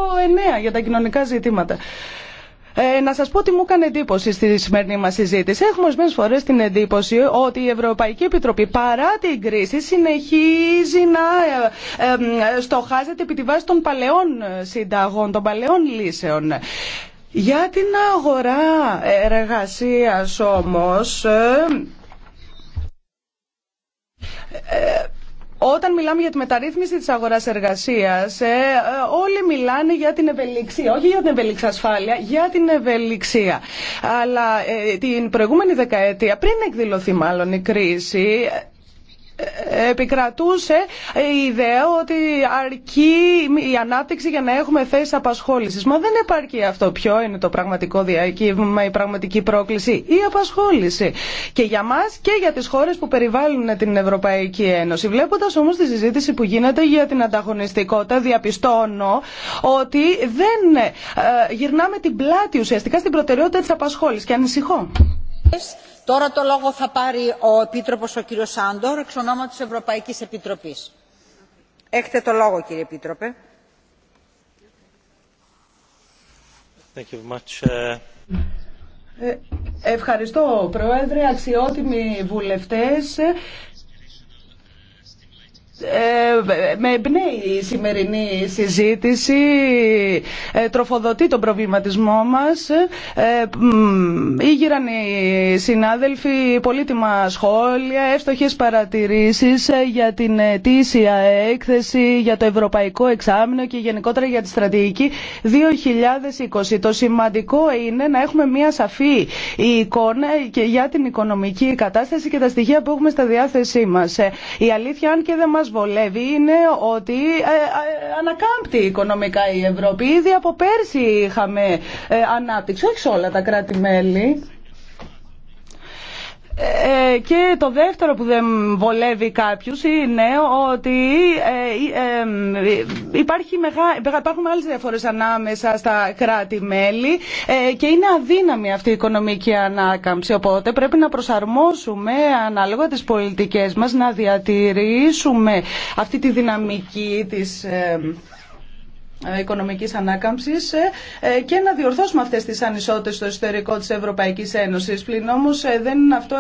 9 για τα κοινωνικά ζητήματα. Ε, να σα πω τι μου έκανε εντύπωση στη σημερινή μα συζήτηση. Έχουμε ορισμένε φορέ την εντύπωση ότι η Ευρωπαϊκή Επιτροπή παρά την κρίση συνεχίζει να ε, ε στοχάζεται επί τη βάση των παλαιών συνταγών, των παλαιών λύσεων. Για την αγορά εργασίας όμως, ε, ε, όταν μιλάμε για τη μεταρρύθμιση της αγοράς εργασίας, ε, όλοι μιλάνε για την ευελιξία, όχι για την ευελιξία ασφάλεια, για την ευελιξία. Αλλά την προηγούμενη δεκαετία, πριν εκδηλωθεί μάλλον η κρίση, επικρατούσε η ιδέα ότι αρκεί η ανάπτυξη για να έχουμε θέσει απασχόλησης. Μα δεν επαρκεί αυτό. Ποιο είναι το πραγματικό διακύβημα, η πραγματική πρόκληση, η απασχόληση. Και για μας και για τις χώρες που περιβάλλουν την Ευρωπαϊκή Ένωση. Βλέποντας όμως τη συζήτηση που γίνεται για την ανταγωνιστικότητα, διαπιστώνω ότι δεν ε, γυρνάμε την πλάτη ουσιαστικά στην προτεραιότητα της απασχόλησης και ανησυχώ. Τώρα το λόγο θα πάρει ο Επίτροπος ο κύριος Σάντορ, εξ ονόματος Ευρωπαϊκής Επιτροπής. Έχετε το λόγο κύριε Επίτροπε. Thank you much. Uh, ε, ευχαριστώ Πρόεδρε, αξιότιμοι βουλευτές. Ε, με εμπνέει η σημερινή συζήτηση, ε, τροφοδοτεί τον προβληματισμό μας. Ε, ήγηραν οι συνάδελφοι πολύτιμα σχόλια, εύστοχες παρατηρήσεις για την ετήσια έκθεση, για το Ευρωπαϊκό Εξάμεινο και γενικότερα για τη στρατηγική 2020. Το σημαντικό είναι να έχουμε μια σαφή εικόνα και για την οικονομική κατάσταση και τα στοιχεία που έχουμε στα διάθεσή μας. Η αλήθεια, αν και δεν μας βολεύει είναι ότι ε, ε, ανακάμπτει οικονομικά η Ευρώπη. Ήδη από πέρσι είχαμε ε, ανάπτυξη, όχι σε όλα τα κράτη-μέλη. Ε, και το δεύτερο που δεν βολεύει κάποιους είναι ότι ε, ε, υπάρχει μεγά, υπάρχουν μεγάλες διαφορές ανάμεσα στα κράτη-μέλη και είναι αδύναμη αυτή η οικονομική ανάκαμψη. Οπότε πρέπει να προσαρμόσουμε ανάλογα τις πολιτικές μας, να διατηρήσουμε αυτή τη δυναμική της ε, οικονομικής ανάκαμψης ε, ε, και να διορθώσουμε αυτές τις ανισότητες στο εσωτερικό της Ευρωπαϊκής Ένωσης. Πλην όμως δεν είναι αυτό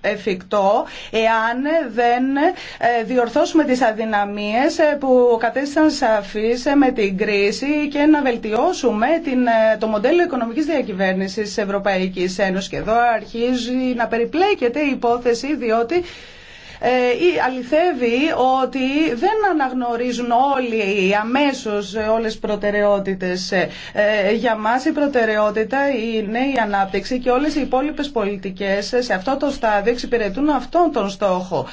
εφικτό εάν δεν διορθώσουμε τις αδυναμίες που κατέστησαν σαφείς με την κρίση και να βελτιώσουμε την, το μοντέλο οικονομικής διακυβέρνησης της Ευρωπαϊκής Ένωσης. Και εδώ αρχίζει να περιπλέκεται η υπόθεση διότι ε, αληθεύει ότι δεν αναγνωρίζουν όλοι αμέσως ε, όλες οι προτεραιότητες. Ε, για μας η προτεραιότητα είναι η ανάπτυξη και όλες οι υπόλοιπες πολιτικές σε αυτό το στάδιο εξυπηρετούν αυτόν τον στόχο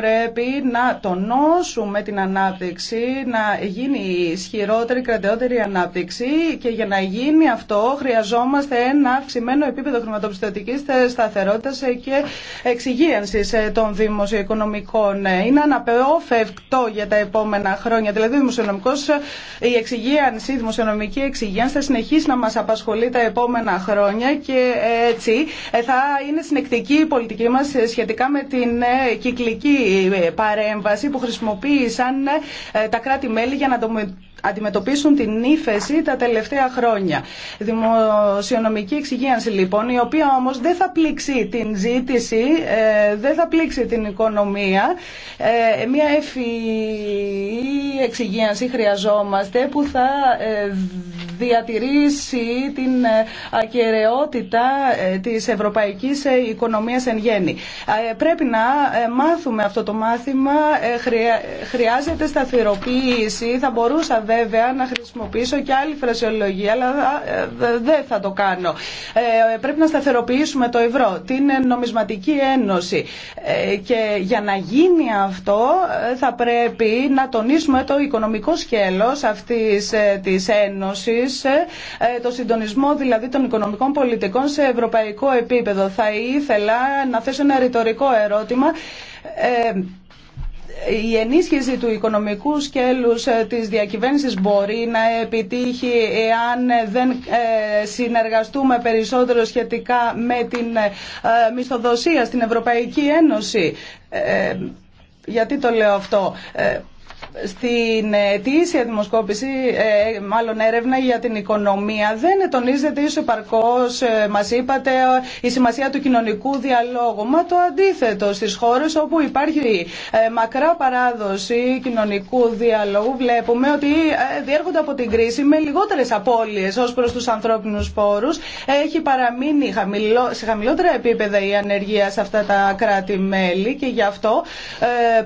πρέπει να τονώσουμε την ανάπτυξη, να γίνει ισχυρότερη, κρατεότερη ανάπτυξη και για να γίνει αυτό χρειαζόμαστε ένα αυξημένο επίπεδο χρηματοπιστωτικής σταθερότητας και εξυγίανσης των δημοσιοοικονομικών. Είναι αναπεόφευκτο για τα επόμενα χρόνια. Δηλαδή, δημοσιονομικός, η η δημοσιονομική εξυγίανση θα συνεχίσει να μας απασχολεί τα επόμενα χρόνια και έτσι ε, θα είναι συνεκτική η πολιτική μας σχετικά με την ε, κυκλική παρέμβαση που χρησιμοποίησαν ε, τα κράτη-μέλη για να το αντιμετωπίσουν την ύφεση τα τελευταία χρόνια. Δημοσιονομική εξυγίανση λοιπόν, η οποία όμως δεν θα πλήξει την ζήτηση, ε, δεν θα πλήξει την οικονομία. Ε, μια ευφυή εξυγίανση χρειαζόμαστε που θα ε, διατηρήσει την ακαιρεότητα της ευρωπαϊκής οικονομίας εν γέννη. Πρέπει να μάθουμε αυτό το μάθημα, χρειάζεται σταθεροποίηση, θα μπορούσα βέβαια να χρησιμοποιήσω και άλλη φρασιολογία, αλλά ε, δεν θα το κάνω. Ε, πρέπει να σταθεροποιήσουμε το ευρώ, την νομισματική ένωση. Ε, και για να γίνει αυτό θα πρέπει να τονίσουμε το οικονομικό σκέλος αυτής της ένωσης, το συντονισμό δηλαδή των οικονομικών πολιτικών σε ευρωπαϊκό επίπεδο. Θα ήθελα να θέσω ένα ρητορικό ερώτημα η ενίσχυση του οικονομικού σκέλους ε, της διακυβέρνησης μπορεί να επιτύχει εάν δεν ε, συνεργαστούμε περισσότερο σχετικά με την ε, μισθοδοσία στην Ευρωπαϊκή Ένωση. Γιατί το λέω αυτό. Στην αιτήσια δημοσκόπηση, ε, μάλλον έρευνα για την οικονομία, δεν ετονίζεται ίσως επαρκώς, ε, μας είπατε, η σημασία του κοινωνικού διαλόγου. Μα το αντίθετο, στις χώρες όπου υπάρχει ε, μακρά παράδοση κοινωνικού διαλόγου, βλέπουμε ότι διέρχονται από την κρίση με λιγότερες απώλειες ως προς τους ανθρώπινους πόρους. Έχει παραμείνει σε χαμηλότερα επίπεδα η ανεργία σε αυτά τα κράτη-μέλη και γι' αυτό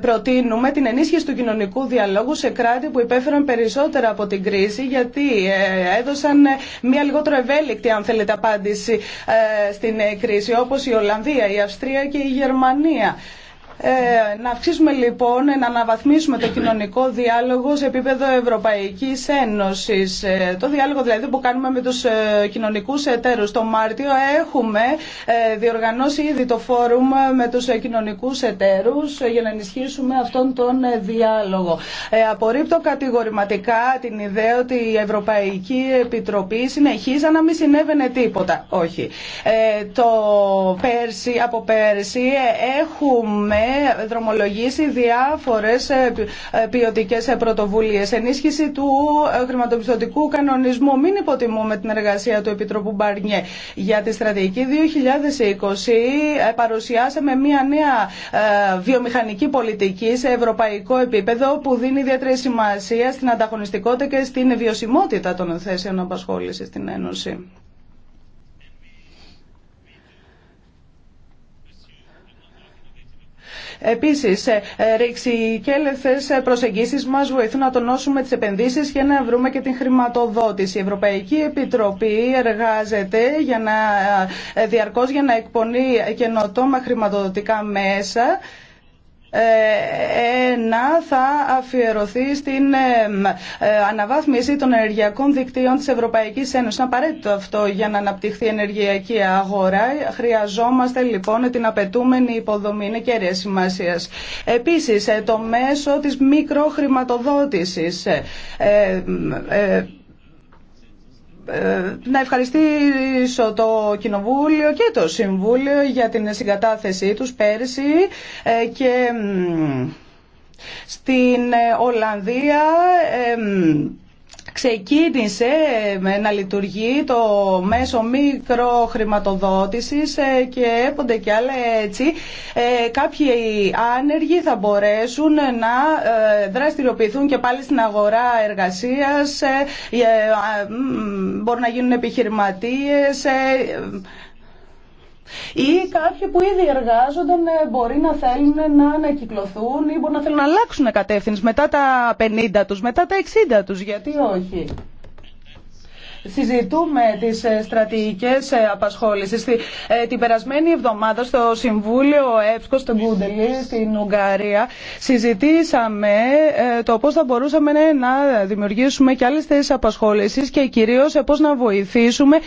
προτείνουμε την ενίσχυση του κοινωνικού διαλόγου σε κράτη που υπέφεραν περισσότερα από την κρίση γιατί ε, έδωσαν ε, μια λιγότερο ευέλικτη αν θέλετε απάντηση ε, στην κρίση όπως η Ολλανδία, η Αυστρία και η Γερμανία. Ε, να αυξήσουμε λοιπόν, ε, να αναβαθμίσουμε το κοινωνικό διάλογο σε επίπεδο Ευρωπαϊκής Ένωσης. Ε, το διάλογο δηλαδή που κάνουμε με τους ε, κοινωνικούς εταίρους. Το Μάρτιο έχουμε ε, διοργανώσει ήδη το φόρουμ με τους ε, κοινωνικούς εταίρους για να ενισχύσουμε αυτόν τον διάλογο. απορρίπτω κατηγορηματικά την ιδέα ότι η Ευρωπαϊκή Επιτροπή συνεχίζει να μην συνέβαινε τίποτα. Όχι. το πέρσι, από πέρσι έχουμε δρομολογήσει διάφορες ε, ε, ποιοτικές ε, πρωτοβουλίες. Ενίσχυση του χρηματοπιστωτικού κανονισμού. Μην υποτιμούμε την εργασία του Επιτροπού Μπαρνιέ. Για τη στρατηγική 2020 παρουσιάσαμε μια νέα βιομηχανική πολιτική σε ευρωπαϊκό επίπεδο που δίνει ιδιαίτερη σημασία στην ανταγωνιστικότητα και στην βιωσιμότητα των θέσεων απασχόλησης στην Ένωση. Επίσης, ε, ρηξικέλευθες προσεγγίσεις μας βοηθούν να τονώσουμε τις επενδύσεις και να βρούμε και την χρηματοδότηση. Η Ευρωπαϊκή Επιτροπή εργάζεται για να, ε, διαρκώς για να εκπονεί καινοτόμα χρηματοδοτικά μέσα ε, ένα θα αφιερωθεί στην ε, ε, αναβάθμιση των ενεργειακών δικτύων της Ευρωπαϊκής Ένωσης. Είναι απαραίτητο αυτό για να αναπτυχθεί η ενεργειακή αγορά. Χρειαζόμαστε λοιπόν την απαιτούμενη υποδομή. Είναι κέρια σημασία. Επίσης, το μέσο της μικροχρηματοδότησης ε, να ευχαριστήσω το Κοινοβούλιο και το Συμβούλιο για την συγκατάθεσή τους πέρσι ε, και στην ε, Ολλανδία ξεκίνησε ε, να λειτουργεί το μέσο μικροχρηματοδότησης ε, και έπονται και άλλα έτσι ε, κάποιοι άνεργοι θα μπορέσουν να δραστηριοποιηθούν και πάλι στην αγορά εργασίας μπορούν να γίνουν επιχειρηματίες ή κάποιοι που ήδη εργάζονται ναι, μπορεί να θέλουν να ανακυκλωθούν ή μπορεί να θέλουν να αλλάξουν κατεύθυνση μετά τα 50 τους, μετά τα 60 τους, γιατί όχι συζητούμε τι ε, στρατηγικέ ε, απασχόλησει. Την περασμένη εβδομάδα στο Συμβούλιο ΕΠΣΚΟ στο Κούντελη, στην Ουγγαρία συζητήσαμε ε, το πώ θα μπορούσαμε ναι, να δημιουργήσουμε και άλλε θέσει απασχόλησης και κυρίως πώ να βοηθήσουμε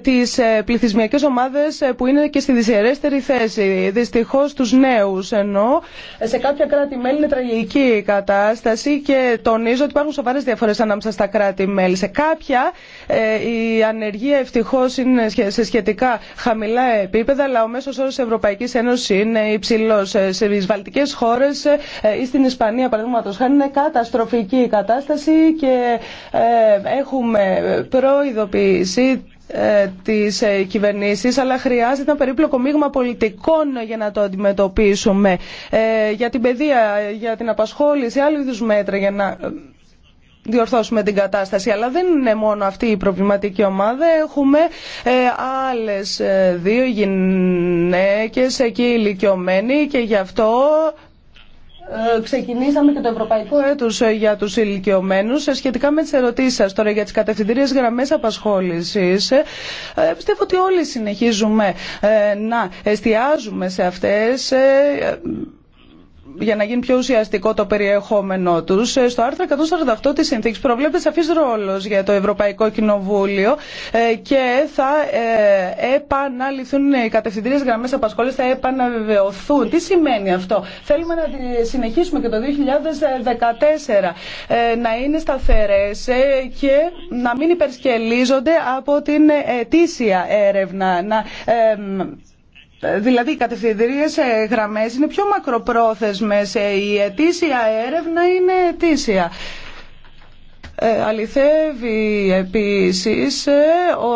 τι πληθυσμιακέ ομάδε που είναι και στη δυσαιρέστερη θέση. Δυστυχώ του νέου ενώ σε κάποια κράτη-μέλη είναι τραγική η κατάσταση και τονίζω ότι υπάρχουν σοβαρέ διαφορέ ανάμεσα στα κράτη-μέλη. Σε κάποια ε, η ανεργία ευτυχώ είναι σε σχετικά χαμηλά επίπεδα, αλλά ο μέσο όρο Ευρωπαϊκή Ένωση είναι υψηλό ε, Σε βαλτικέ ε, Ισπανία, παραδείγματος χάρη, είναι καταστροφική η στην ισπανια παραδειγματο ειναι καταστροφικη η κατασταση και έχουμε προειδοποιήσει της κυβερνήσεις αλλά χρειάζεται ένα περίπλοκο μείγμα πολιτικών για να το αντιμετωπίσουμε για την παιδεία, για την απασχόληση, άλλου είδους μέτρα για να διορθώσουμε την κατάσταση. Αλλά δεν είναι μόνο αυτή η προβληματική ομάδα. Έχουμε ε, άλλες ε, δύο γυναίκες εκεί ηλικιωμένοι και γι' αυτό ε, ξεκινήσαμε και το Ευρωπαϊκό Έτος ε, για τους ηλικιωμένους σχετικά με τις ερωτήσεις σας τώρα για τις κατευθυντήριες γραμμές απασχόλησης πιστεύω ότι όλοι συνεχίζουμε να εστιάζουμε σε αυτές για να γίνει πιο ουσιαστικό το περιεχόμενό του. Ε, στο άρθρο 148 τη συνθήκη προβλέπεται σαφή ρόλο για το Ευρωπαϊκό Κοινοβούλιο ε, και θα ε, επαναληφθούν οι κατευθυντήριε γραμμέ απασχόληση, θα επαναβεβαιωθούν. Τι σημαίνει αυτό. Θέλουμε να συνεχίσουμε και το 2014 να είναι σταθερέ και να μην υπερσκελίζονται από την ετήσια έρευνα. Να, Δηλαδή οι κατευθυντηρίες ε, γραμμές είναι πιο μακροπρόθεσμες, ε, η αιτήσια έρευνα είναι αιτήσια. Ε, αληθεύει επίσης ε,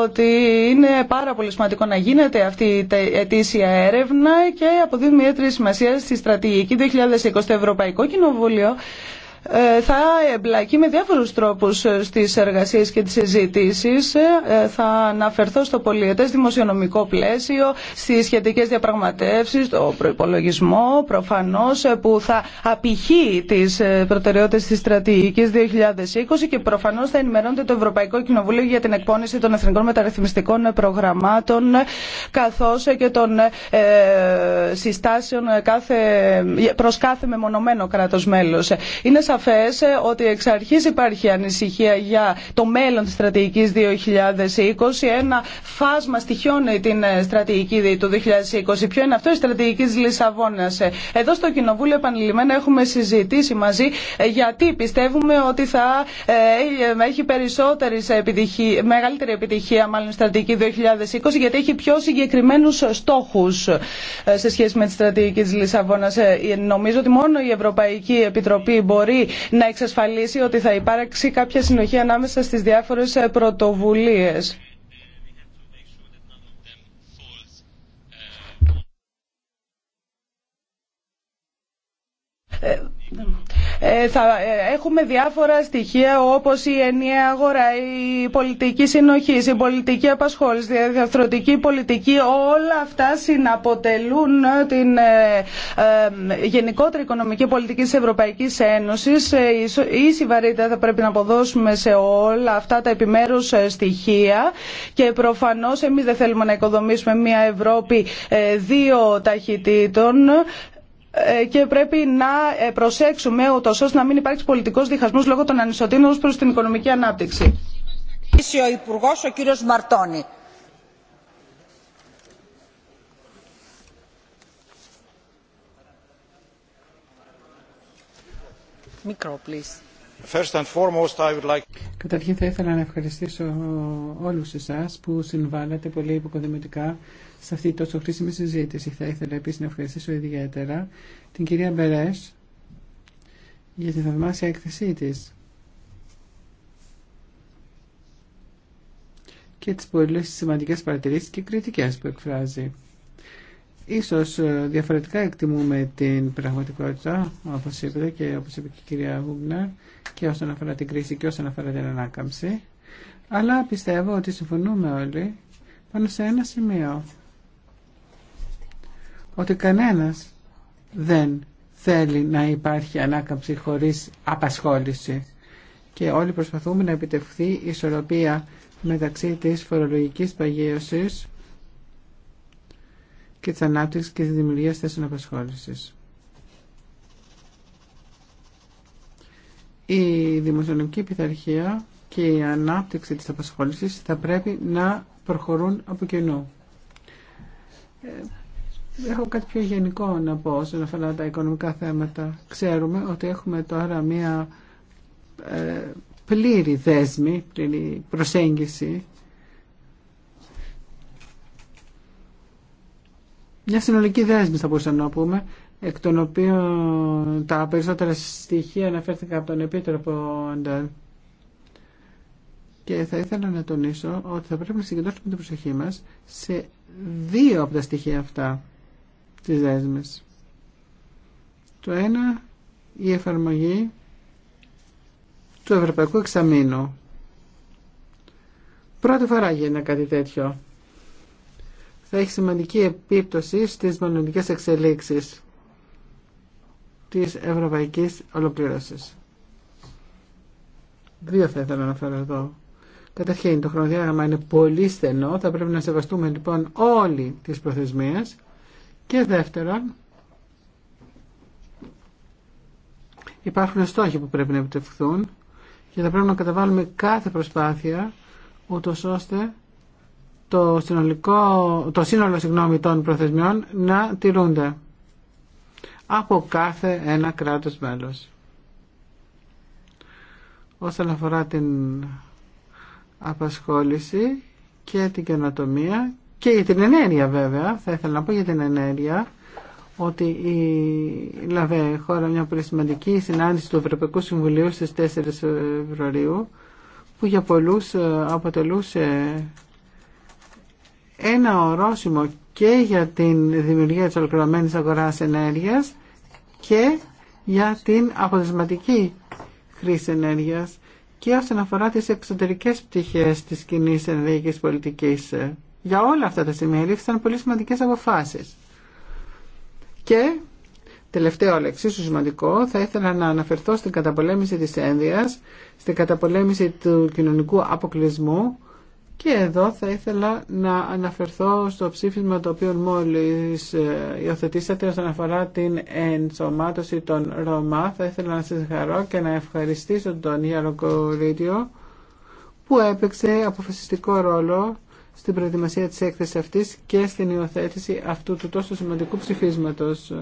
ότι είναι πάρα πολύ σημαντικό να γίνεται αυτή η ετήσια έρευνα και αποδίδει μια σημασία στη στρατηγική 2020 Ευρωπαϊκό Κοινοβούλιο ε, θα εμπλακεί με διάφορους τρόπους ε, στις εργασίες και τις συζητήσει. Ε, θα αναφερθώ στο πολιετές δημοσιονομικό πλαίσιο, στις σχετικές διαπραγματεύσεις, το προϋπολογισμό προφανώς που θα απηχεί τις προτεραιότητες της στρατηγικής 2020 και προφανώς θα ενημερώνεται το Ευρωπαϊκό Κοινοβούλιο για την εκπόνηση των εθνικών μεταρρυθμιστικών προγραμμάτων καθώς και των συστάσεων κάθε, προς κάθε μεμονωμένο κράτος μέλος σαφές ε, ότι εξ αρχής υπάρχει ανησυχία για το μέλλον της στρατηγικής 2020. Ένα φάσμα στοιχιώνει την ε, στρατηγική του 2020. Ποιο είναι αυτό η στρατηγική της Λισαβόνας. Ε. Εδώ στο Κοινοβούλιο επανειλημμένα έχουμε συζητήσει μαζί γιατί πιστεύουμε ότι θα έχει περισσότερη επιτυχία, μεγαλύτερη επιτυχία μάλλον η στρατηγική 2020 γιατί έχει πιο συγκεκριμένους στόχους σε σχέση με τη στρατηγική της Λισαβόνας. Νομίζω ότι μόνο η Ευρωπαϊκή Επιτροπή μπορεί να εξασφαλίσει ότι θα υπάρξει κάποια συνοχή ανάμεσα στις διάφορες ε, πρωτοβουλίες. Ε, ε, θα ε, έχουμε διάφορα στοιχεία όπως η ενιαία αγορά, η πολιτική συνοχή, η πολιτική απασχόληση, η διαθροτική πολιτική, όλα αυτά συναποτελούν ε, την γενικότερη οικονομική πολιτική της Ευρωπαϊκής Ένωσης. Η βαρύτητα θα πρέπει να αποδώσουμε σε όλα αυτά τα επιμέρους στοιχεία και προφανώς εμείς δεν θέλουμε να οικοδομήσουμε μια Ευρώπη δύο ταχυτήτων ε, και πρέπει να ε, προσέξουμε ούτω ώστε να μην υπάρξει πολιτικό διχασμός λόγω των ανισοτήτων προ την οικονομική ανάπτυξη. Καταρχήν θα ήθελα να ευχαριστήσω όλους εσάς που συμβάλλατε πολύ υποκοδημητικά σε αυτή τη τόσο χρήσιμη συζήτηση. Θα ήθελα επίση να ευχαριστήσω ιδιαίτερα την κυρία Μπερές για τη θαυμάσια έκθεσή τη. και τις πολύ σημαντικές παρατηρήσεις και κριτικές που εκφράζει. Ίσως ε, διαφορετικά εκτιμούμε την πραγματικότητα, όπως είπατε και όπως είπε και η κυρία Βούγνα, και όσον αφορά την κρίση και όσον αφορά την ανάκαμψη. Αλλά πιστεύω ότι συμφωνούμε όλοι πάνω σε ένα σημείο ότι κανένας δεν θέλει να υπάρχει ανάκαμψη χωρίς απασχόληση και όλοι προσπαθούμε να επιτευχθεί η ισορροπία μεταξύ της φορολογικής παγίωσης και της ανάπτυξης και της δημιουργίας θέσεων απασχόλησης. Η δημοσιονομική πειθαρχία και η ανάπτυξη της απασχόλησης θα πρέπει να προχωρούν από κοινού. Ε, Έχω κάτι πιο γενικό να πω όσον αφορά τα οικονομικά θέματα. Ξέρουμε ότι έχουμε τώρα μία ε, πλήρη δέσμη, πλήρη προσέγγιση μια συνολική δέσμη θα μπορούσαμε να πούμε, εκ των οποίων τα περισσότερα στοιχεία αναφέρθηκαν από τον Επίτροπο Και θα ήθελα να τονίσω ότι θα πρέπει να συγκεντρώσουμε την προσοχή μας σε δύο από τα στοιχεία αυτά τις δέσμες. Το ένα, η εφαρμογή του Ευρωπαϊκού Εξαμήνου. Πρώτη φορά γίνεται κάτι τέτοιο. Θα έχει σημαντική επίπτωση στις μελλοντικές εξελίξεις της ευρωπαϊκής ολοκλήρωσης. Δύο θα ήθελα να φέρω εδώ. Καταρχήν, το χρονοδιάγραμμα είναι πολύ στενό, θα πρέπει να σεβαστούμε λοιπόν όλοι τις προθεσμίες. Και δεύτερον, υπάρχουν στόχοι που πρέπει να επιτευχθούν και θα πρέπει να καταβάλουμε κάθε προσπάθεια ούτω ώστε το, συνολικό, το σύνολο συγγνώμη, των προθεσμιών να τηρούνται από κάθε ένα κράτος μέλος. Όσον αφορά την απασχόληση και την καινοτομία και για την ενέργεια βέβαια, θα ήθελα να πω για την ενέργεια, ότι η Λαβέ χώρα μια πολύ σημαντική συνάντηση του Ευρωπαϊκού Συμβουλίου στις 4 Φεβρουαρίου, που για πολλούς ε, αποτελούσε ένα ορόσημο και για την δημιουργία της ολοκληρωμένης αγοράς ενέργειας και για την αποτελεσματική χρήση ενέργειας και όσον αφορά τις εξωτερικές πτυχές της κοινή ενεργειακής πολιτικής. Ε, για όλα αυτά τα σημεία λήφθησαν πολύ σημαντικές αποφάσεις. Και, τελευταίο αλλά εξίσου σημαντικό, θα ήθελα να αναφερθώ στην καταπολέμηση της ένδυας, στην καταπολέμηση του κοινωνικού αποκλεισμού και εδώ θα ήθελα να αναφερθώ στο ψήφισμα το οποίο μόλις ε, υιοθετήσατε όσον αφορά την ενσωμάτωση των Ρωμά. Θα ήθελα να σας χαρώ και να ευχαριστήσω τον Ιαροκορίδιο που έπαιξε αποφασιστικό ρόλο στην προετοιμασία της έκθεσης αυτής και στην υιοθέτηση αυτού του τόσο σημαντικού ψηφίσματος.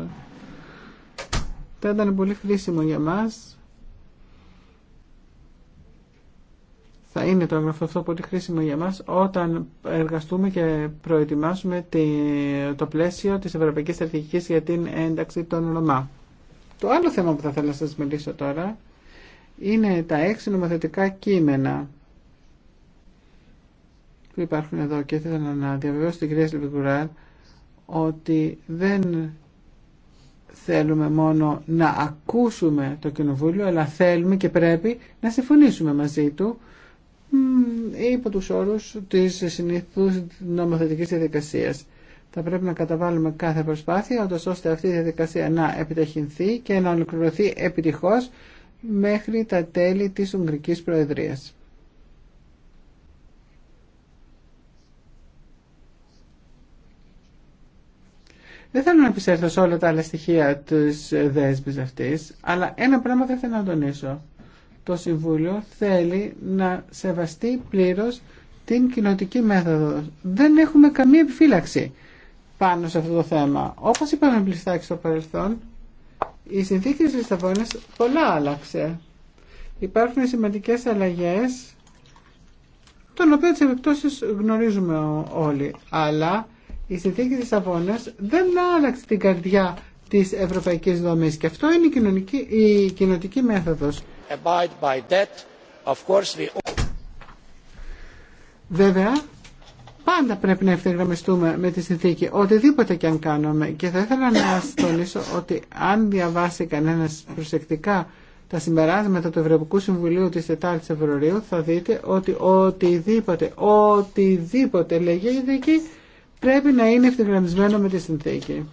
Θα ήταν πολύ χρήσιμο για μας. Θα είναι το έγγραφο αυτό πολύ χρήσιμο για μας όταν εργαστούμε και προετοιμάσουμε το πλαίσιο της Ευρωπαϊκής Στρατηγικής για την ένταξη των Ρωμά. Το άλλο θέμα που θα ήθελα να σας μιλήσω τώρα είναι τα έξι νομοθετικά κείμενα που υπάρχουν εδώ και θέλω να διαβεβαιώσω την κυρία Σλεπικουράν ότι δεν θέλουμε μόνο να ακούσουμε το Κοινοβούλιο αλλά θέλουμε και πρέπει να συμφωνήσουμε μαζί του υπό τους όρους της συνήθους νομοθετικής διαδικασίας. Θα πρέπει να καταβάλουμε κάθε προσπάθεια ώστε αυτή η διαδικασία να επιταχυνθεί και να ολοκληρωθεί επιτυχώς μέχρι τα τέλη της Ουγγρικής Προεδρίας. Δεν θέλω να επισέλθω σε όλα τα άλλα στοιχεία τη δέσμη αυτή, αλλά ένα πράγμα θα ήθελα να τονίσω. Το Συμβούλιο θέλει να σεβαστεί πλήρω την κοινοτική μέθοδο. Δεν έχουμε καμία επιφύλαξη πάνω σε αυτό το θέμα. Όπως είπαμε και στο παρελθόν, η συνθήκη τη Λισαβόνα πολλά άλλαξε. Υπάρχουν σημαντικέ αλλαγές, των οποίων τι επιπτώσει γνωρίζουμε όλοι, αλλά η συνθήκη της Αβώνας δεν άλλαξε την καρδιά της ευρωπαϊκής δομής και αυτό είναι η, κοινωνική, η κοινωτική μέθοδος. Βέβαια, πάντα πρέπει να ευθυγραμμιστούμε με τη συνθήκη, οτιδήποτε και αν κάνουμε. Και θα ήθελα να σα τονίσω ότι αν διαβάσει κανένα προσεκτικά τα συμπεράσματα του Ευρωπαϊκού Συμβουλίου τη 4 η Φεβρουαρίου θα δείτε ότι οτιδήποτε, οτιδήποτε λέγεται εκεί πρέπει να είναι ευθυγραμμισμένο με τη συνθήκη.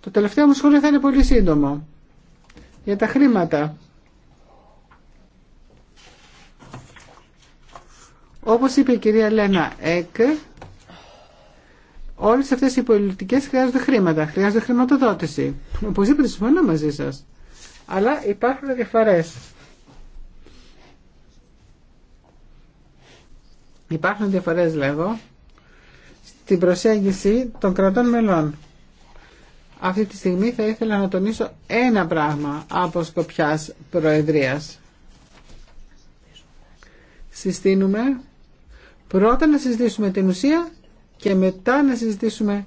Το τελευταίο μου σχόλιο θα είναι πολύ σύντομο. Για τα χρήματα. Όπως είπε η κυρία Λένα Εκ, όλες αυτές οι πολιτικές χρειάζονται χρήματα, χρειάζονται χρηματοδότηση. Οπωσδήποτε συμφωνώ μαζί σας. Αλλά υπάρχουν διαφορές. Υπάρχουν διαφορές λέγω την προσέγγιση των κρατών μελών. Αυτή τη στιγμή θα ήθελα να τονίσω ένα πράγμα από σκοπιάς προεδρίας. Συστήνουμε πρώτα να συζητήσουμε την ουσία και μετά να συζητήσουμε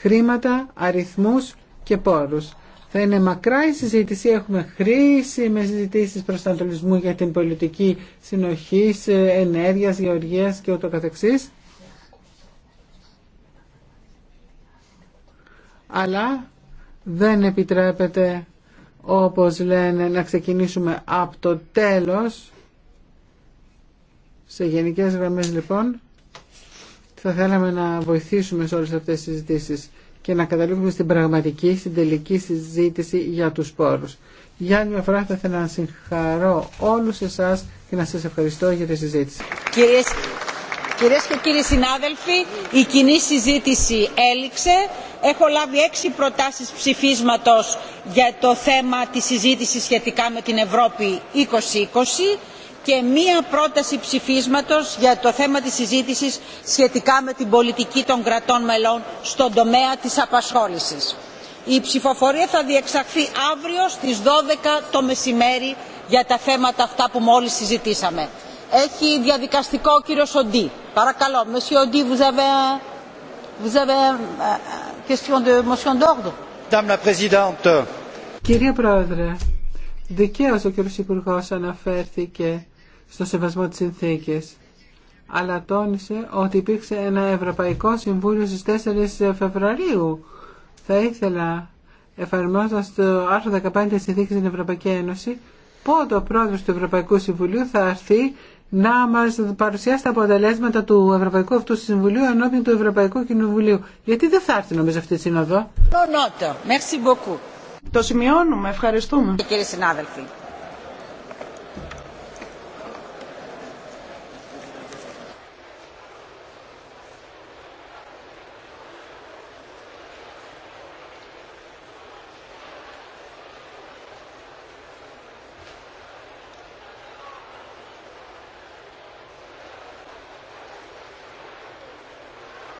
χρήματα, αριθμούς και πόρους. Θα είναι μακρά η συζήτηση, έχουμε χρήσιμες συζητήσεις προσανατολισμού για την πολιτική συνοχής, ε, ενέργειας, γεωργίας και ούτω καθεξής. αλλά δεν επιτρέπεται όπως λένε να ξεκινήσουμε από το τέλος σε γενικές γραμμές λοιπόν θα θέλαμε να βοηθήσουμε σε όλες αυτές τις συζητήσεις και να καταλήγουμε στην πραγματική, στην τελική συζήτηση για τους πόρους. Για άλλη μια φορά θα ήθελα να συγχαρώ όλους εσάς και να σας ευχαριστώ για τη συζήτηση. Κυρίες Κυρίες και κύριοι συνάδελφοι, η κοινή συζήτηση έληξε. Έχω λάβει έξι προτάσεις ψηφίσματος για το θέμα της συζήτησης σχετικά με την Ευρώπη 2020 και μία πρόταση ψηφίσματος για το θέμα της συζήτησης σχετικά με την πολιτική των κρατών μελών στον τομέα της απασχόλησης. Η ψηφοφορία θα διεξαχθεί αύριο στις 12 το μεσημέρι για τα θέματα αυτά που μόλις συζητήσαμε. Έχει διαδικαστικό ο κύριο Οντί. Παρακαλώ, Monsieur Οντί, vous avez, vous avez ε, ε, question de motion d'ordre. Madame Πρόεδρε, δικαίω ο κύριος Υπουργό αναφέρθηκε στο σεβασμό της συνθήκης, Αλλά τόνισε ότι υπήρξε ένα Ευρωπαϊκό Συμβούλιο στις 4 Φεβρουαρίου. Θα ήθελα, εφαρμόζοντας το άρθρο 15 της συνθήκη στην Ευρωπαϊκή Ένωση, πότε ο πρόεδρο του Ευρωπαϊκού Συμβουλίου θα έρθει να μας παρουσιάσει τα αποτελέσματα του Ευρωπαϊκού αυτού Συμβουλίου ενώπιν του Ευρωπαϊκού Κοινοβουλίου. Γιατί δεν θα έρθει νομίζω αυτή η σύνοδο. Το σημειώνουμε. Ευχαριστούμε. Και